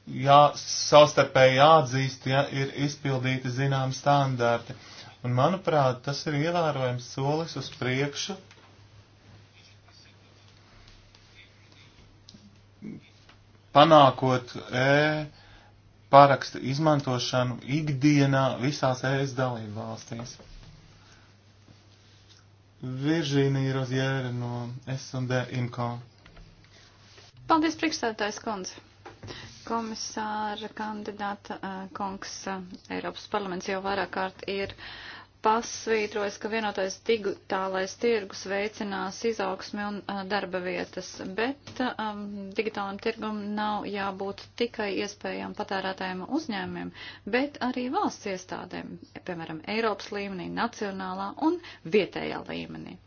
jā, savstarpēji jāatzīst, ja ir izpildīti zinām standarti. Un, manuprāt, tas ir ievērojams solis uz priekšu. Panākot e parakstu izmantošanu ikdienā visās ES dalību valstīs. Viržīnija Rozjēra no S&D Inko. Paldies, priekšstādātājs Konze. Komisāra kandidāta eh, kungs eh, Eiropas parlaments jau vairāk kārt ir pasvītrojas, ka vienotais digitālais tirgus veicinās izaugsmi un eh, darba vietas, bet um, digitālam tirgum nav jābūt tikai iespējām patērētājiem uzņēmumiem, bet arī valsts iestādēm, piemēram, Eiropas līmenī, nacionālā un vietējā līmenī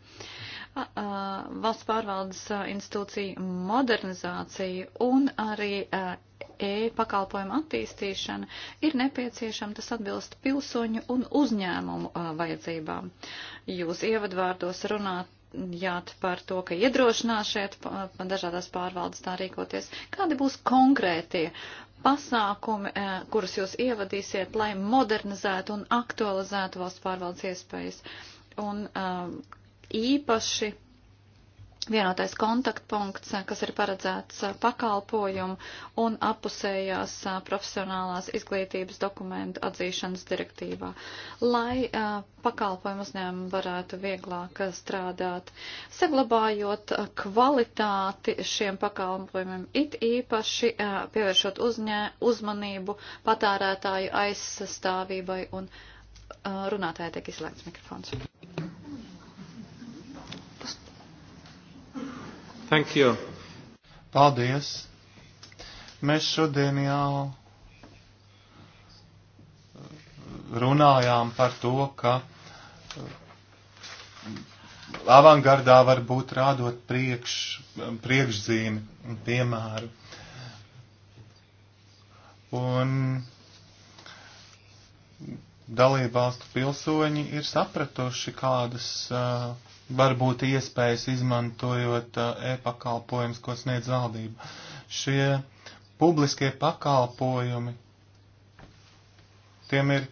valsts pārvaldes institūciju modernizāciju un arī e-pakalpojumu attīstīšana ir nepieciešama, tas atbilst pilsoņu un uzņēmumu vajadzībām. Jūs ievadvārdos runāt jāt par to, ka iedrošināšiet dažādās pārvaldes tā rīkoties. Kādi būs konkrētie pasākumi, kurus jūs ievadīsiet, lai modernizētu un aktualizētu valsts pārvaldes iespējas? Un īpaši vienotais kontaktpunkts, kas ir paredzēts pakalpojumu un apusējās profesionālās izglītības dokumentu atzīšanas direktīvā, lai pakalpojumu uzņēmumu varētu vieglāk strādāt, saglabājot kvalitāti šiem pakalpojumiem, it īpaši pievēršot uzņē, uzmanību patērētāju aizstāvībai un runātāja tiek izslēgts mikrofons. Thank you. Paldies. Mēs šodien jau runājām par to, ka uh, avangardā var būt rādot priekš, priekšzīmi, piemēru. Un dalībvalstu pilsoņi ir sapratuši, kādas uh, var būt iespējas izmantojot uh, e-pakalpojumus, ko sniedz valdība. Šie publiskie pakalpojumi, tiem ir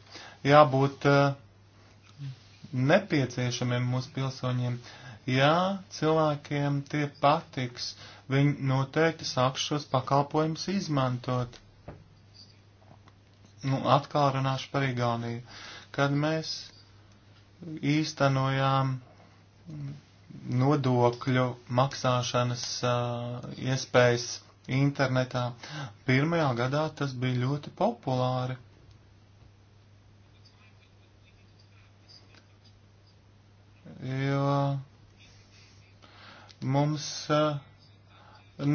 jābūt uh, nepieciešamiem mūsu pilsoņiem. Jā, cilvēkiem tie patiks, viņi noteikti sāks šos pakalpojumus izmantot. Nu, atkal runāšu par Igauniju. Kad mēs īstenojām nodokļu maksāšanas uh, iespējas internetā. Pirmajā gadā tas bija ļoti populāri. Jo mums uh,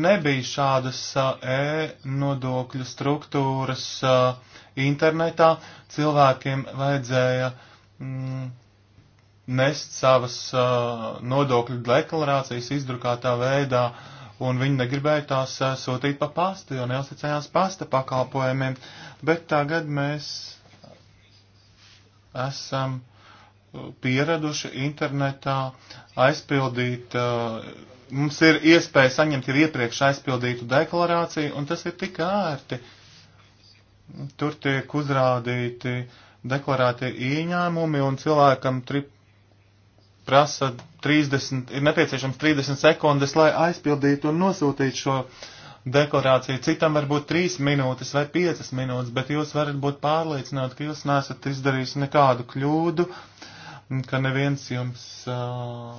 nebija šādas e-nodokļu struktūras internetā. Cilvēkiem vajadzēja mm, nest savas uh, nodokļu deklarācijas izdrukātā veidā, un viņi negribēja tās uh, sūtīt pa pastu, jo neuzticējās pasta pakalpojumiem. Bet tagad mēs esam uh, pieraduši internetā aizpildīt, uh, mums ir iespēja saņemt ir iepriekš aizpildītu deklarāciju, un tas ir tik ērti. Tur tiek uzrādīti deklarētie ieņēmumi, un cilvēkam trip prasa 30, ir nepieciešams 30 sekundes, lai aizpildītu un nosūtītu šo deklarāciju. Citam var būt 3 minūtes vai 5 minūtes, bet jūs varat būt pārliecināti, ka jūs nesat izdarījis nekādu kļūdu, ka neviens jums. Uh,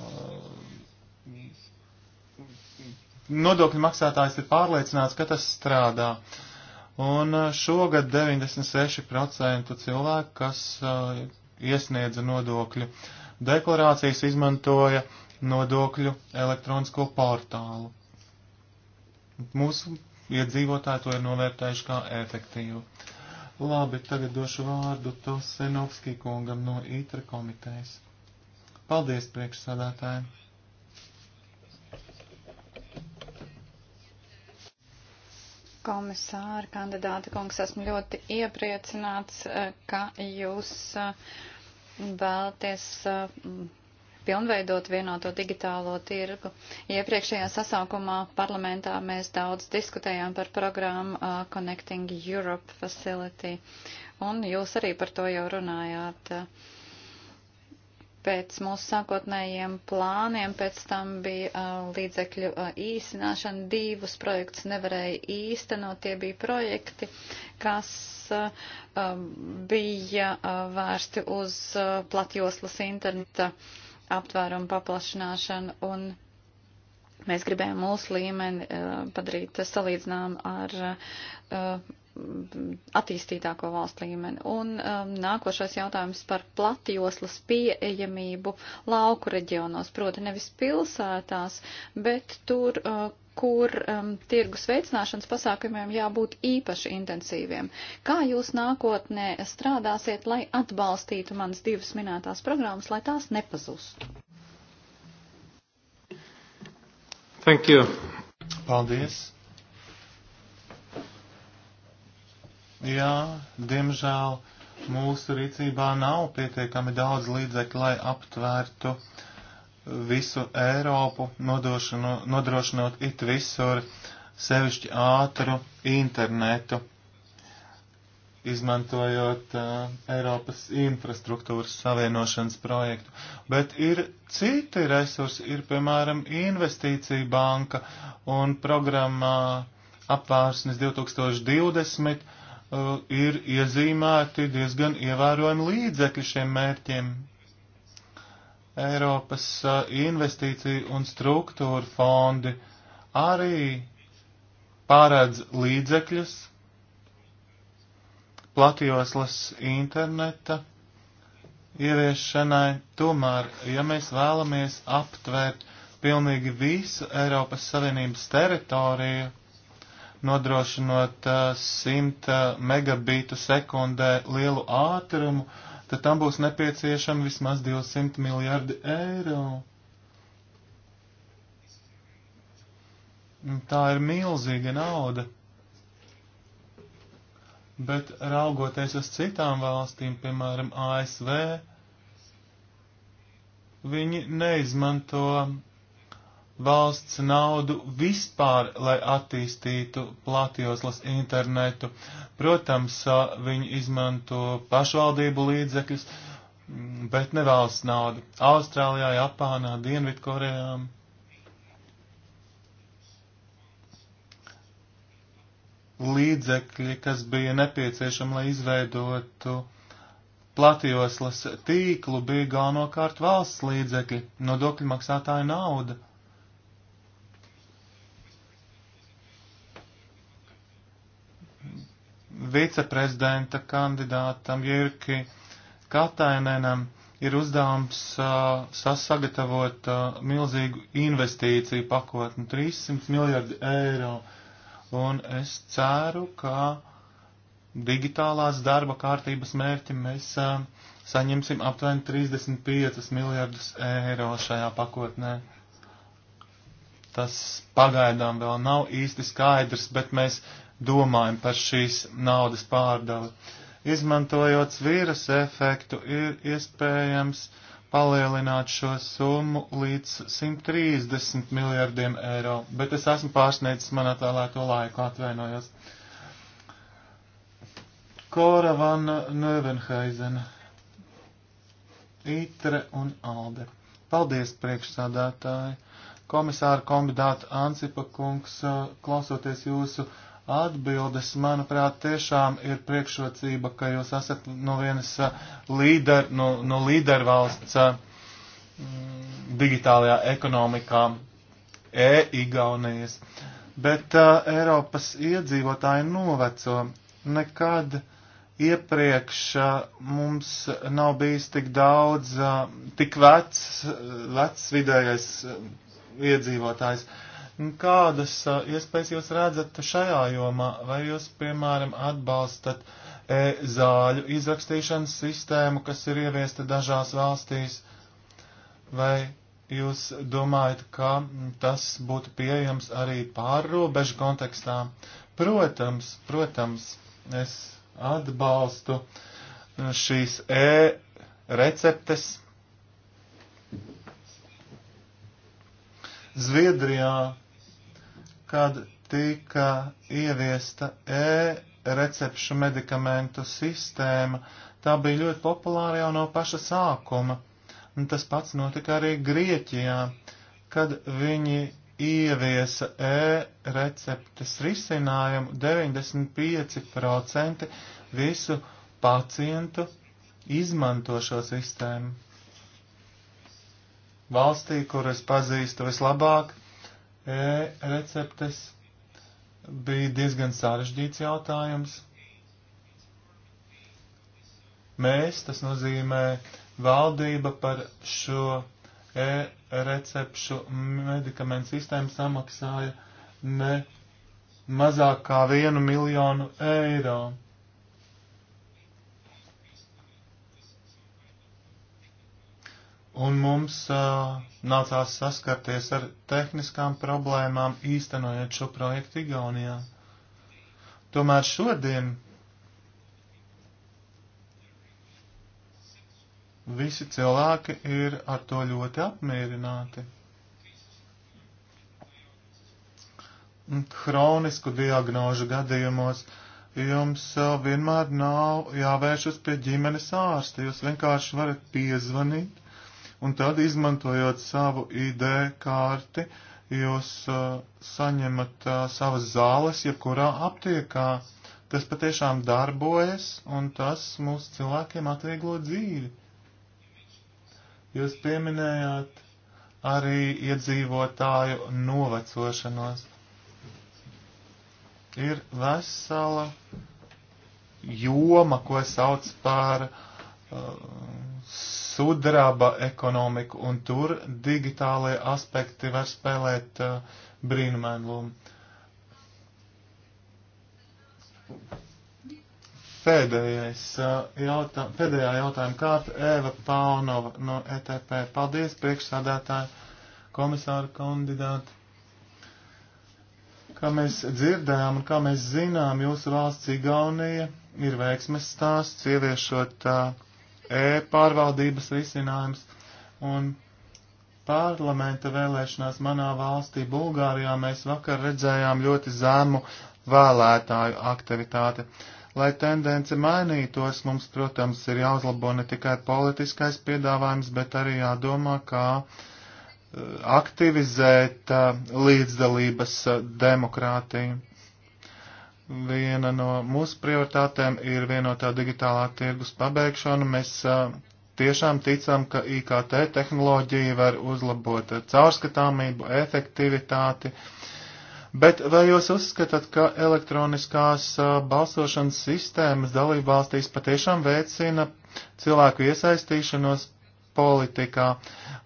nodokļu maksātājs ir pārliecināts, ka tas strādā. Un šogad 96% cilvēku, kas uh, iesniedza nodokļu uh, deklarācijas izmantoja nodokļu elektronisko portālu. Mūsu iedzīvotāji to ir novērtējuši kā efektīvu. Labi, tagad došu vārdu Tosenovskij kungam no ITRA komitejas. Paldies priekšsādātājiem! Komisāra kandidāta kungs, esmu ļoti iepriecināts, eh, ka jūs uh, vēlaties eh, pilnveidot vienoto digitālo tirgu. Iepriekšējā sasaukumā parlamentā mēs daudz diskutējām par programmu uh, Connecting Europe Facility, un jūs arī par to jau runājāt. Uh, pēc mūsu sākotnējiem plāniem, pēc tam bija uh, līdzekļu uh, īsināšana, divus projektus nevarēja īstenot, tie bija projekti, kas uh, bija uh, vērsti uz uh, platjoslas interneta aptvērumu paplašināšanu un mēs gribējām mūsu līmeni uh, padarīt salīdzinām ar uh, attīstītāko valstu līmeni. Un um, nākošais jautājums par platjoslas pieejamību lauku reģionos, proti nevis pilsētās, bet tur, uh, kur um, tirgus veicināšanas pasākumiem jābūt īpaši intensīviem. Kā jūs nākotnē strādāsiet, lai atbalstītu manas divas minētās programmas, lai tās nepazustu? Thank you. Paldies. Jā, diemžēl mūsu rīcībā nav pietiekami daudz līdzekļu, lai aptvērtu visu Eiropu, nodrošinot it visur sevišķi ātru internetu, izmantojot uh, Eiropas infrastruktūras savienošanas projektu. Bet ir citi resursi, ir piemēram investīcija banka un programmā eh, apvārsnes 2020 Uh, ir iezīmēti diezgan ievērojami līdzekļi šiem mērķiem. Eiropas uh, investīciju un struktūra fondi arī pārēdz līdzekļus platjoslas interneta ieviešanai. Tomēr, ja mēs vēlamies aptvērt pilnīgi visu Eiropas Savienības teritoriju, nodrošinot 100 eh, eh, megabītu sekundē lielu ātrumu, tad tam būs nepieciešami vismaz 200 miljardi eiro. Tā ir milzīga nauda. Bet raugoties uz citām valstīm, piemēram, ASV, viņi neizmanto valsts naudu vispār, lai attīstītu platjoslas internetu. Protams, viņi izmanto pašvaldību līdzekļus, bet ne valsts naudu. Austrālijā, Japānā, Dienvidkorejā. Līdzekļi, kas bija nepieciešami, lai izveidotu platjoslas tīklu, bija galvenokārt valsts līdzekļi, nodokļu maksātāja nauda. viceprezidenta kandidātam Jirki Katainenam ir uzdevums uh, sasagatavot uh, milzīgu investīciju pakotni - 300 miljardi eiro. Un es ceru, ka digitālās darba kārtības mērķi mēs uh, saņemsim aptuveni 35 miljardus eiro šajā pakotnē. Tas pagaidām vēl nav īsti skaidrs, bet mēs uh, domājam par šīs naudas pārdali. Izmantojot svīras efektu, ir iespējams palielināt šo summu līdz 130 miljardiem eiro, bet es esmu pārsniedzis man atvēlēto laiku, atvainojos. Kora van Növenheizena, Itre un Alde. Paldies, priekšsādātāji! Komisāra kombinēta Ansipa kungs, klausoties jūsu atbildes, manuprāt, tiešām ir priekšrocība, ka jūs esat no vienas uh, līder, no, no līdervalsts uh, mm, digitālajā ekonomikā e-igaunijas. Bet uh, Eiropas iedzīvotāji noveco. Nekad iepriekš uh, mums nav bijis tik daudz, uh, tik vecs, uh, vecs vidējais uh, iedzīvotājs. Uh, Kādas eh, iespējas jūs redzat šajā jomā? Vai jūs, piemēram, atbalstat e zāļu izrakstīšanas sistēmu, kas ir ieviesta dažās valstīs? Vai jūs domājat, ka mm, tas būtu pieejams arī pārrobežu kontekstā? Protams, protams, es atbalstu mm, šīs e receptes. Zviedrijā kad tika ieviesta e-recepšu medikamentu sistēma. Tā bija ļoti populāra jau no paša sākuma. Un tas pats notika arī Grieķijā, kad viņi ieviesa e-receptes risinājumu 95% visu pacientu izmanto šo sistēmu. Valstī, kur es pazīstu vislabāk, e-receptes bija diezgan sarežģīts jautājums. Mēs, tas nozīmē valdība par šo e-recepšu medikamentu sistēmu samaksāja ne mazāk kā vienu miljonu eiro. un mums uh, nācās saskarties ar tehniskām problēmām īstenojot šo projektu Igaunijā. Tomēr šodien visi cilvēki ir ar to ļoti apmierināti. Hronisku diagnožu gadījumos jums vienmēr nav jāvēršas pie ģimenes ārsta. Jūs vienkārši varat piezvanīt un tad izmantojot savu ID kārti, jūs uh, saņemat uh, savas zāles jebkurā aptiekā. Tas patiešām darbojas, un tas mūsu cilvēkiem atvieglo dzīvi. Jūs pieminējāt arī iedzīvotāju novecošanos. Ir vesela joma, ko sauc par uh, sudraba ekonomiku, un tur digitālajie aspekti var spēlēt uh, brīnumainu lomu. Pēdējais, uh, jautā, pēdējā jautājuma kārta Eva Paunova no ETP. Paldies, priekšsādātāji, komisāra kandidāti. Kā mēs dzirdējām un kā mēs zinām, jūsu valsts Igaunija ir veiksmes stāsts ieviešot uh, e-pārvaldības risinājums. Un parlamenta vēlēšanās manā valstī, Bulgārijā, mēs vakar redzējām ļoti zemu vēlētāju aktivitāti. Lai tendence mainītos, mums, protams, ir jāuzlabo ne tikai politiskais piedāvājums, bet arī jādomā, kā e, aktivizēt e, līdzdalības e, demokrātiju. Viena no mūsu prioritātēm ir vienotā digitālā tirgus pabeigšana. Mēs tiešām ticam, ka IKT tehnoloģija var uzlabot caurskatāmību, efektivitāti. Bet vai jūs uzskatāt, ka elektroniskās balsošanas sistēmas dalībvalstīs patiešām veicina cilvēku iesaistīšanos politikā?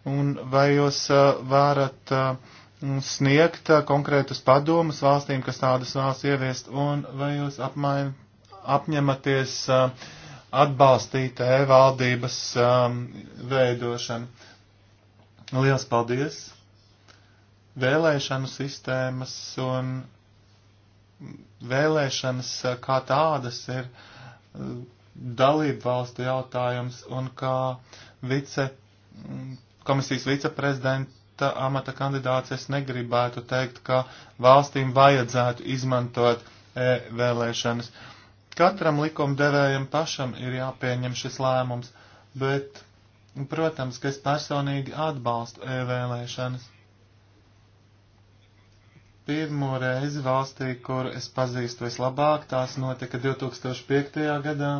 Un vai jūs varat uh, Nu, sniegt uh, konkrētus padomus valstīm, kas tādas vēlas ieviest, un vai jūs apmain, apņematies uh, atbalstīt e-valdības um, veidošanu? Liels paldies! Vēlēšanu sistēmas un vēlēšanas uh, kā tādas ir dalību valstu jautājums un kā vice, mm, komisijas viceprezidents amata kandidāts, es negribētu teikt, ka valstīm vajadzētu izmantot e vēlēšanas. Katram likumdevējam pašam ir jāpieņem šis lēmums, bet, protams, ka es personīgi atbalstu e-vēlēšanas. Pirmo reizi valstī, kur es pazīstu vislabāk, tās notika 2005. gadā,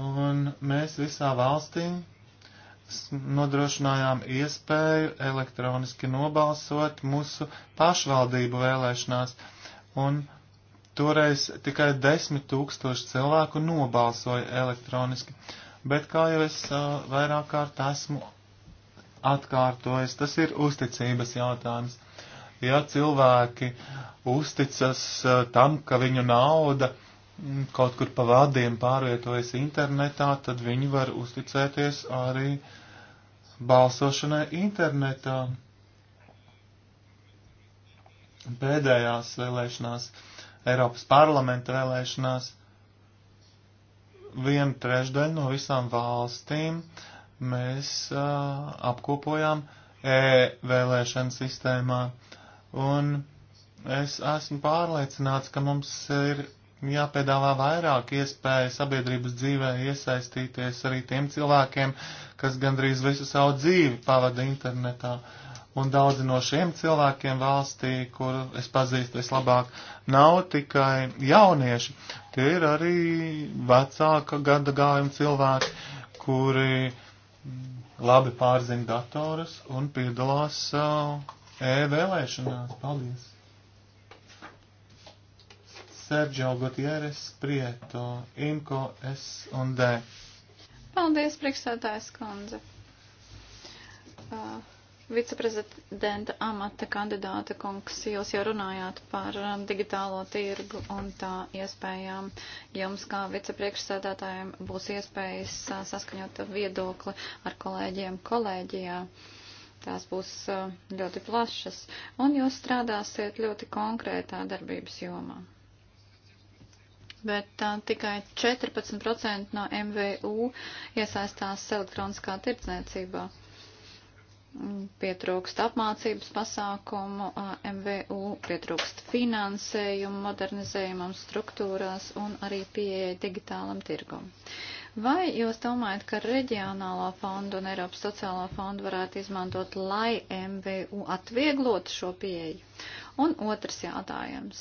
un mēs visā valstī nodrošinājām iespēju elektroniski nobalsot mūsu pašvaldību vēlēšanās, un toreiz tikai desmit tūkstoši cilvēku nobalsoja elektroniski. Bet, kā jau es uh, vairāk kārt esmu atkārtojis, tas ir uzticības jautājums. Ja cilvēki uzticas uh, tam, ka viņu nauda uh, Mm, kaut kur pa vādiem pārvietojas internetā, tad viņi var uzticēties arī balsošanai internetā pēdējās vēlēšanās, Eiropas parlamenta vēlēšanās, viena trešdaļa no visām valstīm mēs uh, apkopojām e-vēlēšana sistēmā. Un es esmu pārliecināts, ka mums ir jāpiedāvā vairāk iespēju sabiedrības dzīvē iesaistīties arī tiem cilvēkiem, kas gandrīz visu savu dzīvi pavada internetā. Un daudzi no šiem cilvēkiem valstī, kur es pazīstu vislabāk, nav tikai jaunieši, tie ir arī vecāka gada gājuma cilvēki, kuri labi pārzina datorus un piedalās uh, e-vēlēšanās. Paldies! Sergio Gutieres Prieto, Imko S un D. Paldies, priekšsētājs kundze. Uh, viceprezidenta amata kandidāta kungs, jūs jau runājāt par um, digitālo tirgu un tā iespējām. Jums kā vicepriekšsēdētājiem būs iespējas uh, saskaņot viedokli ar kolēģiem kolēģijā. Tās būs uh, ļoti plašas, un jūs strādāsiet ļoti konkrētā darbības jomā bet uh, tikai 14% no MVU iesaistās elektroniskā tirdzniecībā. Mm, pietrūkst apmācības pasākumu, uh, MVU pietrūkst finansējumu modernizējumam struktūrās un arī pieeja digitālam tirgum. Vai jūs domājat, ka reģionālā fonda un Eiropas sociālā fonda varētu izmantot, lai MVU atvieglotu šo pieeju? Un otrs jautājums.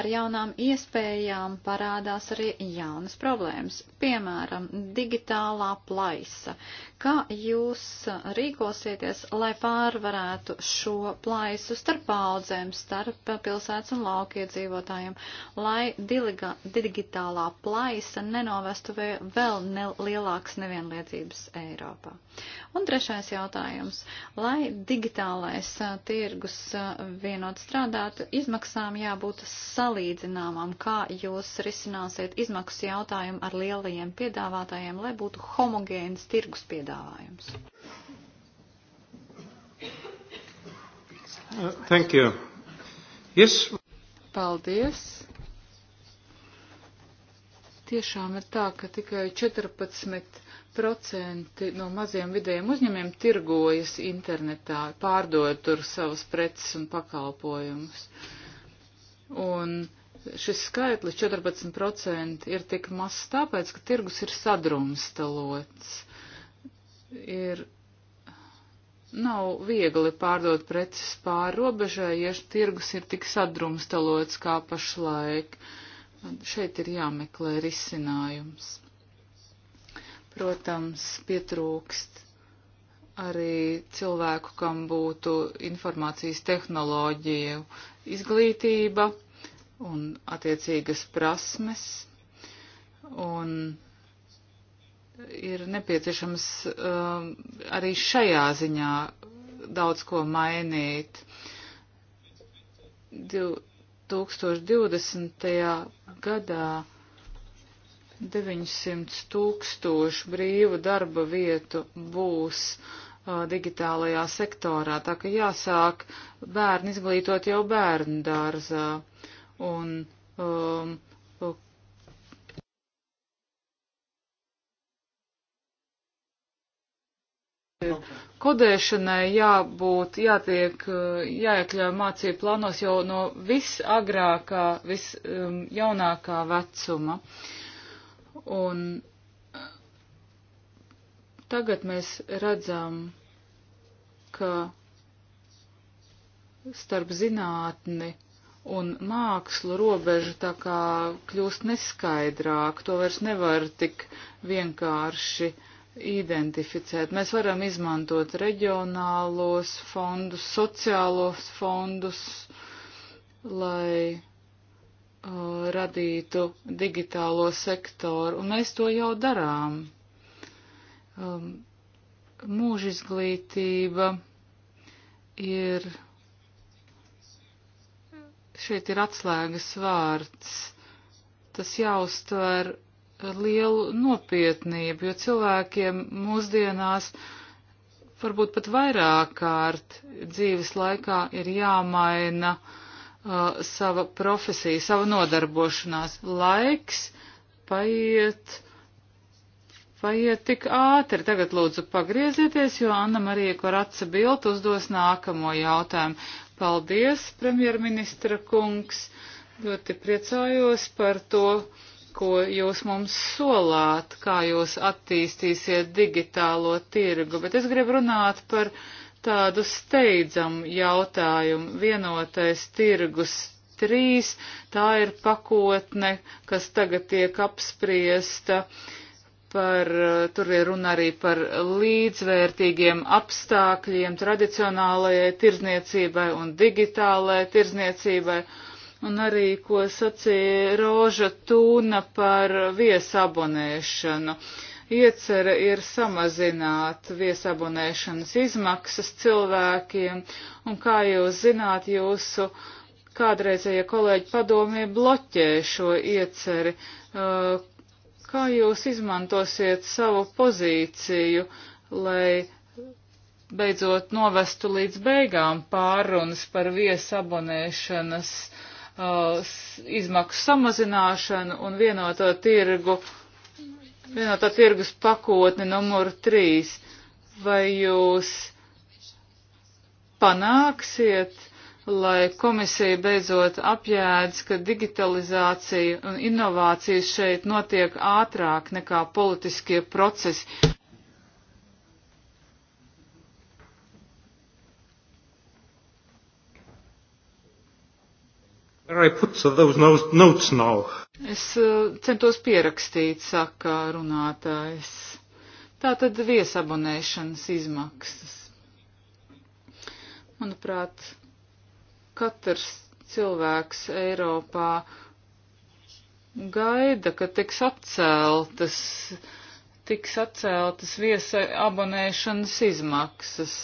Ar jaunām iespējām parādās arī jaunas problēmas, piemēram, digitālā plaisa. Kā jūs rīkosieties, lai pārvarētu šo plaisu starp paudzēm, starp pilsētas un laukiedzīvotājiem, lai diliga, digitālā plaisa nenovestu vēl ne, lielākas nevienlīdzības Eiropā? Un trešais jautājums. Lai digitālais tirgus vienot strādāt, mandātu izmaksām jābūt salīdzināmām, kā jūs risināsiet izmaksu jautājumu ar lielajiem piedāvātājiem, lai būtu homogēns tirgus piedāvājums. Uh, thank you. Yes. Paldies. Tiešām ir tā, ka tikai 14 procenti no maziem vidējiem uzņēmiem tirgojas internetā, pārdod tur savas preces un pakalpojumus. Un šis skaitlis 14% ir tik mazs tāpēc, ka tirgus ir sadrumstalots. Ir nav viegli pārdot preces pāri robežai, ja tirgus ir tik sadrumstalots kā pašlaik. Šeit ir jāmeklē risinājums. Protams, pietrūkst arī cilvēku, kam būtu informācijas tehnoloģiju izglītība un attiecīgas prasmes. Un ir nepieciešams um, arī šajā ziņā daudz ko mainīt. 2020. gadā 900 tūkstošu brīvu darba vietu būs uh, digitālajā sektorā, tā ka jāsāk bērni izglītot jau bērnu dārzā. Un, um, Kodēšanai jābūt, jātiek, jāiekļauj mācību plānos jau no visagrākā, visjaunākā um, vecuma. Uh, Un eh, tagad mēs redzam, ka starp zinātni un mākslu robeža tā kā kļūst neskaidrāk, to vairs nevar tik vienkārši identificēt. Mēs varam izmantot reģionālos fondus, sociālos fondus, lai Uh, radītu digitālo sektoru, un mēs to jau darām. Um, mūža izglītība ir, šeit ir atslēgas vārds, tas jāuztver ar lielu nopietnību, jo cilvēkiem mūsdienās varbūt pat vairāk kārt dzīves laikā ir jāmaina uh, uh, sava profesija, sava nodarbošanās. Laiks paiet, paiet tik ātri. Tagad lūdzu pagriezieties, jo Anna Marija Koratsa Bilt uzdos nākamo jautājumu. Paldies, premjerministra kungs. Ļoti priecājos par to, ko jūs mums solāt, kā jūs attīstīsiet digitālo tirgu, bet es gribu runāt par tādu steidzamu jautājumu. Vienotais tirgus 3, tā ir pakotne, kas tagad tiek apspriesta. Par, tur ir runa arī par līdzvērtīgiem apstākļiem tradicionālajai tirzniecībai un digitālajai tirzniecībai, un arī, ko sacīja Roža Tūna par viesabonēšanu. Uh, Iecere ir samazināt viesabonēšanas izmaksas cilvēkiem, un kā jūs zināt, jūsu kādreizējie kolēģi padomie bloķē šo ieceri. Uh, kā jūs izmantosiet savu pozīciju, lai beidzot novestu līdz beigām pārunas par viesabonēšanas uh, izmaksu samazināšanu un vienoto tirgu? vienotā tirgus pakotne numur 3. Vai jūs panāksiet, lai komisija beidzot apjēdz, ka digitalizācija un inovācijas šeit notiek ātrāk nekā politiskie procesi? Es uh, centos pierakstīt, saka runātājs. Tātad viesabonēšanas izmaksas. Manuprāt, katrs cilvēks Eiropā gaida, ka tiks atceltas, tiks atceltas viesa abonēšanas izmaksas.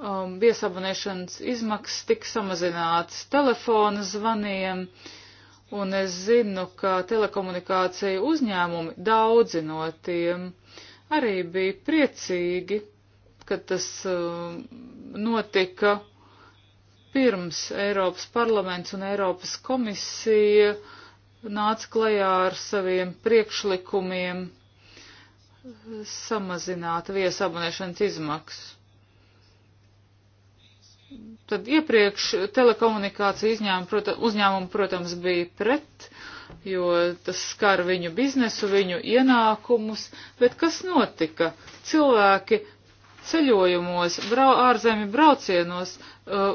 um, viesabonēšanas izmaksas tika samazinātas telefona zvaniem, un es zinu, ka telekomunikācija uzņēmumi daudzi no tiem arī bija priecīgi, ka tas um, notika pirms Eiropas parlaments un Eiropas komisija nāca klajā ar saviem priekšlikumiem samazināt viesabonēšanas izmaksas tad iepriekš telekomunikācija izņēma, protam, uzņēmumi, protams, bija pret, jo tas skar viņu biznesu, viņu ienākumus, bet kas notika? Cilvēki ceļojumos, brau, ārzemi braucienos, uh,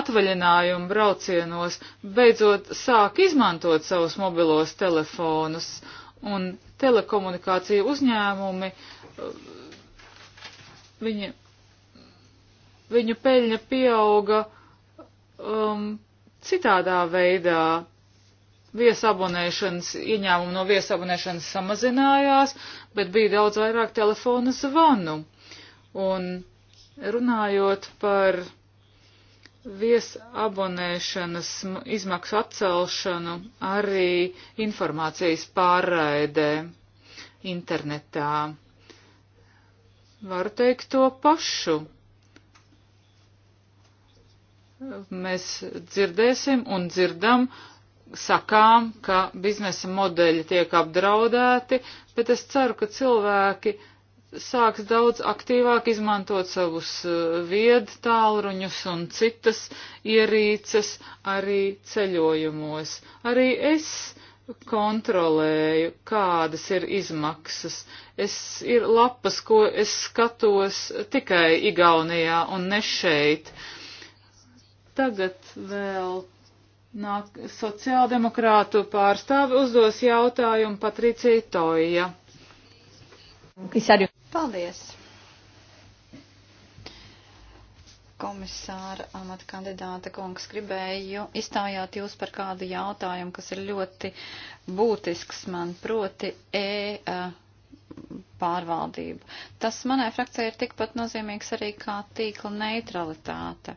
atvaļinājumu braucienos, beidzot sāk izmantot savus mobilos telefonus, un telekomunikācija uzņēmumi, uh, viņi viņu peļņa pieauga um, citādā veidā. Viesabonēšanas ieņēmumi no viesabonēšanas samazinājās, bet bija daudz vairāk telefona zvanu. Un runājot par viesabonēšanas izmaksu atcelšanu arī informācijas pārraidē internetā. Varu teikt to pašu mēs dzirdēsim un dzirdam, sakām, ka biznesa modeļi tiek apdraudēti, bet es ceru, ka cilvēki sāks daudz aktīvāk izmantot savus eh, viedu tālruņus un citas ierīces arī ceļojumos. Arī es kontrolēju, kādas ir izmaksas. Es ir lapas, ko es skatos tikai Igaunijā un ne šeit. Uh, Tagad vēl nāk sociāldemokrātu pārstāvi uzdos jautājumu Patricija Toija. Paldies! komisāra amata kandidāta kungs, gribēju izstājāt jūs par kādu jautājumu, kas ir ļoti būtisks man, proti E, e pārvaldību. Tas manai frakcijai ir tikpat nozīmīgs arī kā tīkla neutralitāte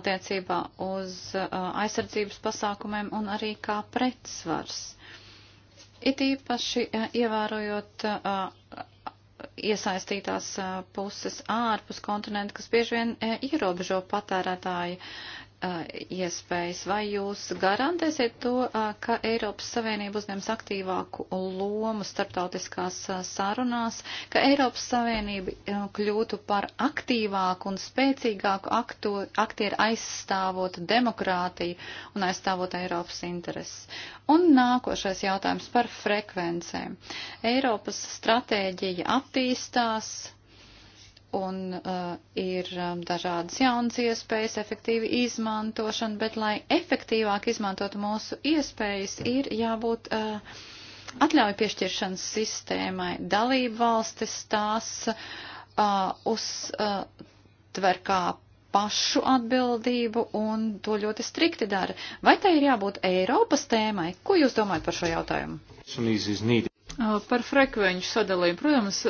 attiecībā uz uh, aizsardzības pasākumiem un arī kā pretsvars. It īpaši uh, ievērojot uh, iesaistītās puses ārpus kontinenta, kas bieži vien ierobežo patērētāju Uh, iespējas. Vai jūs garantēsiet to, uh, ka Eiropas Savienība uzņems aktīvāku lomu starptautiskās uh, sarunās, ka Eiropas Savienība kļūtu par aktīvāku un spēcīgāku aktu, aktieru aizstāvot demokrātiju un aizstāvot Eiropas intereses? Un nākošais jautājums par frekvencēm. Eiropas stratēģija attīstās un uh, ir um, dažādas jaunas iespējas, efektīva izmantošana, bet lai efektīvāk izmantotu mūsu iespējas, ir jābūt uh, atļauju piešķiršanas sistēmai. Dalību valstis tās uh, uztver uh, kā pašu atbildību un to ļoti strikti dara. Vai tai ir jābūt Eiropas tēmai? Ko jūs domājat par šo jautājumu? Par frekvenču sadalījumu. Protams,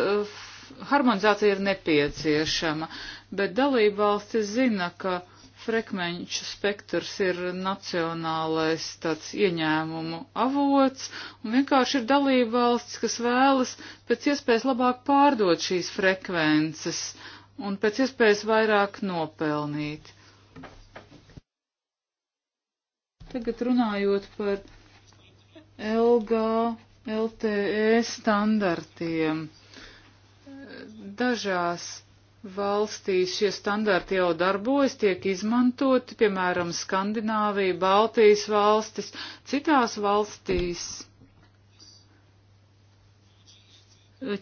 harmonizācija ir nepieciešama, bet dalībvalstis zina, ka frekvenču spektrs ir nacionālais tāds ieņēmumu avots, un vienkārši ir dalībvalsts, kas vēlas pēc iespējas labāk pārdot šīs frekvences un pēc iespējas vairāk nopelnīt. Tagad runājot par LG, LTE standartiem. Dažās valstīs šie standarti jau darbojas, tiek izmantoti, piemēram, Skandināvija, Baltijas valstis, citās valstīs.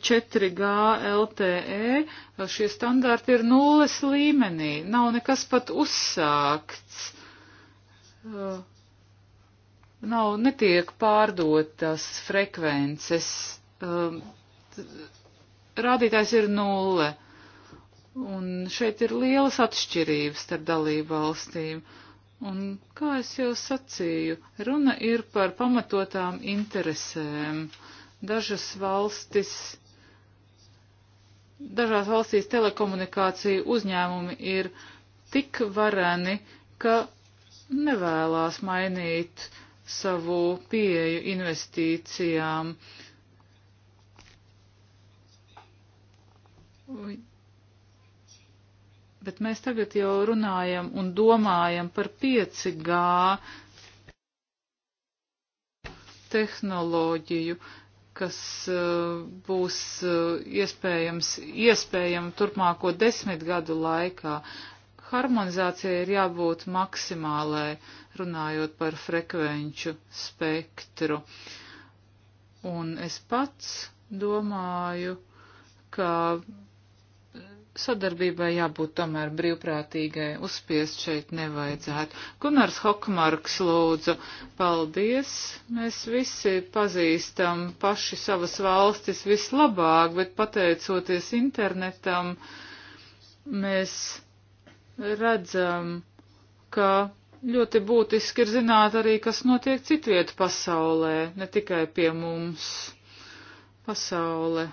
4G LTE šie standarti ir nulles līmenī, nav nekas pat uzsākts, nav, netiek pārdotas frekvences um, rādītājs ir nulle. Un šeit ir lielas atšķirības starp dalību valstīm. Un, kā es jau sacīju, runa ir par pamatotām interesēm. Dažas valstis, dažās valstīs telekomunikāciju uzņēmumi ir tik vareni, ka nevēlās mainīt savu pieeju investīcijām. Uh, Bet mēs tagad jau runājam un domājam par 5G tehnoloģiju, kas uh, būs uh, iespējams, iespējama turpmāko desmit gadu laikā. Harmonizācija ir jābūt maksimālai, runājot par frekvenču spektru. Un es pats domāju, ka sadarbībai jābūt tomēr brīvprātīgai, uzspiest šeit nevajadzētu. Gunārs Hokmarks lūdzu, paldies, mēs visi pazīstam paši savas valstis vislabāk, bet pateicoties internetam, mēs redzam, ka ļoti būtiski ir zināt arī, kas notiek citvietu pasaulē, ne tikai pie mums pasaule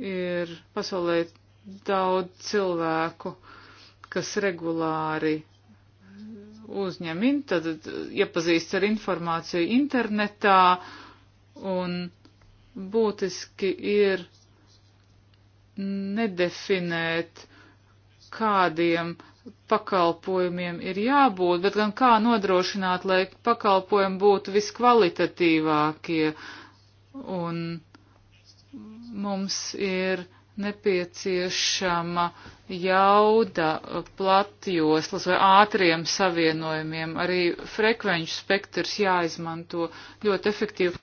ir pasaulē daudz cilvēku, kas regulāri uzņem, in, tad iepazīst ar informāciju internetā un būtiski ir nedefinēt, kādiem pakalpojumiem ir jābūt, bet gan kā nodrošināt, lai pakalpojumi būtu viskvalitatīvākie un Mums ir nepieciešama jauda platjoslas vai ātriem savienojumiem. Arī frekvenču spektrs jāizmanto ļoti efektīvi.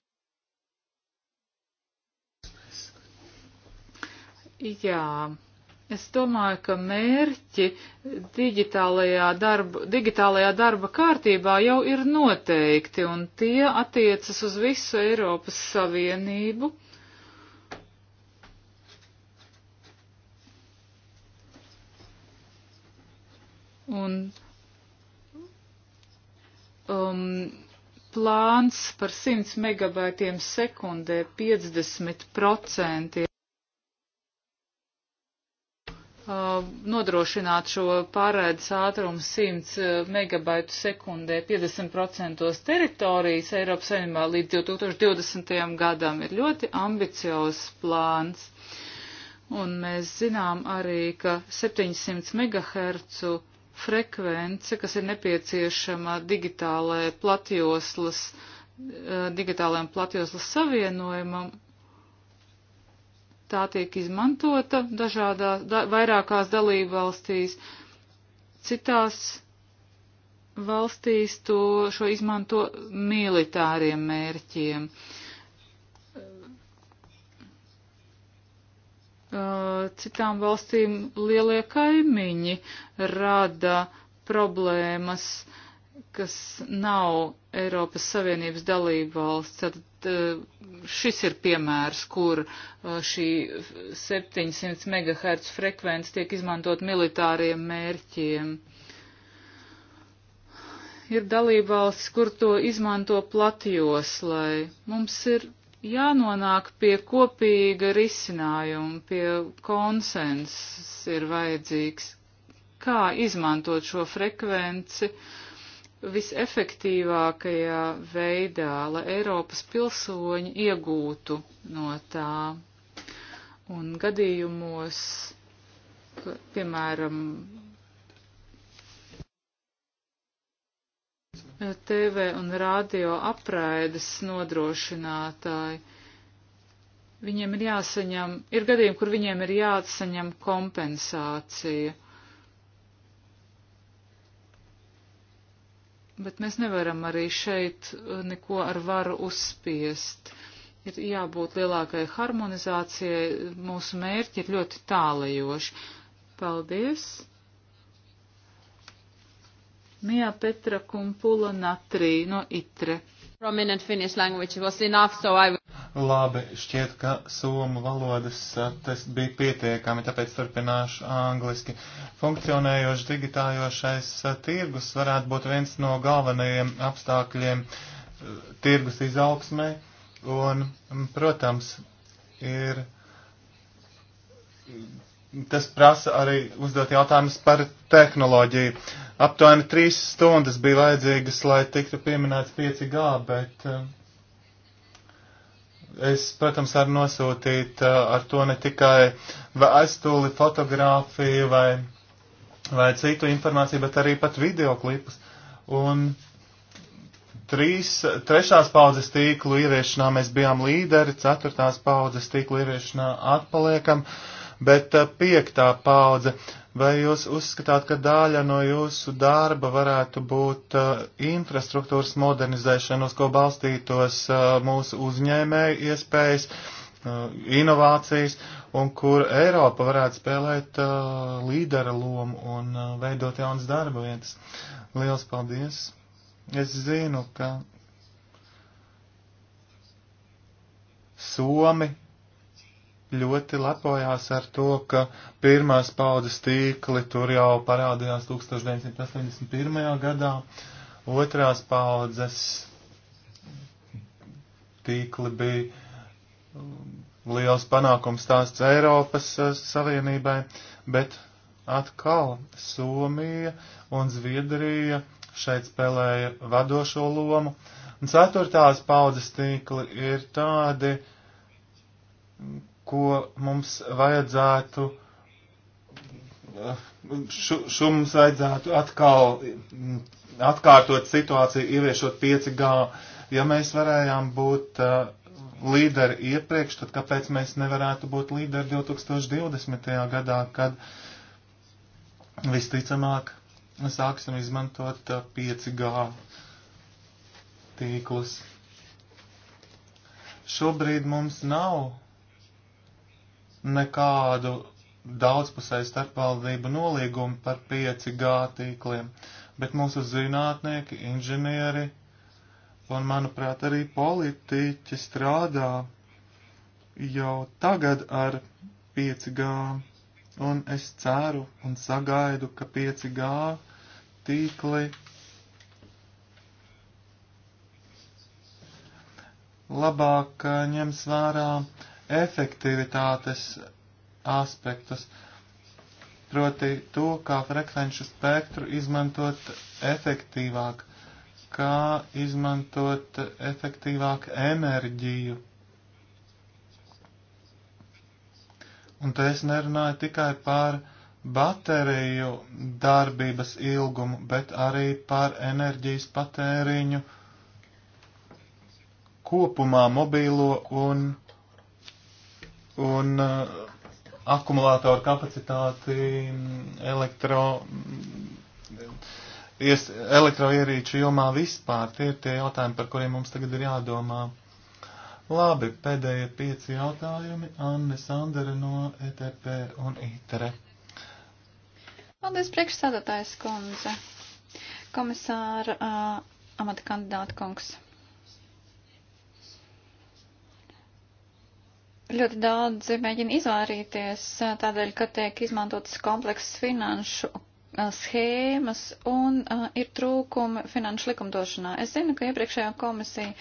Jā, es domāju, ka mērķi digitālajā darba, digitālajā darba kārtībā jau ir noteikti, un tie attiecas uz visu Eiropas Savienību. Un um, plāns par 100 megabaitiem sekundē 50% uh, nodrošināt šo pārēdas ātrumu 100 uh, megabaitu sekundē 50% teritorijas Eiropas Savienībā līdz 2020. gadam ir ļoti ambiciozs plāns. Un mēs zinām arī, ka 700 MHz frekvence, kas ir nepieciešama digitālajai platjoslas, eh, digitālajam platjoslas savienojumam, tā tiek izmantota dažādās, da, vairākās dalībvalstīs. Citās valstīs to, šo izmanto militāriem mērķiem. Uh, Eh, citām valstīm lielie kaimiņi rada problēmas, kas nav Eiropas Savienības dalība valsts. Tad eh, šis ir piemērs, kur eh, šī 700 MHz frekvence tiek izmantot militāriem mērķiem. Ir dalībvalstis, kur to izmanto platjoslai. Mums ir jānonāk pie kopīga risinājuma, pie konsensus ir vajadzīgs, kā izmantot šo frekvenci visefektīvākajā veidā, lai Eiropas pilsoņi iegūtu no tā. Un gadījumos, piemēram, TV un radio apraides nodrošinātāji. Viņiem ir jāsaņem, ir gadījumi, kur viņiem ir jāatsaņem kompensācija. Bet mēs nevaram arī šeit uh, neko ar varu uzspiest. Ir jābūt lielākai harmonizācijai, mūsu mērķi ir ļoti tālajoši. Paldies! Mia Petra Kumpula Natrī no Itre. Prominent Finnish language was enough, so I... Labi, šķiet, ka somu valodas tas bija pietiekami, tāpēc turpināšu angliski. Funkcionējošs digitājošais tirgus varētu būt viens no galvenajiem apstākļiem eh, tirgus izaugsmē, un, protams, ir tas prasa arī uzdot jautājumus par tehnoloģiju. Aptuveni trīs stundas bija vajadzīgas, lai tiktu pieminēts 5G, bet eh, es, protams, varu nosūtīt eh, ar to ne tikai aiztūli, fotografiju vai, vai citu informāciju, bet arī pat videoklipus. Un trīs, trešās paudzes tīklu ieviešanā mēs bijām līderi, ceturtās paudzes tīklu ieviešanā atpaliekam. Uh, bet eh, piektā paudze. Vai jūs uzskatāt, ka daļa no jūsu darba varētu būt uh, infrastruktūras modernizēšana, uz ko balstītos uh, mūsu uzņēmēju iespējas, uh, inovācijas, un kur Eiropa varētu spēlēt uh, līdera lomu un uh, veidot jaunas darba vietas? Liels paldies! Es zinu, ka Somi ļoti lepojās ar to, ka pirmās paudzes tīkli tur jau parādījās 1981. gadā, otrās paudzes tīkli bija um, liels panākums stāsts Eiropas uh, Savienībai, bet atkal Somija un Zviedrija šeit spēlēja vadošo lomu. Un ceturtās paudzes tīkli ir tādi, ko mums vajadzētu, šo, šo mums vajadzētu atkal atkārtot situāciju, ieviešot 5G. Ja mēs varējām būt uh, līderi iepriekš, tad kāpēc mēs nevarētu būt līderi 2020. gadā, kad visticamāk sāksim izmantot 5G uh, tīklus? Šobrīd mums nav nekādu daudzpusēju starpvaldību nolīgumu par 5G tīkliem, bet mūsu zinātnieki, inženieri un, manuprāt, arī politiķi strādā jau tagad ar 5G, un es ceru un sagaidu, ka 5G tīkli labāk eh, ņems vērā efektivitātes aspektus, proti to, kā frekvenču spektru izmantot efektīvāk, kā izmantot efektīvāk enerģiju. Un te es nerunāju tikai par bateriju darbības ilgumu, bet arī par enerģijas patēriņu kopumā mobīlo un un uh, akumulātoru kapacitāti mm, elektro, mm, ies, elektroierīču jomā vispār. Tie ir tie jautājumi, par kuriem mums tagad ir jādomā. Labi, pēdējie pieci jautājumi. Anne Sandere no ETP un ITRE. Paldies, priekšsādātājs kundze. Komisāra uh, amata kandidāta kungs. Ļoti daudzi mēģina izvairīties tādēļ, ka tiek izmantotas komplekses finanšu schēmas un uh, ir trūkumi finanšu likumdošanā. Es zinu, ka iepriekšējā komisija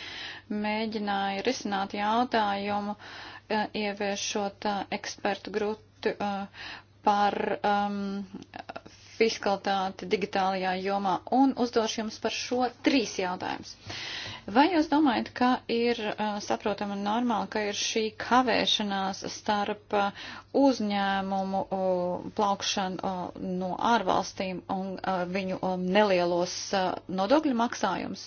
mēģināja risināt jautājumu, uh, ieviešot uh, ekspertu grutu uh, par um, fiskalitāti digitālajā jomā un uzdošu jums par šo trīs jautājumus. Vai jūs domājat, ka ir saprotama un normāli, ka ir šī kavēšanās starp uzņēmumu plaukšanu no ārvalstīm un viņu nelielos nodokļu maksājumus?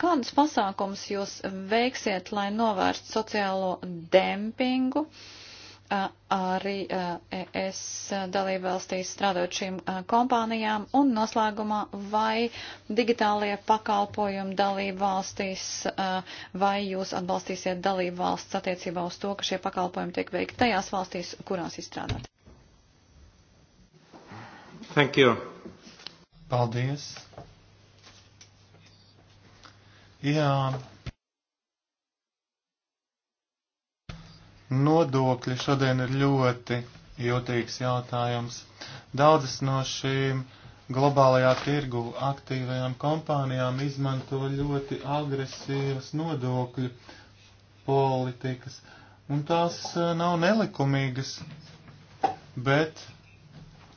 Kādus pasākumus jūs veiksiet, lai novērst sociālo dempingu? Uh, arī es dalībvalstīs strādot šīm kompānijām un noslēgumā vai digitālie pakalpojumi dalībvalstīs vai jūs atbalstīsiet dalībvalsts attiecībā uz to, ka šie pakalpojumi tiek veikti tajās valstīs, kurās izstrādāt. Thank you. Paldies. Jā, Nodokļi šodien ir ļoti jūtīgs jautājums. Daudzas no šīm globālajā tirgu aktīvajām kompānijām izmanto ļoti agresīvas nodokļu politikas, un tās eh, nav nelikumīgas, bet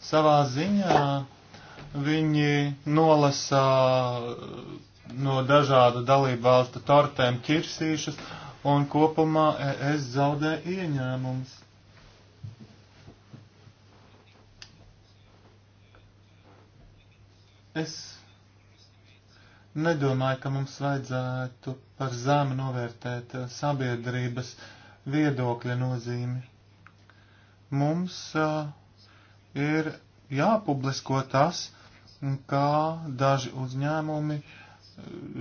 savā ziņā viņi nolasā eh, no dažādu dalību valstu tortēm ķirsīšas un kopumā e, ES zaudē ieņēmumus. Es nedomāju, ka mums vajadzētu par zēmu novērtēt e, sabiedrības viedokļa nozīmi. Mums uh, ir jāpublisko tas, kā daži uzņēmumi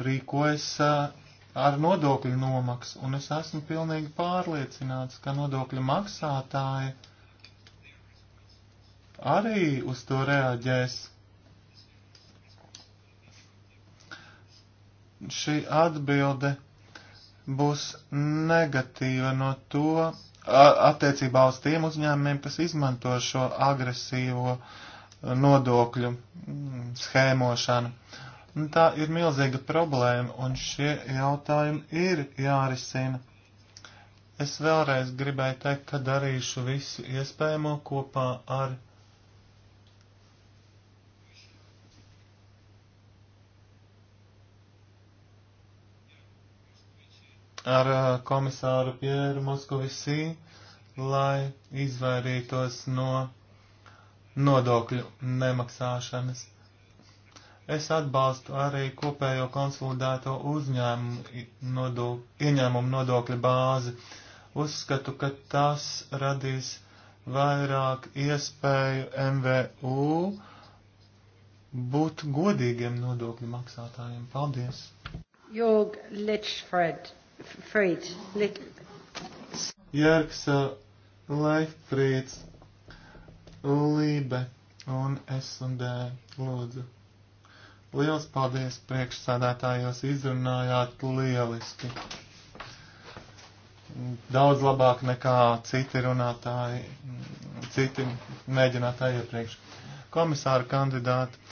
rīkojas uh, ar nodokļu nomaksu, un es esmu pilnīgi pārliecināts, ka nodokļu maksātāji arī uz to reaģēs. Šī atbilde būs negatīva no to attiecībā uz tiem uzņēmumiem, kas izmanto šo agresīvo nodokļu mm, schēmošanu. Un nu, tā ir milzīga problēma, un šie jautājumi ir jārisina. Es vēlreiz gribēju teikt, ka darīšu visu iespējamo kopā ar ar uh, komisāru Pieru Moskovisī, lai izvairītos no nodokļu nemaksāšanas. Es atbalstu arī kopējo konsolidēto uzņēmumu nodok, ieņēmumu nodokļa bāzi. Uzskatu, ka tas radīs vairāk iespēju MVU būt godīgiem nodokļu maksātājiem. Paldies! Jorg Lechfred, Fried, Lech... Jērgs uh, Lechfrieds, Lībe un S un D, lūdzu. Liels paldies priekšsādātājos, izrunājāt lieliski. Daudz labāk nekā citi runātāji, citi mēģinātāji iepriekš. Komisāra kandidāti,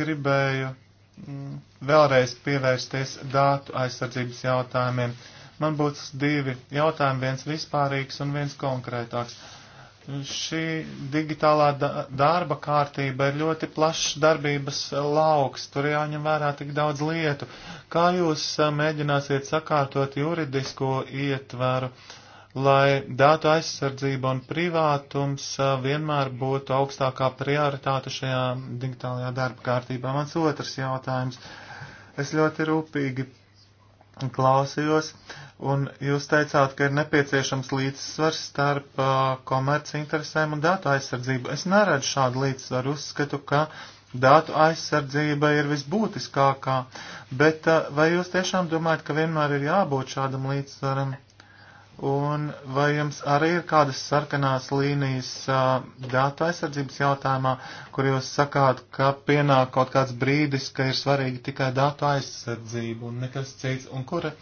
gribēju mm, vēlreiz pievērsties dātu aizsardzības jautājumiem. Man būs divi jautājumi, viens vispārīgs un viens konkrētāks. Šī digitālā darba kārtība ir ļoti plašs darbības lauks, tur jāņem vērā tik daudz lietu. Kā jūs mēģināsiet sakārtot juridisko ietvaru, lai datu aizsardzība un privātums vienmēr būtu augstākā prioritāte šajā digitālajā darba kārtībā? Mans otrs jautājums. Es ļoti rūpīgi klausījos, un jūs teicāt, ka ir nepieciešams līdzsvars starp uh, komerci interesēm un datu aizsardzību. Es neredzu šādu līdzsvaru, uzskatu, ka datu aizsardzība ir visbūtiskākā, bet uh, vai jūs tiešām domājat, ka vienmēr ir jābūt šādam līdzsvaram? Un vai jums arī ir kādas sarkanās līnijas uh, datu aizsardzības jautājumā, kur jūs sakāt, ka pienāk kaut kāds brīdis, ka ir svarīgi tikai datu aizsardzība un nekas cits, un kura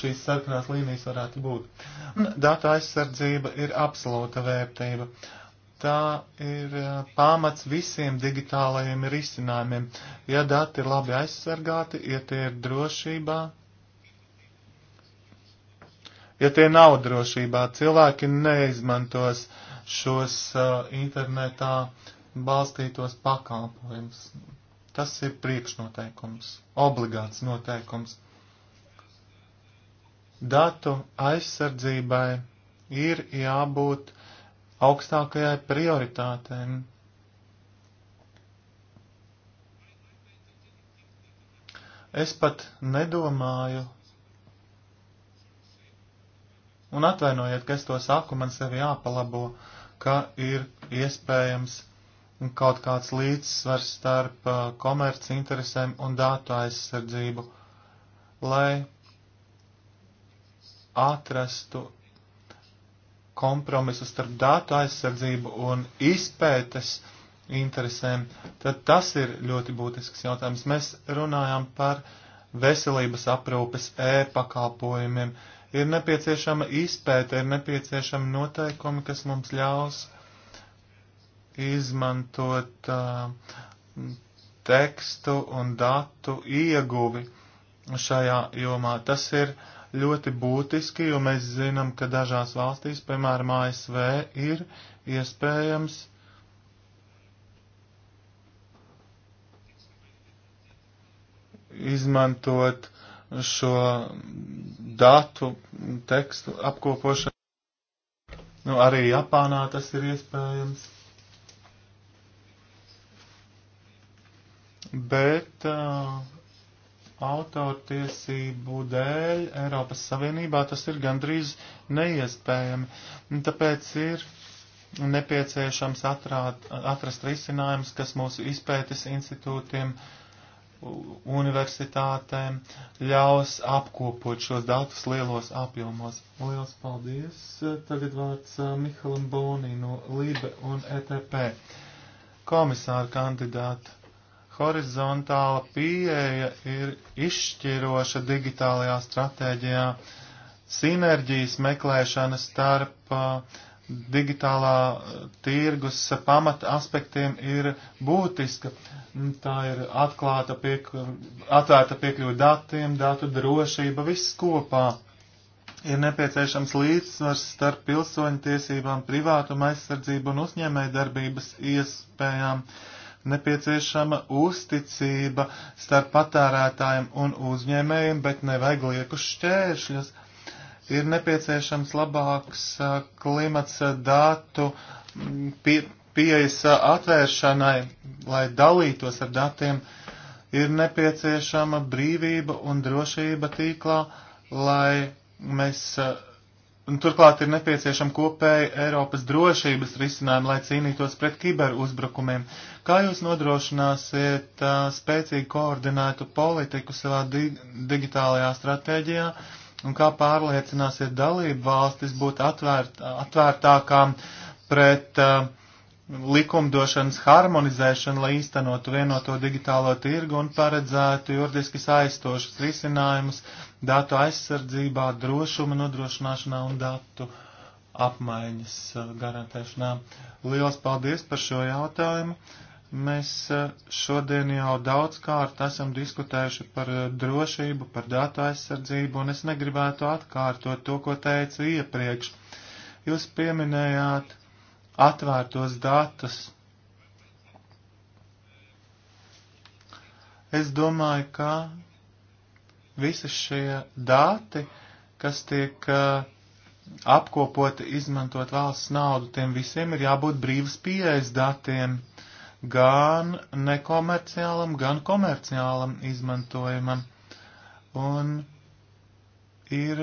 šīs sarkanās līnijas varētu būt? Un datu aizsardzība ir absolūta vērtība. Tā ir uh, pamats visiem digitālajiem risinājumiem. Ja dati ir labi aizsargāti, ja tie ir drošībā, ja tie nav drošībā. Cilvēki neizmantos šos uh, internetā balstītos pakalpojumus. Tas ir priekšnoteikums, obligāts noteikums. Datu aizsardzībai ir jābūt augstākajai prioritātēm. Es pat nedomāju, Un atvainojiet, ka es to saku, man sevi jāpalabo, ka ir iespējams kaut kāds līdzsvars starp uh, komerci interesēm un datu aizsardzību, lai atrastu kompromisu starp datu aizsardzību un izpētes interesēm, tad tas ir ļoti būtisks jautājums. Mēs runājam par veselības aprūpes e-pakalpojumiem. Uh, Ir nepieciešama izpēta, ir nepieciešama noteikumi, kas mums ļaus izmantot uh, tekstu un datu ieguvi šajā jomā. Tas ir ļoti būtiski, jo mēs zinām, ka dažās valstīs, piemēram, ASV, ir iespējams izmantot šo datu tekstu apkopošanu. Nu, arī Japānā tas ir iespējams. Bet uh, autortiesību dēļ Eiropas Savienībā tas ir gandrīz neiespējami. Tāpēc ir nepieciešams atrāt, atrast risinājums, kas mūsu izpētes institūtiem uh, universitātēm ļaus apkopot šos datus lielos apjomos. Lielas paldies! Tagad vārds Mihalam Bonī no Libe un ETP. Komisāra kandidāta horizontāla pieeja ir izšķiroša digitālajā stratēģijā, sinerģijas meklēšana starp uh, digitālā eh, tirgus pamata aspektiem ir būtiska. Mm, tā ir atklāta piekļu, atvērta piekļuva datiem, datu drošība, viss kopā. Ir nepieciešams līdzsvars starp pilsoņu tiesībām, privātuma aizsardzību un uzņēmēju darbības iespējām. Nepieciešama uzticība starp patērētājiem un uzņēmējiem, bet nevajag liekus šķēršļus. Uh, ir nepieciešams labāks klimats datu pie, pieejas atvēršanai, lai dalītos ar datiem, ir nepieciešama brīvība un drošība tīklā, lai mēs, un turklāt ir nepieciešama kopēja Eiropas drošības risinājuma, lai cīnītos pret kiberuzbrukumiem. Kā jūs nodrošināsiet spēcīgi koordinētu politiku savā di digitālajā stratēģijā? Uh, Un kā pārliecināsiet dalību valstis būt atvērt, atvērtākām pret uh, likumdošanas harmonizēšanu, lai īstenotu vienoto digitālo tirgu un paredzētu juridiski saistošus risinājumus datu aizsardzībā, drošuma nodrošināšanā un datu apmaiņas uh, garantēšanā. Lielas paldies par šo jautājumu! Mēs e, šodien jau daudz kārt esam diskutējuši par e, drošību, par datu aizsardzību, un es negribētu atkārtot to, ko teicu iepriekš. Jūs pieminējāt atvērtos datus. Es domāju, ka visi šie dati, kas tiek e, apkopoti izmantot valsts naudu, tiem visiem ir jābūt brīvas pieejas datiem gan nekomerciālam, gan komerciālam izmantojumam. Un ir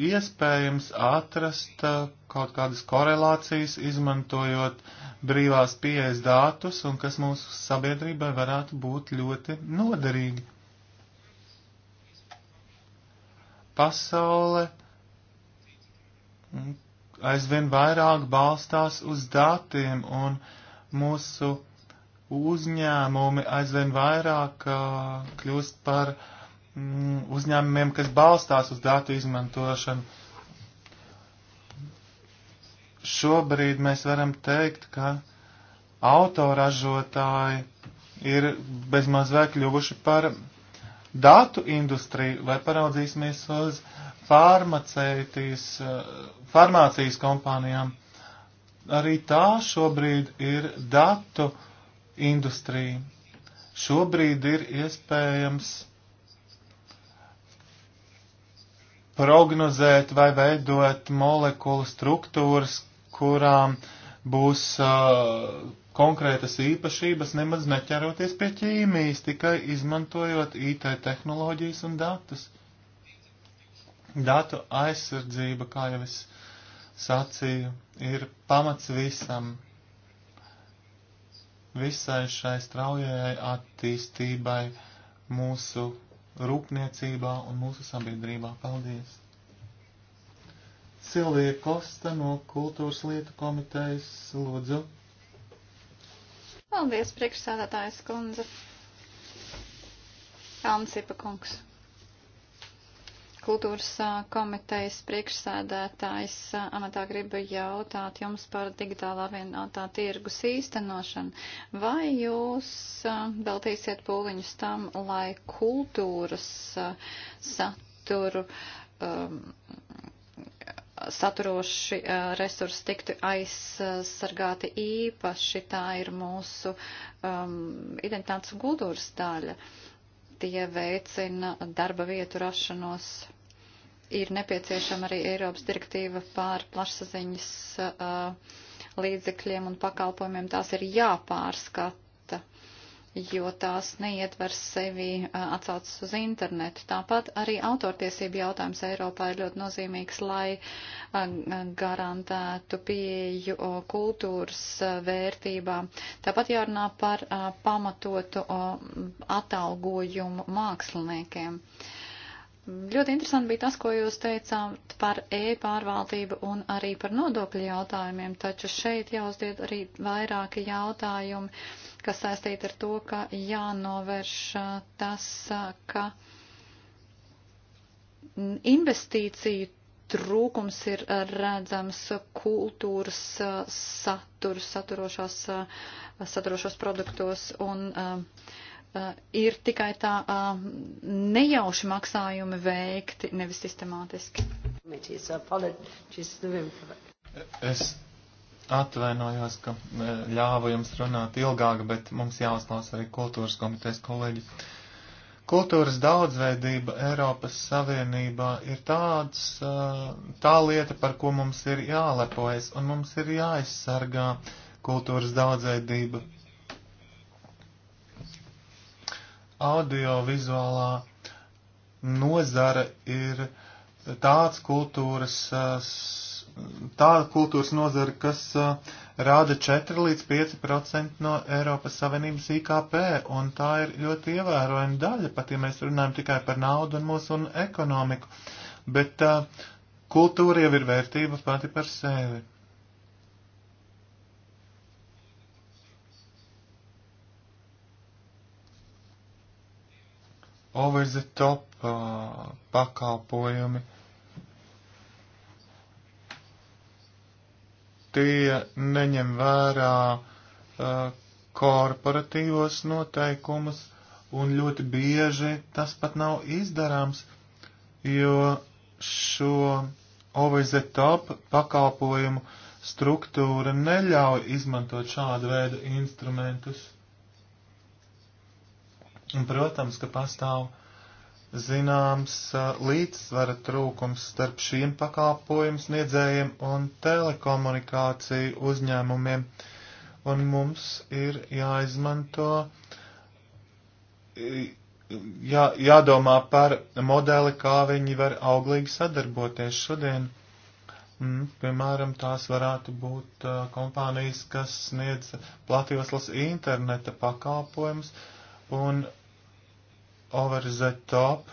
iespējams atrast uh, kaut kādas korelācijas, izmantojot brīvās pieejas datus, un kas mūsu sabiedrībai varētu būt ļoti noderīgi. Pasaule aizvien vairāk balstās uz datiem, un mūsu uzņēmumi aizvien vairāk uh, kļūst par mm, uzņēmumiem, kas balstās uz datu izmantošanu. Šobrīd mēs varam teikt, ka autoražotāji ir bezmaz vai kļuvuši par datu industriju, vai paraudzīsimies uz farmacētīs, farmācijas kompānijām arī tā šobrīd ir datu industrija. Šobrīd ir iespējams prognozēt vai veidot molekulu struktūras, kurām būs uh, konkrētas īpašības, nemaz neķeroties pie ķīmijas, tikai izmantojot IT tehnoloģijas un datus. Datu aizsardzība, kā jau es sacīju, ir pamats visam, visai šai straujai attīstībai mūsu rūpniecībā un mūsu sabiedrībā. Paldies! Silvija Kosta no Kultūras lietu komitejas lūdzu. Paldies, priekšsādātājs kundze. Ansipa kungs kultūras komitejas priekšsēdētājs amatā gribu jautāt jums par digitālā vienotā tirgus īstenošanu. Vai jūs veltīsiet pūliņus tam, lai kultūras saturu. Um, saturoši uh, resursi tiktu aizsargāti īpaši, tā ir mūsu um, identitātes un kultūras daļa. Uh, tie veicina darba vietu rašanos. Ir nepieciešama arī Eiropas direktīva pār plašsaziņas uh, līdzekļiem un pakalpojumiem. Tās ir jāpārskata jo tās neietver sevi atsaucas uz internetu. Tāpat arī autortiesību jautājums Eiropā ir ļoti nozīmīgs, lai garantētu pieeju kultūras vērtībām. Tāpat jārunā par pamatotu atalgojumu māksliniekiem. Ļoti interesanti bija tas, ko jūs teicāt par e-pārvaldību un arī par nodokļu jautājumiem, taču šeit jāuzdied arī vairāki jautājumi kas saistīta ar to, ka jānovērš tas, ka investīciju trūkums ir redzams kultūras saturs, saturošās, saturošos produktos un ir tikai tā nejauši maksājumi veikti, nevis sistemātiski. Es Atvainojos, ka e, ļāvu jums runāt ilgāk, bet mums jāuzklās arī kultūras komitejas kolēģi. Kultūras daudzveidība Eiropas Savienībā ir tāds, e, tā lieta, par ko mums ir jālepojas, un mums ir jāaizsargā kultūras daudzveidība. Audiovizuālā nozara ir tāds kultūras e, tāda kultūras nozara, kas uh, rāda 4 līdz 5% no Eiropas Savienības IKP, un tā ir ļoti ievērojama daļa, pat ja mēs runājam tikai par naudu un mūsu un ekonomiku. Bet uh, kultūra jau ir vērtība pati par sevi. Over the top uh, pakalpojumi. Uh, tie neņem vērā uh, korporatīvos noteikumus, un ļoti bieži tas pat nav izdarāms, jo šo OVZ top pakalpojumu struktūra neļauj izmantot šādu veidu instrumentus. Un, protams, ka pastāv zināms līdzsvara trūkums starp šiem pakalpojumu sniedzējiem un telekomunikāciju uzņēmumiem, un mums ir jāizmanto, jā, jādomā par modeli, kā viņi var auglīgi sadarboties šodien. Mm, piemēram, tās varētu būt uh, kompānijas, kas sniedz platjoslas interneta pakalpojumus, un over the top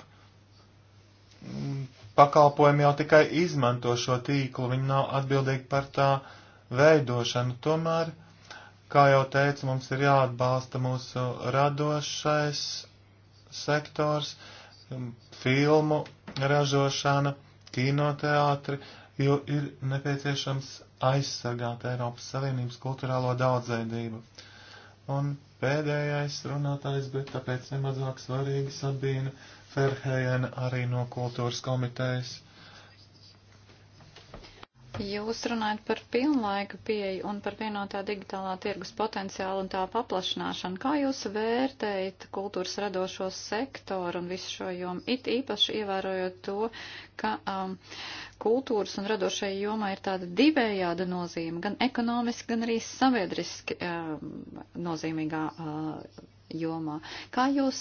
pakalpojumi jau tikai izmanto šo tīklu, viņi nav atbildīgi par tā veidošanu. Tomēr, kā jau teicu, mums ir jāatbalsta mūsu radošais sektors, filmu ražošana, kinoteātri, jo ir nepieciešams aizsargāt Eiropas Savienības kulturālo daudzveidību. Un pēdējais runātājs, bet tāpēc nemazāk svarīgi Sabīna Ferhējena arī no kultūras komitejas. Jūs runājat par pilnlaika pieeju un par vienotā digitālā tirgus potenciālu un tā paplašināšanu. Kā jūs vērtējat kultūras radošo sektoru un visu šo jomu? It īpaši ievērojot to, ka um, kultūras un radošai jomai ir tāda divējāda nozīme, gan ekonomiski, gan arī sabiedriski um, nozīmīgā uh, jomā. Kā jūs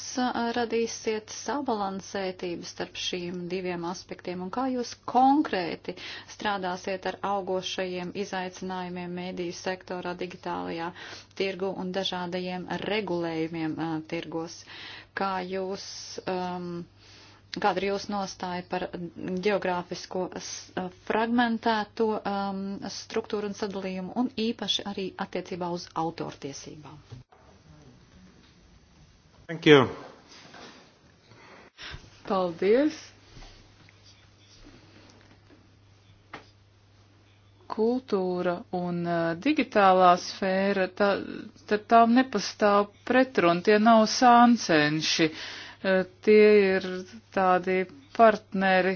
radīsiet sabalansētību starp šīm diviem aspektiem un kā jūs konkrēti strādāsiet ar augošajiem izaicinājumiem mediju sektorā, digitālajā tirgu un dažādajiem regulējumiem uh, tirgos? Kā jūs. Um, Kāda ir jūsu nostāja par geogrāfisko fragmentēto um, struktūru un sadalījumu un īpaši arī attiecībā uz autortiesībām? Thank you. Paldies. kultūra un uh, digitālā sfēra, tā, tad tām nepastāv pretrun, tie nav sāncenši, uh, tie ir tādi partneri,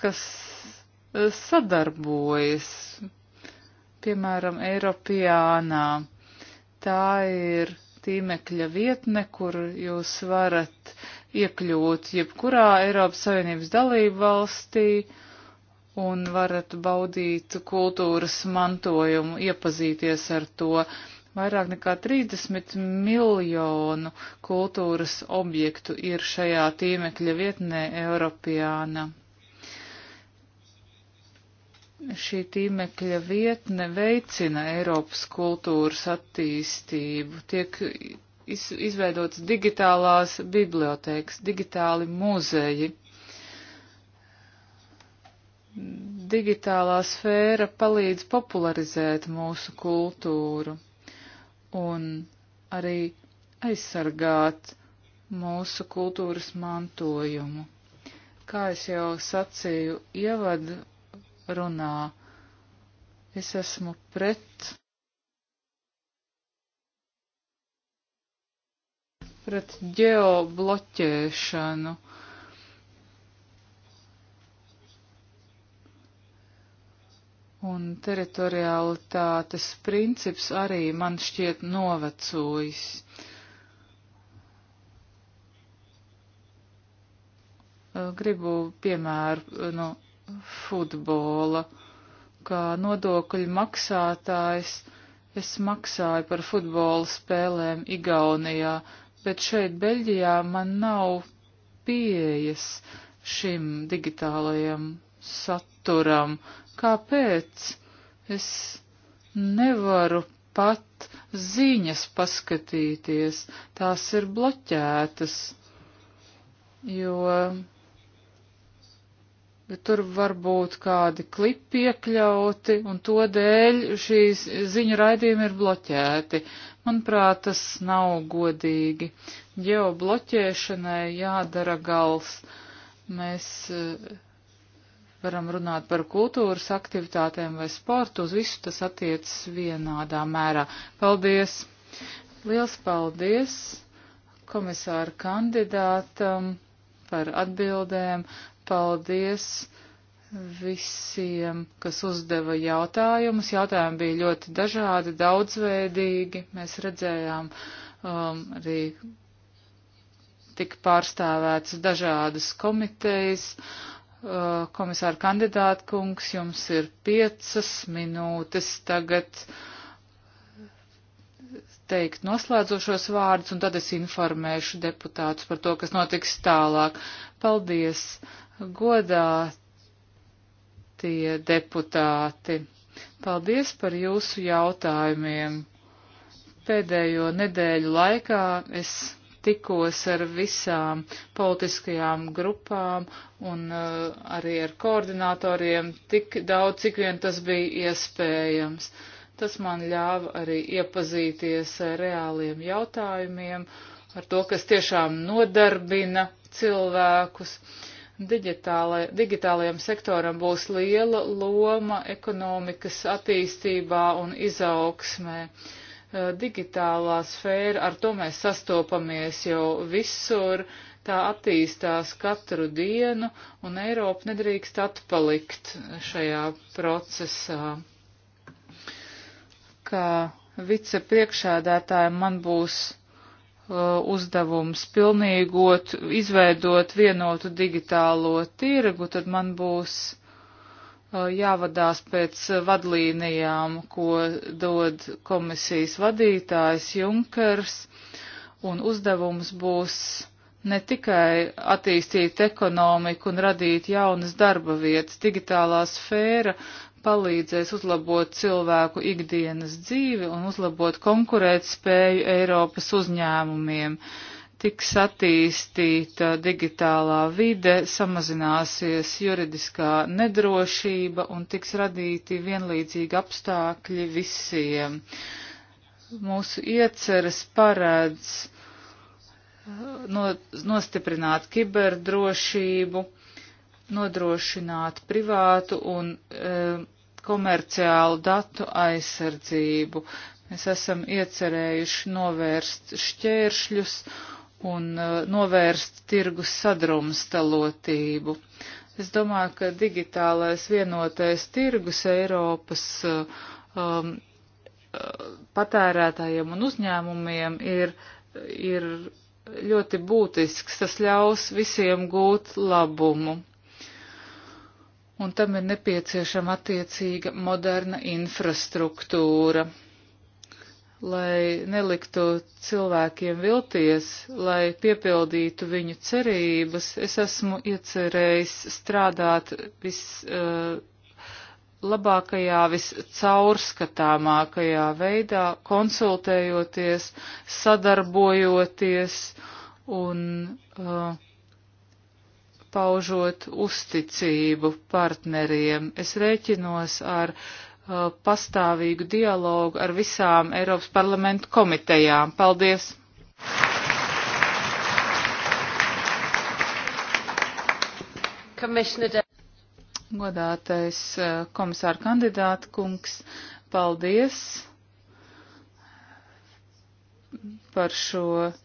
kas uh, sadarbojas, piemēram, Eiropijānā. Tā ir tīmekļa vietne, kur jūs varat iekļūt jebkurā Eiropas Savienības dalību valstī un varat baudīt kultūras mantojumu, iepazīties ar to. Vairāk nekā 30 miljonu kultūras objektu ir šajā tīmekļa vietnē Eiropijāna. Šī tīmekļa vietne veicina Eiropas kultūras attīstību, tiek iz, izveidotas digitālās bibliotēkas, digitāli muzeji. Digitālā sfēra palīdz popularizēt mūsu kultūru un arī aizsargāt mūsu kultūras mantojumu. Kā es jau sacīju, ievadu runā. Es esmu pret. pret ģeobloķēšanu. Un teritorialitātes princips arī man šķiet novecojis. Gribu piemēru, nu, futbola. Kā nodokļu maksātājs es maksāju par futbola spēlēm Igaunijā, bet šeit Beļģijā man nav pieejas šim digitālajam saturam. Kāpēc es nevaru pat ziņas paskatīties? Tās ir bloķētas, jo bet tur var būt kādi klipi iekļauti, un to dēļ šīs ziņu raidījumi ir bloķēti. Manuprāt, tas nav godīgi. Geobloķēšanai jādara gals. Mēs eh, varam runāt par kultūras aktivitātēm vai sportu, uz visu tas attiecas vienādā mērā. Paldies! Liels paldies komisāra kandidātam! par atbildēm. Paldies visiem, kas uzdeva jautājumus. Jautājumi bija ļoti dažādi, daudzveidīgi. Mēs redzējām um, arī tika pārstāvētas dažādas komitejas. Uh, komisāra kandidāta kungs, jums ir piecas minūtes tagad teikt noslēdzošos vārdus, un tad es informēšu deputātus par to, kas notiks tālāk. Paldies! godā tie deputāti. Paldies par jūsu jautājumiem. Pēdējo nedēļu laikā es tikos ar visām politiskajām grupām un uh, arī ar koordinatoriem tik daudz, cik vien tas bija iespējams. Tas man ļāva arī iepazīties ar reāliem jautājumiem, ar to, kas tiešām nodarbina cilvēkus. Uh, digitālajam sektoram būs liela loma ekonomikas attīstībā un izaugsmē. Eh, digitālā sfēra, ar to mēs sastopamies jau visur, tā attīstās katru dienu, un Eiropa nedrīkst atpalikt šajā procesā. Kā vicepriekšādātājiem man būs Uh, uzdevums pilnīgot, izveidot vienotu digitālo tirgu, tad man būs uh, jāvadās pēc vadlīnijām, ko dod komisijas vadītājs Junkers, un uzdevums būs ne tikai attīstīt ekonomiku un radīt jaunas darba vietas. Digitālā sfēra palīdzēs uzlabot cilvēku ikdienas dzīvi un uzlabot konkurētspēju Eiropas uzņēmumiem. Tiks attīstīta digitālā vide, samazināsies juridiskā nedrošība un tiks radīti vienlīdzīgi apstākļi visiem. Mūsu ieceres paredz eh, no, nostiprināt kiberdrošību, nodrošināt privātu un e, komerciālu datu aizsardzību. Mēs esam iecerējuši novērst šķēršļus un uh, novērst tirgus sadrumstalotību. Es domāju, ka digitālais vienotais tirgus Eiropas uh, um, uh, patērētājiem un uzņēmumiem ir, ir ļoti būtisks. Tas ļaus visiem gūt labumu un tam ir nepieciešama attiecīga moderna infrastruktūra, lai neliktu cilvēkiem vilties, lai piepildītu viņu cerības. Es esmu iecerējis strādāt vislabākajā, eh, uh, viscaurskatāmākajā veidā, konsultējoties, sadarbojoties un uh, paužot uzticību partneriem. Es rēķinos ar uh, pastāvīgu dialogu ar visām Eiropas parlamentu komitejām. Paldies! Godātais uh, komisāra kandidāta kungs, paldies par šo uh,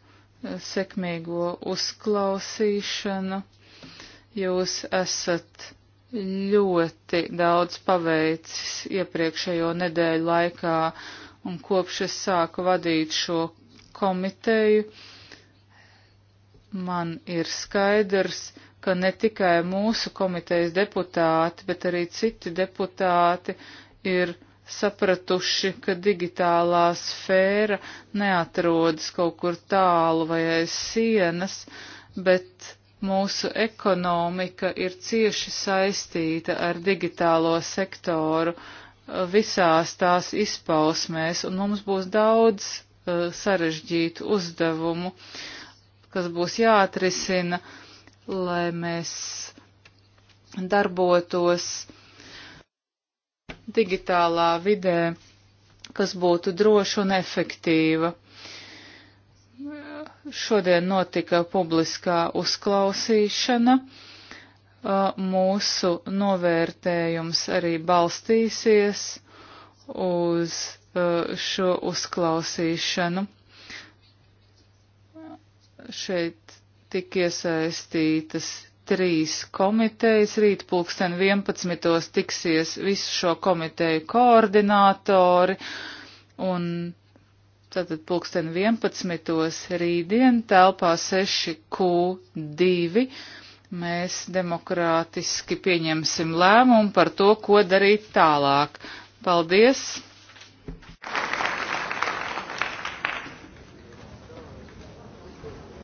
sekmīgo uzklausīšanu. Jūs esat ļoti daudz paveicis iepriekšējo nedēļu laikā un kopš es sāku vadīt šo komiteju. Man ir skaidrs, ka ne tikai mūsu komitejas deputāti, bet arī citi deputāti ir sapratuši, ka digitālā sfēra neatrodas kaut kur tālu vai aiz sienas, bet Mūsu ekonomika ir cieši saistīta ar digitālo sektoru visās tās izpausmēs, un mums būs daudz uh, sarežģītu uzdevumu, kas būs jāatrisina, lai mēs darbotos digitālā vidē, kas būtu droša un efektīva. Šodien notika publiskā uzklausīšana. Uh, mūsu novērtējums arī balstīsies uz uh, šo uzklausīšanu. Šeit tik iesaistītas trīs komitejas. Rīt pulksten 11. tiksies visu šo komiteju koordinātori un Tātad pulksten 11. rītdien telpā 6Q2 mēs demokrātiski pieņemsim lēmumu par to, ko darīt tālāk. Paldies!